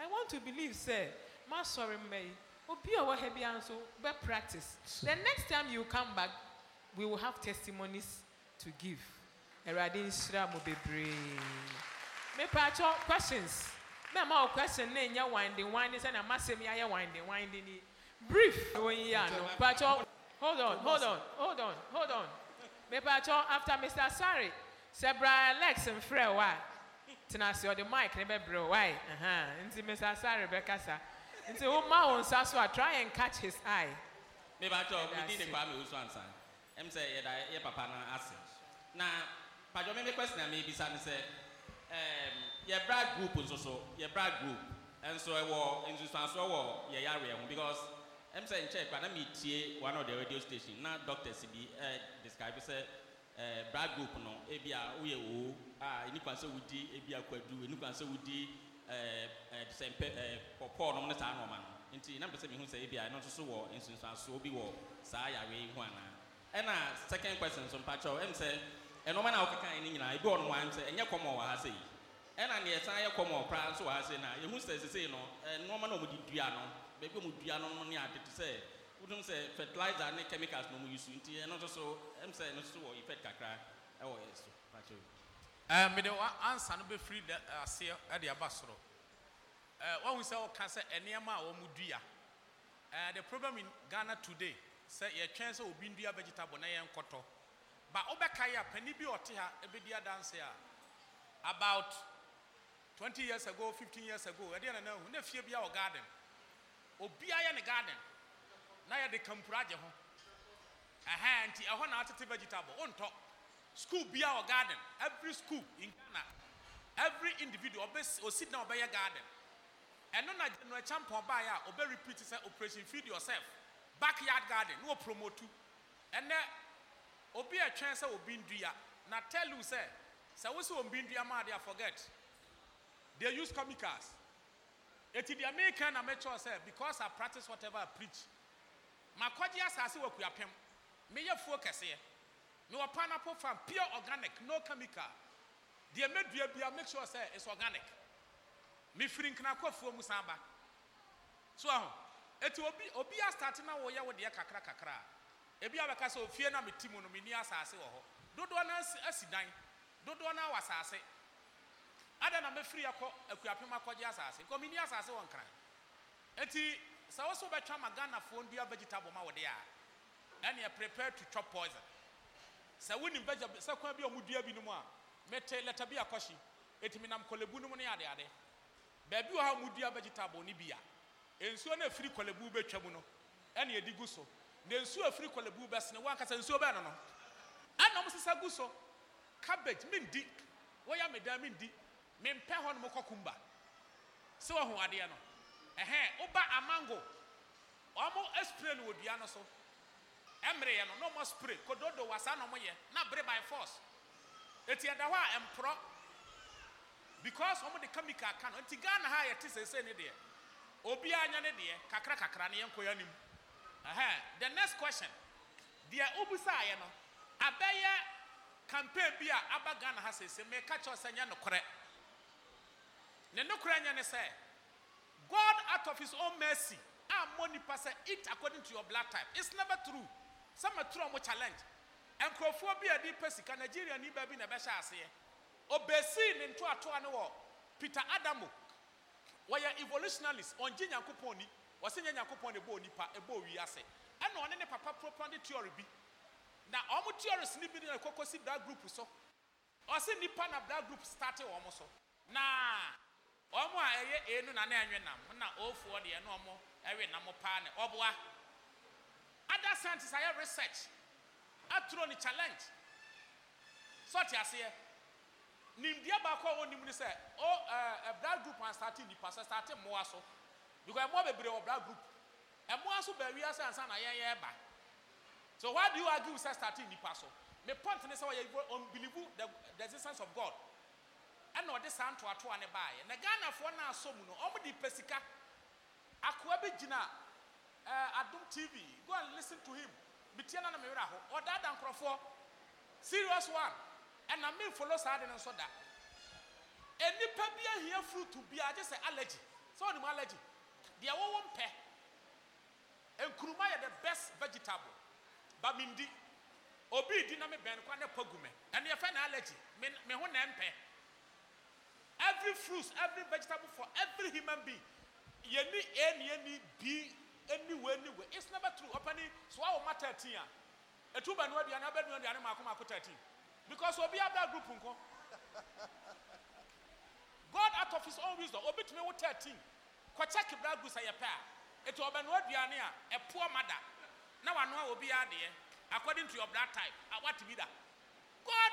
i want to believe sir ma sɔre mbɛ yi obi a heavy answer. Well, practice the next time you come back we will have testimonies to give. Eradi nsira mo bebree. Mepatcho questions. Na ma question na enya winding winding sɛ winding winding Brief wo yi ya no. hold on hold on hold on hold on. Mepatcho after Mr. Sari sɛ bra Alex mfrɛ wa. Tena ase ɔde mic ne bɛbrɛ wa. Nti Mr. Sari bɛkasa. Nti wo ma wo nsa try and catch his eye. Me mi di ne kwa mi wusu ansa. Ɛm sɛ papa na ase. na padwa mmemme question a mmebisa ne sɛ ɛɛm yɛ bra group nso so yɛ bra group nso ɛwɔ nsusansoɔ wɔ yɛ yare ho because ɛm sɛ nkyɛn kwa na mi tie one of the radio station na doctors bi ɛɛ describe sɛ ɛɛ bra group no ebi a woyɛ wo a enipa sɛ wodi ebi akwadu enipa sɛ wodi ɛɛ ɛɛ sɛmpɛ ɛɛ pɔpɔɔ nom ne saa nɔɔma no nti na mpɛsɛ mi hu sɛ ebi a ɛno nso so wɔ nsusansoɔ bi wɔ saa yare yi ho ana ɛna second question nso mpakyɛw ɛm sɛ. ɛnɔma na wɔkeka i nyinaa ebi wɔn wan sɛ ɛnyɛ kɔmɔ wɔ i sɛ yi i neɛ san i kɔmɔ koraa nso wɔ ha sɛ na ehu sɛ sese no ɛnɔma na wɔde dua no beebi wɔn dua no ne ade te sɛ wotum sɛ fertilizer ne chemicals na wɔn yi so nti ɛno nso so ɛm sɛ ɛno nso wɔ effect kakra ɛwɔ yɛ so pato. ɛɛ mede wa ansa no bɛfiri da aseɛ ɛde aba soro ɛɛ eh, wɔn sɛ wɔka sɛ nneɛma a wɔn dua ɛɛ eh, the problem in ghana today sɛ yɛtwɛn sɛ obi dua vegetable I'm kɔtɔ but wobɛka yɛ a pani bi ɔte ha about 20 years ago 15 years ago ɛdeɛ nana hu na fie bi a wɔ garden obia yɛ ne garden Naya de kampura agye ho ɛhɛn nti ɛhɔ na atete vegetable wontɔ school bia wɔ garden every school in ghana every individual ɔsi na ɔbɛyɛ garden ɛno na no ɛkyɛmpɔn baeɛ a ɔbɛ repeat sɛ operation feed yourself backyard garden promote wɔ and ɛnɛ obi a ɛtwɛn sɛ obi ndua na tell you sɛ sɛ wosi obi ndua maa de a forget they use chemicals eti deɛ meekan na mɛkyɛw sɛ because i practice whatever i preach makɔgye asase wɔ kuapɛm meyɛ fuo kɛseɛ mewɔ panapo farm pure organic no chemical deɛ mɛdua bia make sure sɛ it's organic mefiri nkinakɔfuo mu san ba so aho eti obi obi asate na wɔyɛ wo deɛ kakra kakra a ebi a bɛka sɛ ofie na meti mu no menni asase wɔ hɔ dodoɔ no asi, dan dodoɔ no awɔ asase ada na mɛfiri akɔ akuapem akɔgye asase nkɔ menni asase wɔ nkran enti sɛ wo so wobɛtwa ma ghanafoɔ ndua vegetable ma wode a ɛneɛ prepare to chop poison sɛ wonim vegetable sɛ kwan bi a ɔmodua binom a mete lɛta bi akɔhye ɛtumi nam kɔlɛbu nom ne adeade baabi wɔ ha a vegetable ne bi a nsuo no afiri kɔlɛbu bɛtwa mu no ɛne ɛdi gu so na nsuo afiri kɔlɛbu bɛsene wankasa nsuo bɛyɛ no no ɛna ɔmo sisa gu so cabbage mendi wɔyɛ amedan mendi mempɛ hɔ nom kɔkumba sɛ wɔho adeɛ no ɛhɛn woba amango ɔmo spray no wɔ dua no so ɛmmereyɛ no na ɔmo spray kododo wɔ saa na ɔmo yɛ na bere by force eti ɛda hɔ a mporɔ because ɔmo de chemical ka no nti ghana ha yɛte sɛsɛ ne deɛ obiara nya ne deɛ kakra kakra ne yɛn nkɔyɛ ne mu. Uh-huh. The next question. The Deɛ wobisaeɛ no, abɛyɛ campaign bi a aba Ghana ha sese meka kyerɛ sɛ nyɛ nokorɛ. Ne nokorɛ nyɛ ne sɛ, God out of his own mercy a money nipa sɛ eat according to your blood type. It's never true. Sɛ true, mo challenge. Nkurɔfoɔ bi a yɛde pɛ sika Nigeria ni baabi na ɛbɛhyɛ aseɛ. Obesii ne ntoatoa no wɔ Peter Adamo. Wɔyɛ evolutionalist, on ɔngye Nyankopɔn ni. wɔsi nyɛ nyankopɔn na ɛbɔ onipa ɛbɔ owi ase ɛna ɔne ne papa propa ne theory bi na wɔn theories ne bi na kɔkɔ si black group so ɔsi nipa na black group start wɔn so na wɔn a ɛyɛ enu na na ɛnwe nam na ofuo deɛ na wɔn ɛwe nam paa na ɔboa other scientists ayɛ research aturo ne challenge sɔɔte aseɛ nimdeɛ baako a wɔn nim ne sɛ o ɛɛ black group an start nipa sɛ start mmoa so. because ɛmoa bebree wɔ bra group ɛmoa so baabi ase ansa na yɛn yɛn ba so why do you argue with sɛ starting nipa so me point ne sɛ wɔyɛ unbelievable the the existence of god ɛna ɔde saa ntoatoa ne baayɛ na ghanafoɔ no asɔ mu no ɔmo de pɛ sika akoa bi gyina ɛɛ adum tv go and lis ten to him bitie na na mewura hɔ ɔdaada nkorɔfoɔ serious one ɛna me follow saa de ne nso da enipa bi ahia fruit bi agye sɛ allergy sɛ ɔnim allergy. They are deɛ wɔwɔ mpɛ nkuruma is the best vegetable But mi obi di na mi bɛn kɔ ne pɔ gu mɛ ɛni yɛfɛ na allergy mi mi ho every fruit every vegetable for every human being yɛni a ni yɛni b anywhere anywhere it's never true ɔpɛni so I will matter thirteen a etu bɛ nua duane abɛ nua duane maako maako thirteen because obi abɛ group nkɔ god out of his own wisdom obi tumi wo thirteen kɔkyɛ kibra gu sɛ yɛpɛ a ɛti ɔbɛnoa aduane a ɛpoɔ ma da na wanoa wɔ biara according to your blood type a what be that god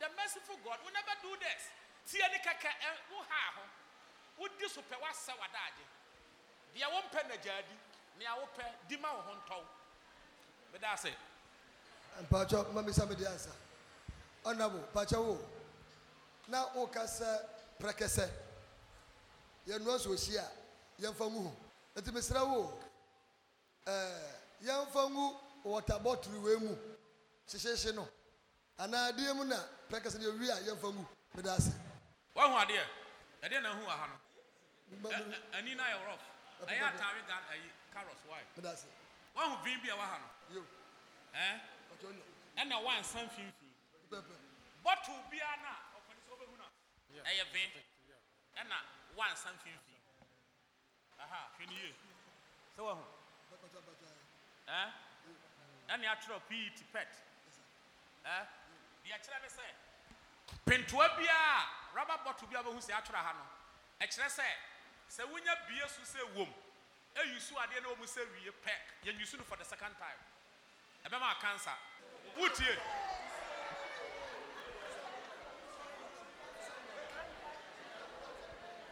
the merciful god will never do this tie ne kɛkɛ eh, wo haa ho wodi so pɛ woasɛ wadaagye deɛ wompɛ nagyaa di nea wopɛ di ma wo ho ntɔw meda se mpakyɛ mamisa mede ansa ɔnabo pakyɛ wo na woka sɛ prɛkɛsɛ yɛnoa so ɔhyia a yɛmfa ngu ho nti wo ɛɛ eh, yɛmfa ngu wɔta bɔtiri wei mu hyehyehye no Ana adeɛ mu na pɛ kɛse deɛ wi a yɛmfa ngu mede ase woahu adeɛ ɛdeɛ na ɛhu wɔ ha no eh, eh, ani no ayɛ rɔf ɛyɛ atare gan ayi karos wae mede ase woahu vin bi a wɔ ha no ɛn ɛna woansan mfimfini bɔtol biara no a ɔkɔne sɛ wobɛhu no ɛyɛ vin ɛna woansan mfimfini hwɛ ne yie sɛ wahu ɛne atwerɛ pet pet deɛ kyerɛ ne sɛ pentoa biara raba bɔto bi a bɛhu sɛ atwerɛ ha no ɛkyerɛ sɛ sɛ wonya bie so sɛ wom ɛyi e so adeɛ na wɔmu sɛ wie pɛk yɛnyi so no for the second time ɛbɛma cancer wotie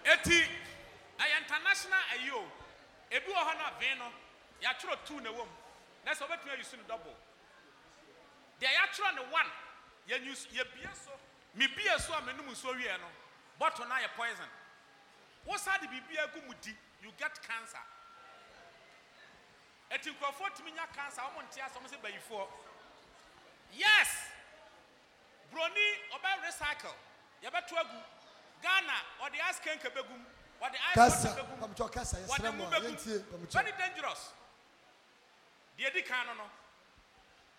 eti international ayi o ebi wɔ hɔ na vin no yɛatwerɛ two na ɛwɔ mu na sɛ wobɛtumi ayi so no double deɛ yɛatwerɛ ne one yɛbie so mebie so a menom nsuo wieɛ no bottle no ayɛ poison wosa de biribia gu mu di you get cancer ɛti nkurɔfoɔ tumi nya cancer wɔn nte asɔm sɛ bayifoɔ yes broni ɔbɛ recycle yɛbɛto agu ghana ɔde ice cream kɛbɛgum kasa pamutɔ kasa yɛsrɛ mu a yɛntie pamutɔ very dangerous deɛ di kan no no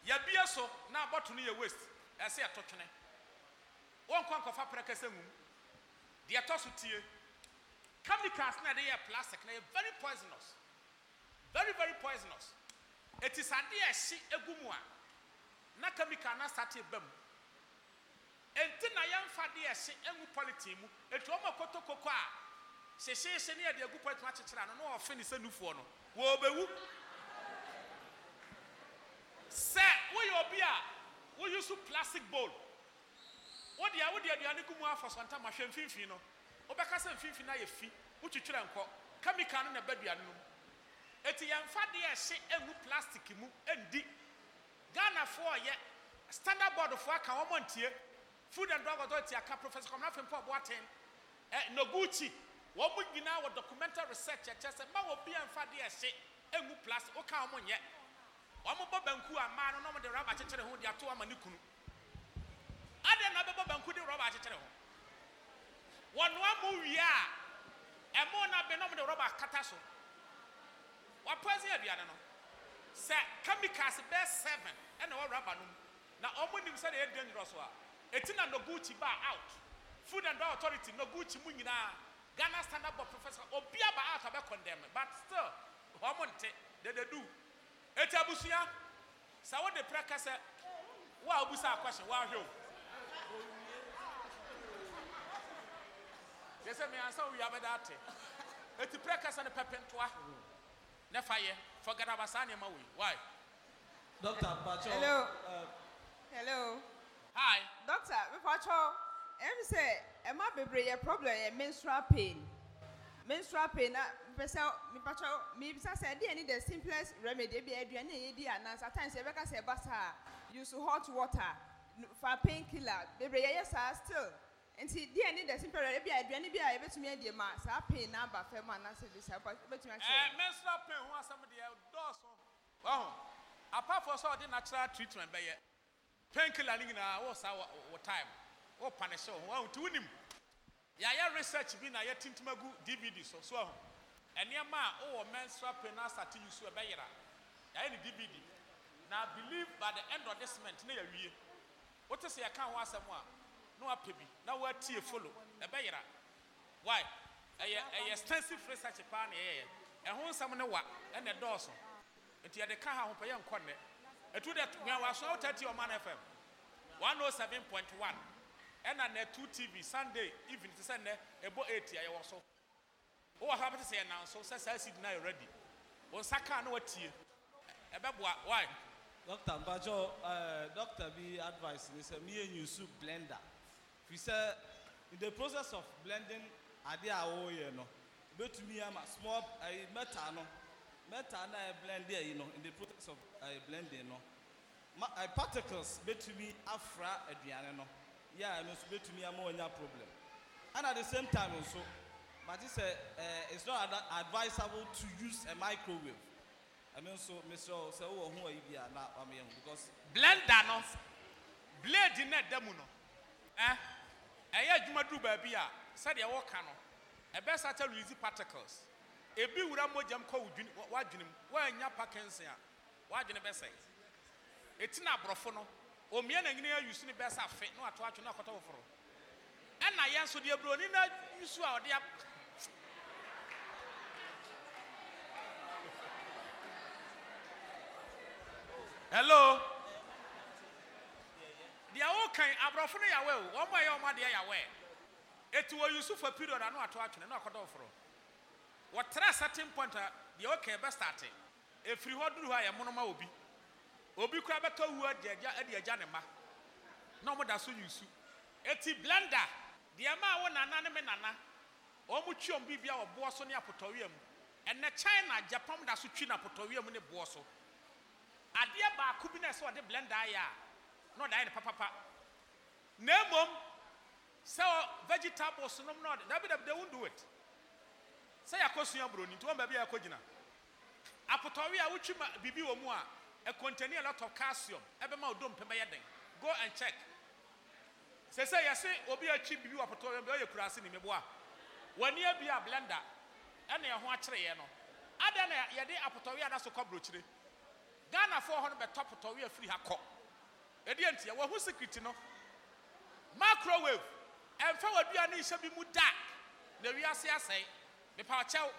yɛbie so na abɔto no yɛ waste ɛsɛ yɛto twene wɔnkɔ nkɔfa pɛrɛ kasa ŋum deɛ ɛtɔ so tie chemicals na yɛde yɛ plastic na yɛ very poisonous very very poisonous eti sɛ adeɛ ɛhye egu mu a na chemical na sati ba mu enti na yɛmfa adeɛ ɛhye egu polythene mu etu wɔn akɔtɔ koko a hyehyehye ne yɛde agu pɔ atuma akyekyere ano na ɔfe ne sɛ nufoɔ no wɔbɛwu sɛ woyɛ obi a woyi so plastic bowl wode a wode aduane gu mu afa sɔntam ahwɛ mfimfini no wobɛka sɛ mfimfini ayɛ fi wotwitwerɛ nkɔ chemical no na ɛba aduane no mu eti yɛmfa deɛ ɛhye egu plastic mu ndi ghanafoɔ yɛ standard board foɔ aka wɔn ntie food and drug authority aka professor kɔmina fɛn pɔ ɔbɔ atɛn ɛ noguchi. wɔn nyinaa wɔ documental research ɛkyɛ sɛ mma wɔ bia nfa deɛ ɛhye egu plastic woka wɔn nyɛ wɔn bɔ banku a mmaa no na wɔn de rɔba akyekyere ho de ato kunu adeɛ na banku de rɔba akyekyere ho mu a ɛmo na be na wɔn de rɔba akata so wɔapɔɛsi aduane no sɛ chemicals bɛɛ seven ɛna rɔba no mu na wɔn nim sɛ deɛ a eti noguchi baa out Ghana Standard Board professor obi aba out abɛ condemn but still wɔn nte dede do eti abusua sɛ de pere kasa wo a obusa question wo ahwɛ o yɛsɛ mi ansa owi abɛda ate eti pere kasa ne pɛpɛ ntoa ne fa yɛ fɔ gadaba saa nneɛma wɔ yi why. doctor mpatsɔ. hello uh, hello. hi. doctor mpatsɔ ɛfi sɛ ɛma bebree yɛ problem yɛ menstrual pain menstrual pain na mpɛ sɛ mipatɔ mibisa sɛ ɛdi yɛ ni the simplest remedy ebi aduane a yɛdi anansi atayinsi ɛbɛka sɛ ɛba saa use hot water fa pain killer bebree yɛyɛ saa still nti di yɛ ni the simplest remedy ebi aduane bi a yɛbɛtumi adi ma saa pain na aba fam anansi bi saa ɛbɛtumi akyerɛ. Eh, ɛɛ menstrual pain ho asɛm deɛ dɔɔso wɔho apart from sɛ ɔde natural treatment bɛyɛ pain killer ni nyinaa wɔ saa wɔ time o panish o wa nti wonim ya ya research bi na ya tintima gu dvd so so ho ɛnneɛma a wowɔ menstrual pain na asate yi so ɛbɛyera yɛayɛ ne dvd na believe by the end of this month na yɛawie wote sɛ yɛka ho asɛm a na woapɛ bi na woatie folo ɛbɛyera why ɛyɛ ɛyɛ extensive research paa na yɛyɛ ɛho nsɛm ne wa ɛna ɛdɔɔso nti yɛde ka ha ho pɛ yɛnkɔ nnɛ ɛtu dɛ nwɛn waso a wotati ɔman fm 107.1 ɛna nɛ two tv sunday evening te sɛ nɛ ɛbɔ eight a yɛwɔ so wowɔ ha bɛte sɛ yɛnam so sɛ saa seed no yɛ ready wo nsa kaa na watie ɛbɛboa why dɔkta mpatwɔ ɛɛ dɔkta bi advice ni sɛ miyɛ nyusu blender fi sɛ in the process of blending adeɛ a wɔreyɛ no ebetumi ama small ɛɛ mɛta no mɛta na yɛ blend yɛ yi no in the process of ɛɛ blending no ma ɛɛ particles betumi afra aduane no yɛ a ɛno nso bɛtumi ama wɔnya problem and at the same time nso mate sɛ ɛɛ it's not ad advisable to use a microwave ɛmi nso Mr. sɛ wowɔ ho ayi bi a uh, na wama yɛn ho because. blender no blade na ɛda mu no ɛ ɛyɛ adwuma duru baabi a sɛdeɛ wɔka no ɛbɛ sata release particles ebi wura mogya mu kɔ wadwini wadwini mu wɔanya parkinson a wadwini bɛsɛ eti na aborɔfo no omia na nyina ayusu ne bɛsa afe na wato atwe na akɔtɔ foforo ɛna yɛn nso deɛ buroni na yusu a ɔde ab hello deɛ wokan aborɔfo no yawɛ o wɔn a ɛyɛ wɔn adeɛ yawɛ eti wɔ yusu for period a na wato atwe na akɔtɔ foforo wɔtera certain point a deɛ wokan bɛ start efiri hɔ duru hɔ a yɛ monoma obi obi kura bɛka wuo de agya ne ma na wɔn da so yusu eti blender deɛ ma wo nana ne me nana wɔn twi wɔn biribi a wɔboɔ so ne apotɔwia mu ɛnɛ china japan da so twi na apotɔwia mu ne boɔ so adeɛ baako bi na ɛsɛ wɔde blender ayɛ a na ɔde ayɛ ne papapa na emom sɛ vegetables nom na ɔde dabi dabi they won't do it sɛ yɛ akɔ sua buroni nti wɔn baabi yɛ akɔ gyina apotɔwia wotwi ma biribi wɔ mu a a contain a lot of calcium ɛbɛma o dom pɛmɛ yɛ den go and check sese yɛse obi akyi bibi wɔ pɔtɔ yɛn bi ɔyɛ kura ase ne meboa wɔn ani abie a blender ɛna ɛho akyerɛ yɛn no adan na yɛde apɔtɔwia da so kɔ burokyire ghana foɔ hɔ no bɛtɔ We firi ha kɔ ɛdi nti wɔn ho sikiriti no microwave ɛnfɛ wɔ dua ne nhyɛ bi mu da na ewia se asɛe mipa ɔkyɛw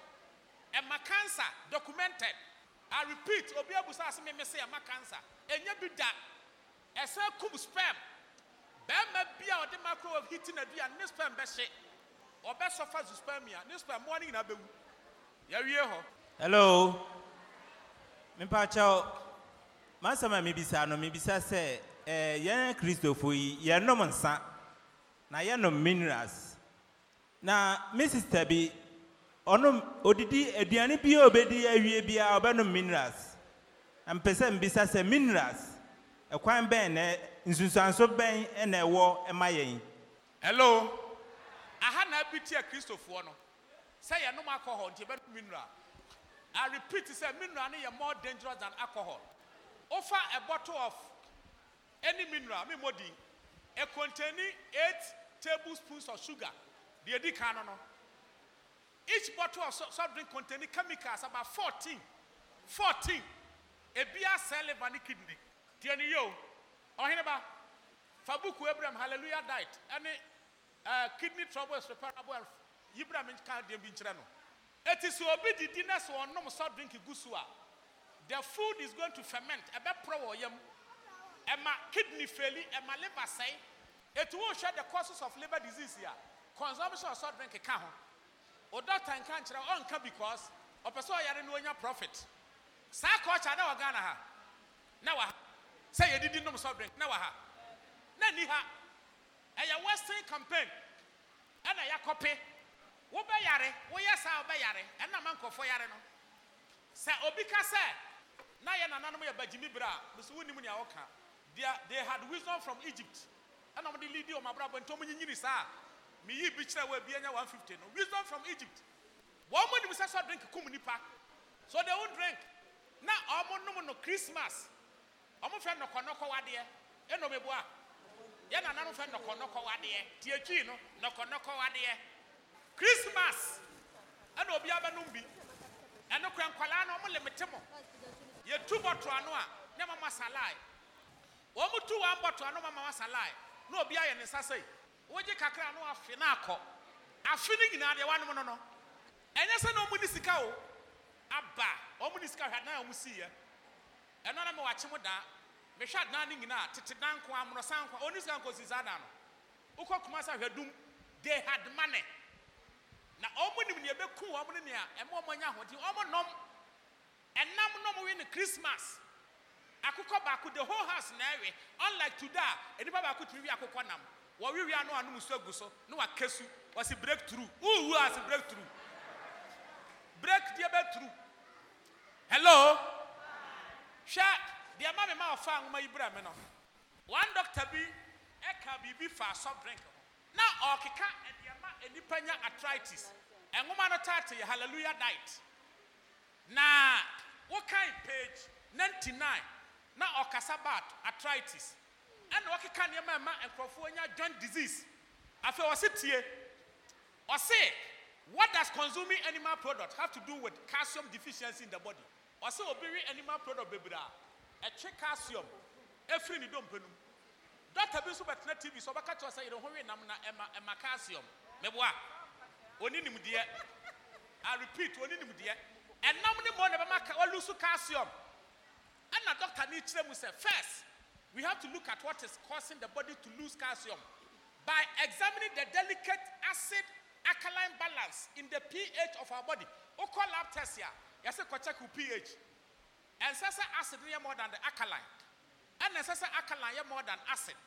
ɛma cancer documented. I repeat, obi abusa aseme me say ama cancer. Enye bi da. Ese kum sperm. Bema bi a ode microwave hitting adua ne sperm be hye. Obe suffer zu sperm ya. Ne sperm morning na bewu. Ya wie ho. Hello. Me pa Masama me bisa no me bisa say eh yen Christopher yi yen no nsa. Na yen no minerals. Na me sister bi ɔnom odidi aduane bi a obedi awie biara ɔbɛnom minerals mpɛ sɛ mbisa sɛ minerals ɛkwan bɛn na nsunsuanso bɛn na ɛwɔ ɛma yɛn. hello aha na abi tia kristofoɔ no sɛ yɛnom alcohol nti yɛbɛnom mineral i repeat sɛ mineral no yɛ more dangerous than alcohol ofa a bottle of any mineral mi mo di a containing eight tablespoons of sugar deɛ di kan no no. Each bottle of soft drink containing chemicals, about 14. 14. A beer cell liver and kidney. Do you Tiani yo. Ohineba. Fabuku Abraham, hallelujah, died. Any uh, kidney trouble is reparable. Ibrahim can't be in Chirano. It is to obey the dinner so on no soft drink gusua. The food is going to ferment. A bad pro yam. Emma kidney failure, Emma liver say. It will share the causes of liver disease here. Consumption of soft drink account o doctor nka nkyerɛ ɔnka because ɔpɛ sɛ ɔyare no ɔnya profit saa culture na wɔ ghana ha na wɔ ha sɛ yɛdidi nom soft drink na wɔ ha na ni ha ɛyɛ western campaign ɛna yɛakɔpe wobɛyare woyɛ saa wobɛyare ɛna ma nkɔfoɔ yare no sɛ obi ka sɛ na yɛ nananom yɛ bagyimi berɛ a meso wonim nea wɔka they had wisdom from egypt ɛna ɔmde lidi ɔmabrabɔ nti ɔmonyinyini saa meyi bi kyerɛ wɔ ebi anya one fifty no wisdom from egypt wɔn mo nim sɛ sɔ drink kum nipa so they won drink na wɔn nom no christmas wɔn fɛ nɔkɔnɔkɔ wadeɛ ɛnna ɔmo ebua yɛn nana no fɛ nɔkɔnɔkɔ wadeɛ tie twi no nɔkɔnɔkɔ wadeɛ christmas ɛnna obi abɛnum bi ɛno kura nkwadaa no wɔn limite mo yɛtu bɔtɔ ano a ne mama salai wɔn tu wɔn bɔtɔ ano mama salai na obi ayɛ ne nsa sɛyi. wogye kakra na wafe no akɔ afe no nyinaa deɛ wanom no no ɛnyɛ sɛ na sika o aba sika hwɛ adan a ɛno na mo daa mehwɛ adan no nyinaa tete dan ko san ko sika saa dan no wokɔ kuma hwɛ dum they had money na ɔmu nim nea ɛbɛku ɔmu ne nea ɛma ɔmu anya ahoɔden ɔmu nom ɛnam nom wi ne christmas akokɔ baako the whole house na ɛwe unlike today a nipa baako tumi wi akokɔ nam wɔwewia no a nom so agu so na waka su wɔse break through wowu a se break through break deɛ bɛturu hello hwɛ deɛ ma me ma ɔfa nwoma yi brɛ me no one doctor bi ɛka biribi fa sɔbrink ho na ɔkeka ɛdeɛma nnipa nya arthritis nwoma no taate yɛ hallelujah diet na wokae page Ninety nine. na ɔkasa bat arthritis ɛna ɔkeka nneɛma ɛma nkurɔfoɔ nya joint disease afei ɔsi tie ɔsi what does consuming animal product have to do with calcium deficiency in the body ɔsi obiri animal product bebree a ɛtwe calcium efiri ne dompe no dɔkta bi nso bɛtena tv so ɔbɛka kyerɛ sɛ yɛrɛ ho wi nam na ɛma ɛma calcium mɛboa oni nim deɛ i repeat oni nim deɛ ɛnam ne mu ɔna bɛma ɔlusu calcium ɛna dɔkta ne kyerɛ mu sɛ first we have to look at what is causing the body to lose calcium by examining the delicate acid alkaline balance in the pH of our body. Okay, lab test here. You say check pH. Ancestor acid is more than the alkaline. And alkaline is more than acid.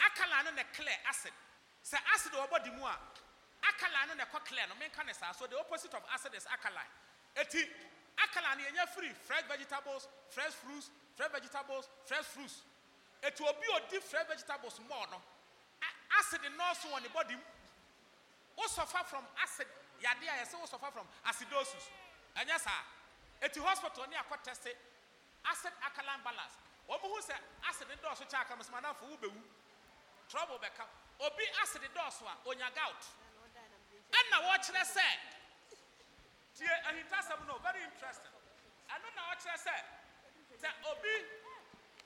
Alkaline is clear acid. So acid is body more. Alkaline is clear. No can So the opposite of acid is alkaline. Eti alkaline is free. Fresh vegetables, fresh fruits, fresh vegetables, fresh fruits. etu obi odi fresh vegetables more no acid nọọsụ wọ ne body mu o suffer from acid yade a yɛsɛ o suffer from acidosis ɛnyɛ saa eti hospital ne akɔ test acid alkaline balance wɔn mu hu sɛ acid dɔɔso kyɛ akam sɛ madamfo wo bɛwu trouble bɛka obi acid dɔɔso a onya gout ɛnna wɔkyerɛ sɛ tie ahintasɛm no very interesting ɛno na wɔkyerɛ sɛ sɛ obi.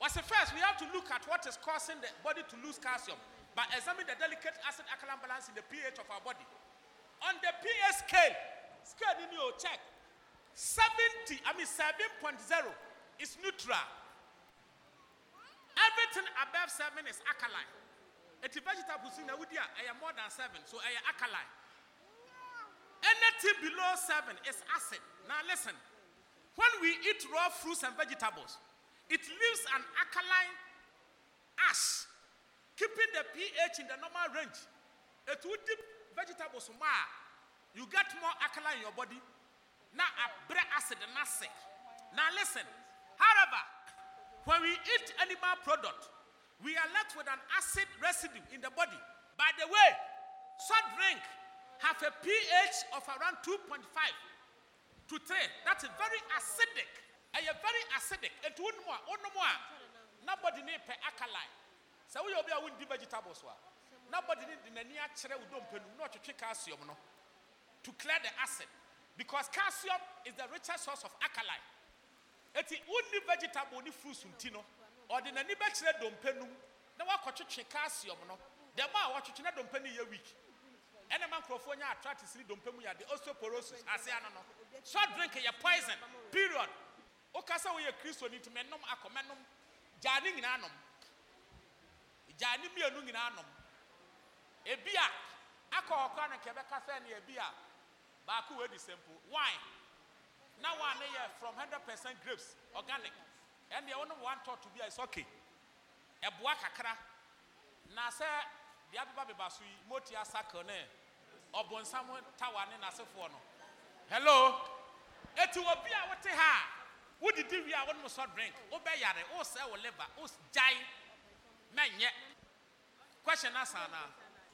Well, so first, we have to look at what is causing the body to lose calcium by examining the delicate acid alkaline balance in the pH of our body. On the pH scale, scale in your check, 70, I mean 7.0 is neutral. Everything above 7 is alkaline. It's vegetable in Awudia, I am more than 7, so I am alkaline. Anything below 7 is acid. Now listen, when we eat raw fruits and vegetables, it leaves an alkaline ash, keeping the pH in the normal range. It will dip vegetables more. You get more alkaline in your body. Now, a breath acid and acid. Now, listen. However, when we eat animal product, we are left with an acid residue in the body. By the way, soft drink have a pH of around 2.5 to 3. That's very acidic ɛyɛ very acidic nti wonom a wonom a na body pɛ alkaline sɛ woyɛ obi a wondi vegetables a na body ne de n'ani akyerɛ wo dompa nu na ɔtwetwe calcium no to clear the acid because calcium is the richest source of alkaline eti wonni vegetable ne fruits nti no ɔde n'ani bɛkyerɛ dompa nu na wakɔtwetwe calcium no dɛm a wɔtwetwe na dompa ne yɛ weak ɛna ma nkurɔfoɔ nyɛ atrate siri dompa mu yɛ de osteoporosis ase ano no short drink yɛ poison period. wokasa woyɛ kristoni nti mɛnom akɔ mɛnom gyaa ne nyinaa nom gyaa ne mmienu nyinaa nom ebi a akɔ ɔkora no kɛbɛka sɛ ne ebi a baako wɔ adi sɛmpo wine na wine no yɛ from hundred percent grapes organic ɛnneɛ wɔn wɔn atɔɔto bi a ɛsɛ ɔke ɛboa kakra na sɛ deɛ abeba beba so yi moti asakal ne ɔbɔnsam tawa ne n'asefoɔ no hello etu obi a wɔte ha wodidi wie a wonom sɔ drink wobɛyare wosɛe wo liver wogyae na nyɛ question no asan naa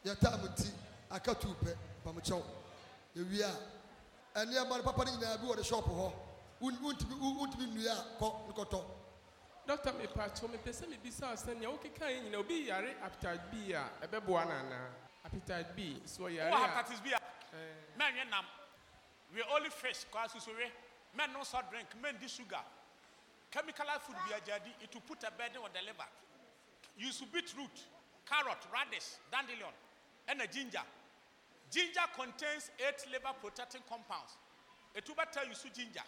yɛtaa mo ti aka tuu pɛ pamokyɛw ɛwie a ɛnneɛma no papa no nyinaa bi wɔ de shop hɔ wontumi nnua a kɔ ne kɔtɔ dɔkta mepatwo mepɛ sɛ mebisa wo sɛ nea wokeka yɛ nyina obi yare aptad b a ɛbɛboa no anaa aptad b so ɔyare hepatitis b a mɛnwe nam we only fish kɔ asusuwe Men no soft drink, men the sugar. chemical food be a jadi it will put a burden on the liver. You should beetroot, carrot, radish, dandelion, and a ginger. Ginger contains eight liver protecting compounds. It will better you should ginger.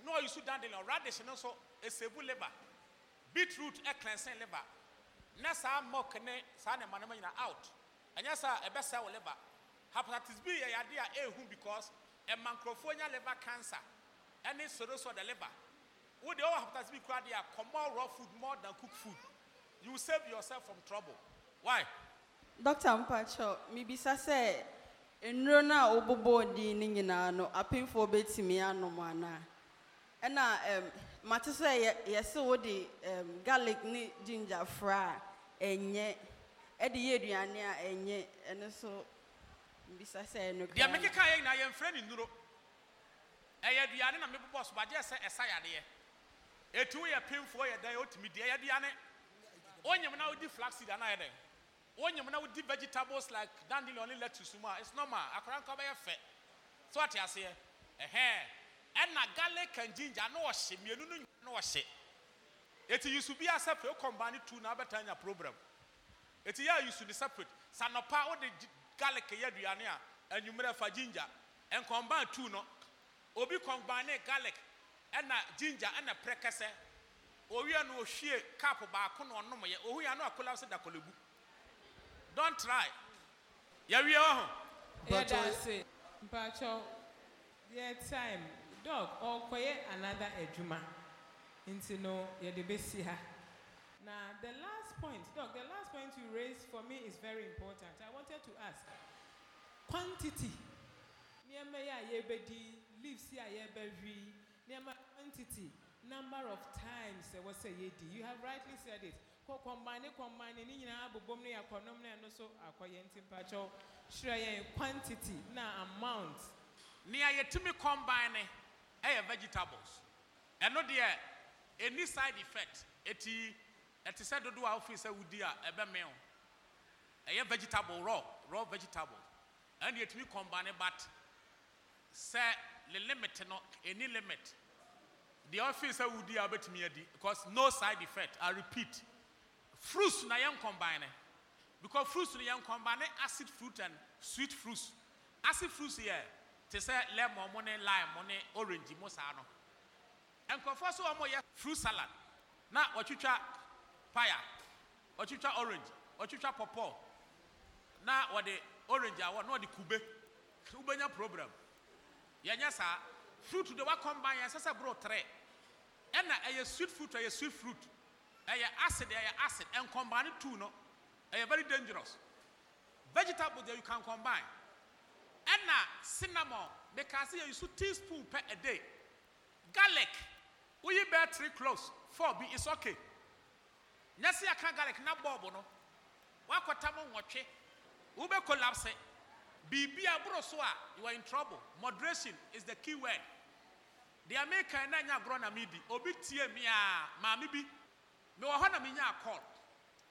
No, you should dandelion, radish, and also a sebu liver. Beetroot, a cleansing liver. Na mo kene ne saa ne manama out. out. Ɛnyɛ a best wo liver. Hepatitis B yɛ yadeɛ a ɛhu because ɛma nkurɔfoɔ nya liver cancer ɛne cirrhosis of the liver wo deɛ ɔwɔ hepatitis B kura deɛ kɔmɔ raw food more than cooked food you save yourself from trouble why. dɔkta mpakyɛw mibisa sɛ nnuro no a wobobɔ din no nyinaa no apemfoɔ bɛtumi anom anaa ɛna um, mate sɛ yɛse wode um, garlic ne ginger fra a ɛnyɛ ɛde yɛ aduane a ɛnyɛ ɛno so deɛ mekeka yɛ nyinaa yɛmfrɛ ne nnuro ɛyɛ aduane na mebobɔ so bagyeɛ sɛ ɛsa yadeɛ ɛti woyɛ pemfoɔ yɛ dɛn ɔtumi deɛ yɛ aduane wonyem na wodi flaxseed anaa yɛ oh, wonyem na wodi vegetables like dandelion ne lettuce mu a it's normal akora nka bɛyɛ fɛ so ate aseɛ ɛhɛn eh, ɛna garlic and ginger na wɔhye mmienu no na wɔhye eti yusu bi asɛpɛ ekɔmba ne tu na abɛta program eti yɛ yusu ne separate sanɔpa o garlic yɛ aduane a anwummerɛ fa ginger nkɔmban tu no obi kɔmbane garlic ɛna ginger ɛna prɛkɛsɛ owie no ohwie cup baako na ɔnom yɛ ohu ya no akola sɛ dakɔlɛbu don't try yɛwie wɔ ho yɛdaase mpakyɛw yɛ time dog ɔkɔyɛ adwuma nti no yɛde ha Now, the last point, Doc, the last point you raised for me is very important. I wanted to ask quantity. Leaves quantity, number of times I was a You have rightly said it. Combine, combine, nina bubomni akonomne and quantity, na amount. Near yetumi combine, eh, vegetables. And not any side effect, ɛte sɛ dodoɔ a wofiri sɛ wodi a ɛbɛme wo ɛyɛ vegetable raw raw vegetable ɛne yɛtumi kɔmbane but sɛ le limit no ɛni limit deɛ ɔfiri sɛ wodi a wobɛtumi adi because no side effect i repeat fruits na yɛn kɔmbane because fruits no yɛn kɔmbane acid fruit and sweet fruits acid fruits yɛ te sɛ lemon mo ne lime mo ne orange mo saa no nkurɔfoɔ so wɔn yɛ fruit salad na wɔtwitwa paya ɔtwitwa orange ɔtwitwa pɔpɔ na wɔde orange awɔ na wɔde kube wobɛnya program yɛnyɛ saa fruit de wakɔn ban yɛn sɛsɛ boro trɛ ɛna ɛyɛ sweet fruit ɛyɛ sweet fruit ɛyɛ acid ɛyɛ acid ɛnkɔmbaane two no ɛyɛ very dangerous vegetable deɛ you can combine Ena cinnamon mekaase yɛ yusu teaspoon pɛ a day garlic woyi bɛɛ three cloves four bi it's okay na sɛ yɛka garlic na bɔɔbo no woakɔtam nwɔtwe wobɛkolapse biribi a boro so a you are in trouble moderation is the key word deɛ mekan na nya agorɔ na medi obi tie me a maame bi mewɔ hɔ na menya akɔl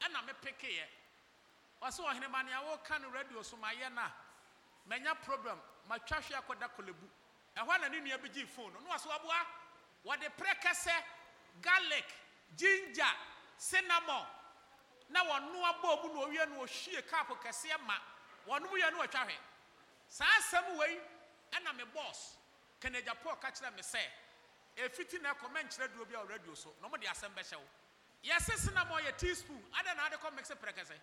ɛna mepekeeɛ ɔsɛ ɔhenema nea woka no radio so mayɛ no a manya problem matwa hwe akɔda kɔlɛbu ɛhɔ na ne nua bi gyee phone no na wɔsɛ wɔboa wɔde prɛ kɛsɛ garlic ginger cinnamon na wɔno abɔɔ mu na ɔwie no ɔhwie kaapo kɛseɛ ma wɔnom yɛ no ɔtwa hwɛ saa asɛm wei ɛna me bɔs kanagya paul ka kyerɛ me sɛ ɛfiti na ɛkɔmɛ nkyerɛ duro bi a ɔradio so na ɔmode asɛm bɛhyɛ wo yɛse cinnamon yɛ teaspoon adɛn na ade kɔ mixe prɛkɛsɛ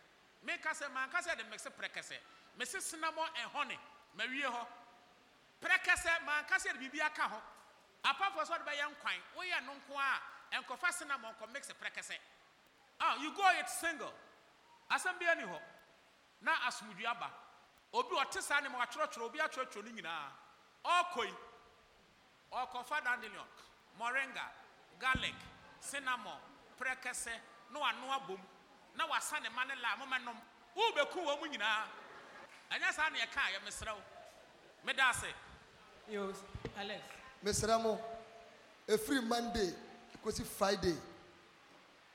meka sɛ manka sɛ de mixe prɛkɛsɛ mese cinnamon ɛhɔne mawie hɔ prɛkɛsɛ manka sɛ de biribi aka hɔ apafoɔ sɛ ɔde bɛyɛ nkwan woyɛ no nko a ɛnkɔfa cinnamon kɔ mixe prɛkɛsɛ ah you go it single asɛm bi ani hɔ na asomdwe aba obi ɔte saa ne ma watwerɛtwerɛ obi atwerɛtwerɛ no nyinaa ɔkɔ yi ɔkɔfa dandelion moringa garlic cinnamon prɛkɛsɛ na wano abom na wasa ne ma ne la moma nom wobɛku wɔ mu nyinaa ɛnyɛ saa ne yɛka yɛ mesrɛ wo meda ase mesrɛ mo ɛfiri monday ɛkɔsi friday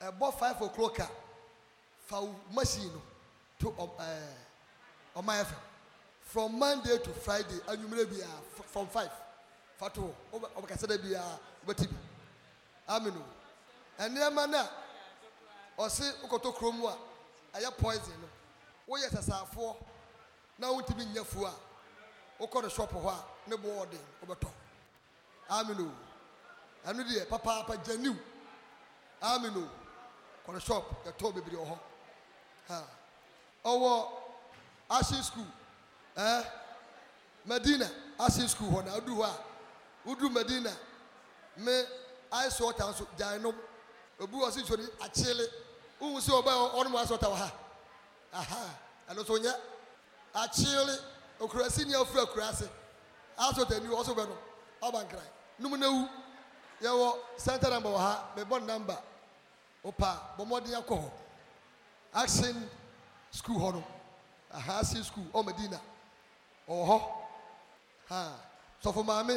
ɛbɔ five o'clock a fa machine no to ɛɛ ɔman fm from monday to friday anwummerɛ biara from five fa to hɔ ɔbɛkasa dɛ biara ɔbɛti bi amino ɛnneɛma no a ɔsi wokɔtɔ kurom a ɛyɛ poison no woyɛ sasaafoɔ na wontumi nyɛ fuo a wokɔ no shop hɔ a ne boɔ ɔden wobɛtɔ amino ɛno deɛ papaapa gyaniw amino kɔne shop yɛtɔ bebree wɔ hɔ ɔwɔ asin school ɛɛ eh? medina asin school hɔ na adu hɔ a wodu medina me ice water nso gyan nom obi wɔ si nsori akyele ohun sɛ ɔbɛ ɔnom ice water wɔ ha aha ɛno nso nyɛ akyele okurasi ni afura kurasi ice water ni ɔso bɛ no ɔba nkran num na ewu yɛwɔ center number wɔ ha mɛ bɔ number. Opa, bɔmmɔden akɔ hɔ action school hɔ no aha action school ɔmadina ɔwɔ hɔ ha sɔfo maame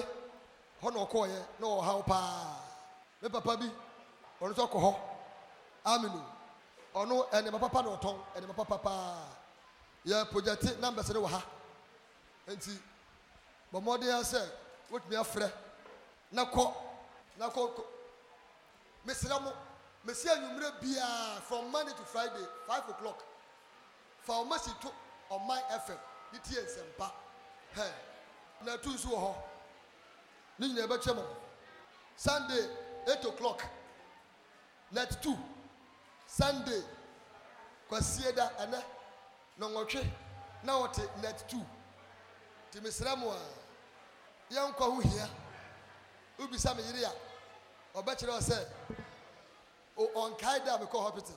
hɔ na ɔkɔɔyɛ na ɔwɔ haw paa me papa bi ɔno nso kɔ hɔ amino ɔno ɛnɛma papa na ɔtɔn ɛnɛma papa paa yɛ projɛte numbers ne wɔ ha nti bɔmmɔden asɛ wotumi afrɛ na kɔ na kɔ mesrɛ mo mesia enyimire Bia from monday to friday five o'clock fa ọma si to ọman fm ne tie nsẹmpa hẹ na etu nso wọ hɔ ne nyinaa ɛbɛkyɛ mo sunday eight o'clock net two sunday kwasie da ɛnɛ nɔngɔtwe na wɔte net two te mesrɛ mo a yɛnkɔ ho hia wobisa me yere a ɔbɛkyerɛ ɔ sɛ ɔnkae oh, da a mekɔ hospital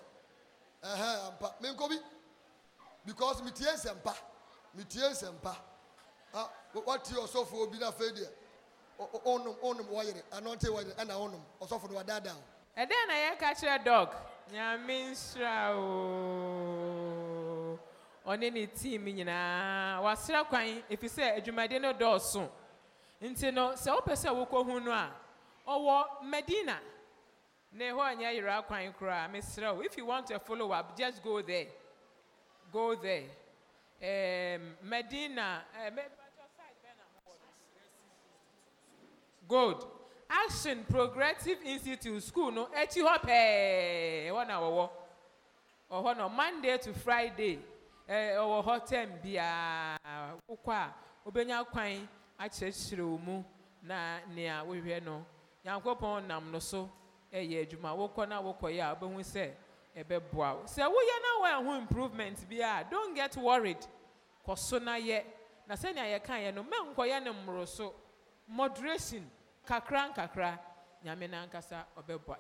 ɛhɛn uh-huh, ampa menkɔ bi because metie nsɛmpa metie nsɛmpa a wate ɔsɔfoɔ bi na afei deɛ ɔnum ɔnum wɔyere anɔnte wɔyere ɛna ɔnum ɔsɔfo no wadaadaa o. ɛdɛn na yɛka kyerɛ dɔg nyame nsira o ɔne ne tiim nyinaa wasra kwan efi sɛ adwumaden no dɔɔso nti no sɛ wopɛ sɛ wokɔ no a ɔwɔ medina. Nehoanya yira kwan kura mesrɛ if you want a follow up just go there go there um, Medina uh, eh, good Action Progressive Institute school no ekyi hɔ pɛɛ ɛhɔ na wɔwɔ ɔhɔ no Monday to Friday ɛɛ eh, ɔwɔ hɔ term biara wokɔ a obenya kwan akyerɛkyerɛ wɔn mu na nea wohwɛ no Nyankopɔn nam no ɛyɛ adwuma wokɔ na wokɔyɛ a wobɛhu sɛ ɛbɛboa woyana sɛ improvements na don't get worried kɔ so na yɛ na sɛnea yɛka yɛ no mɛ nkɔyɛ ne mmoro so kakra nkakra nyame nankasa ɔbɛboa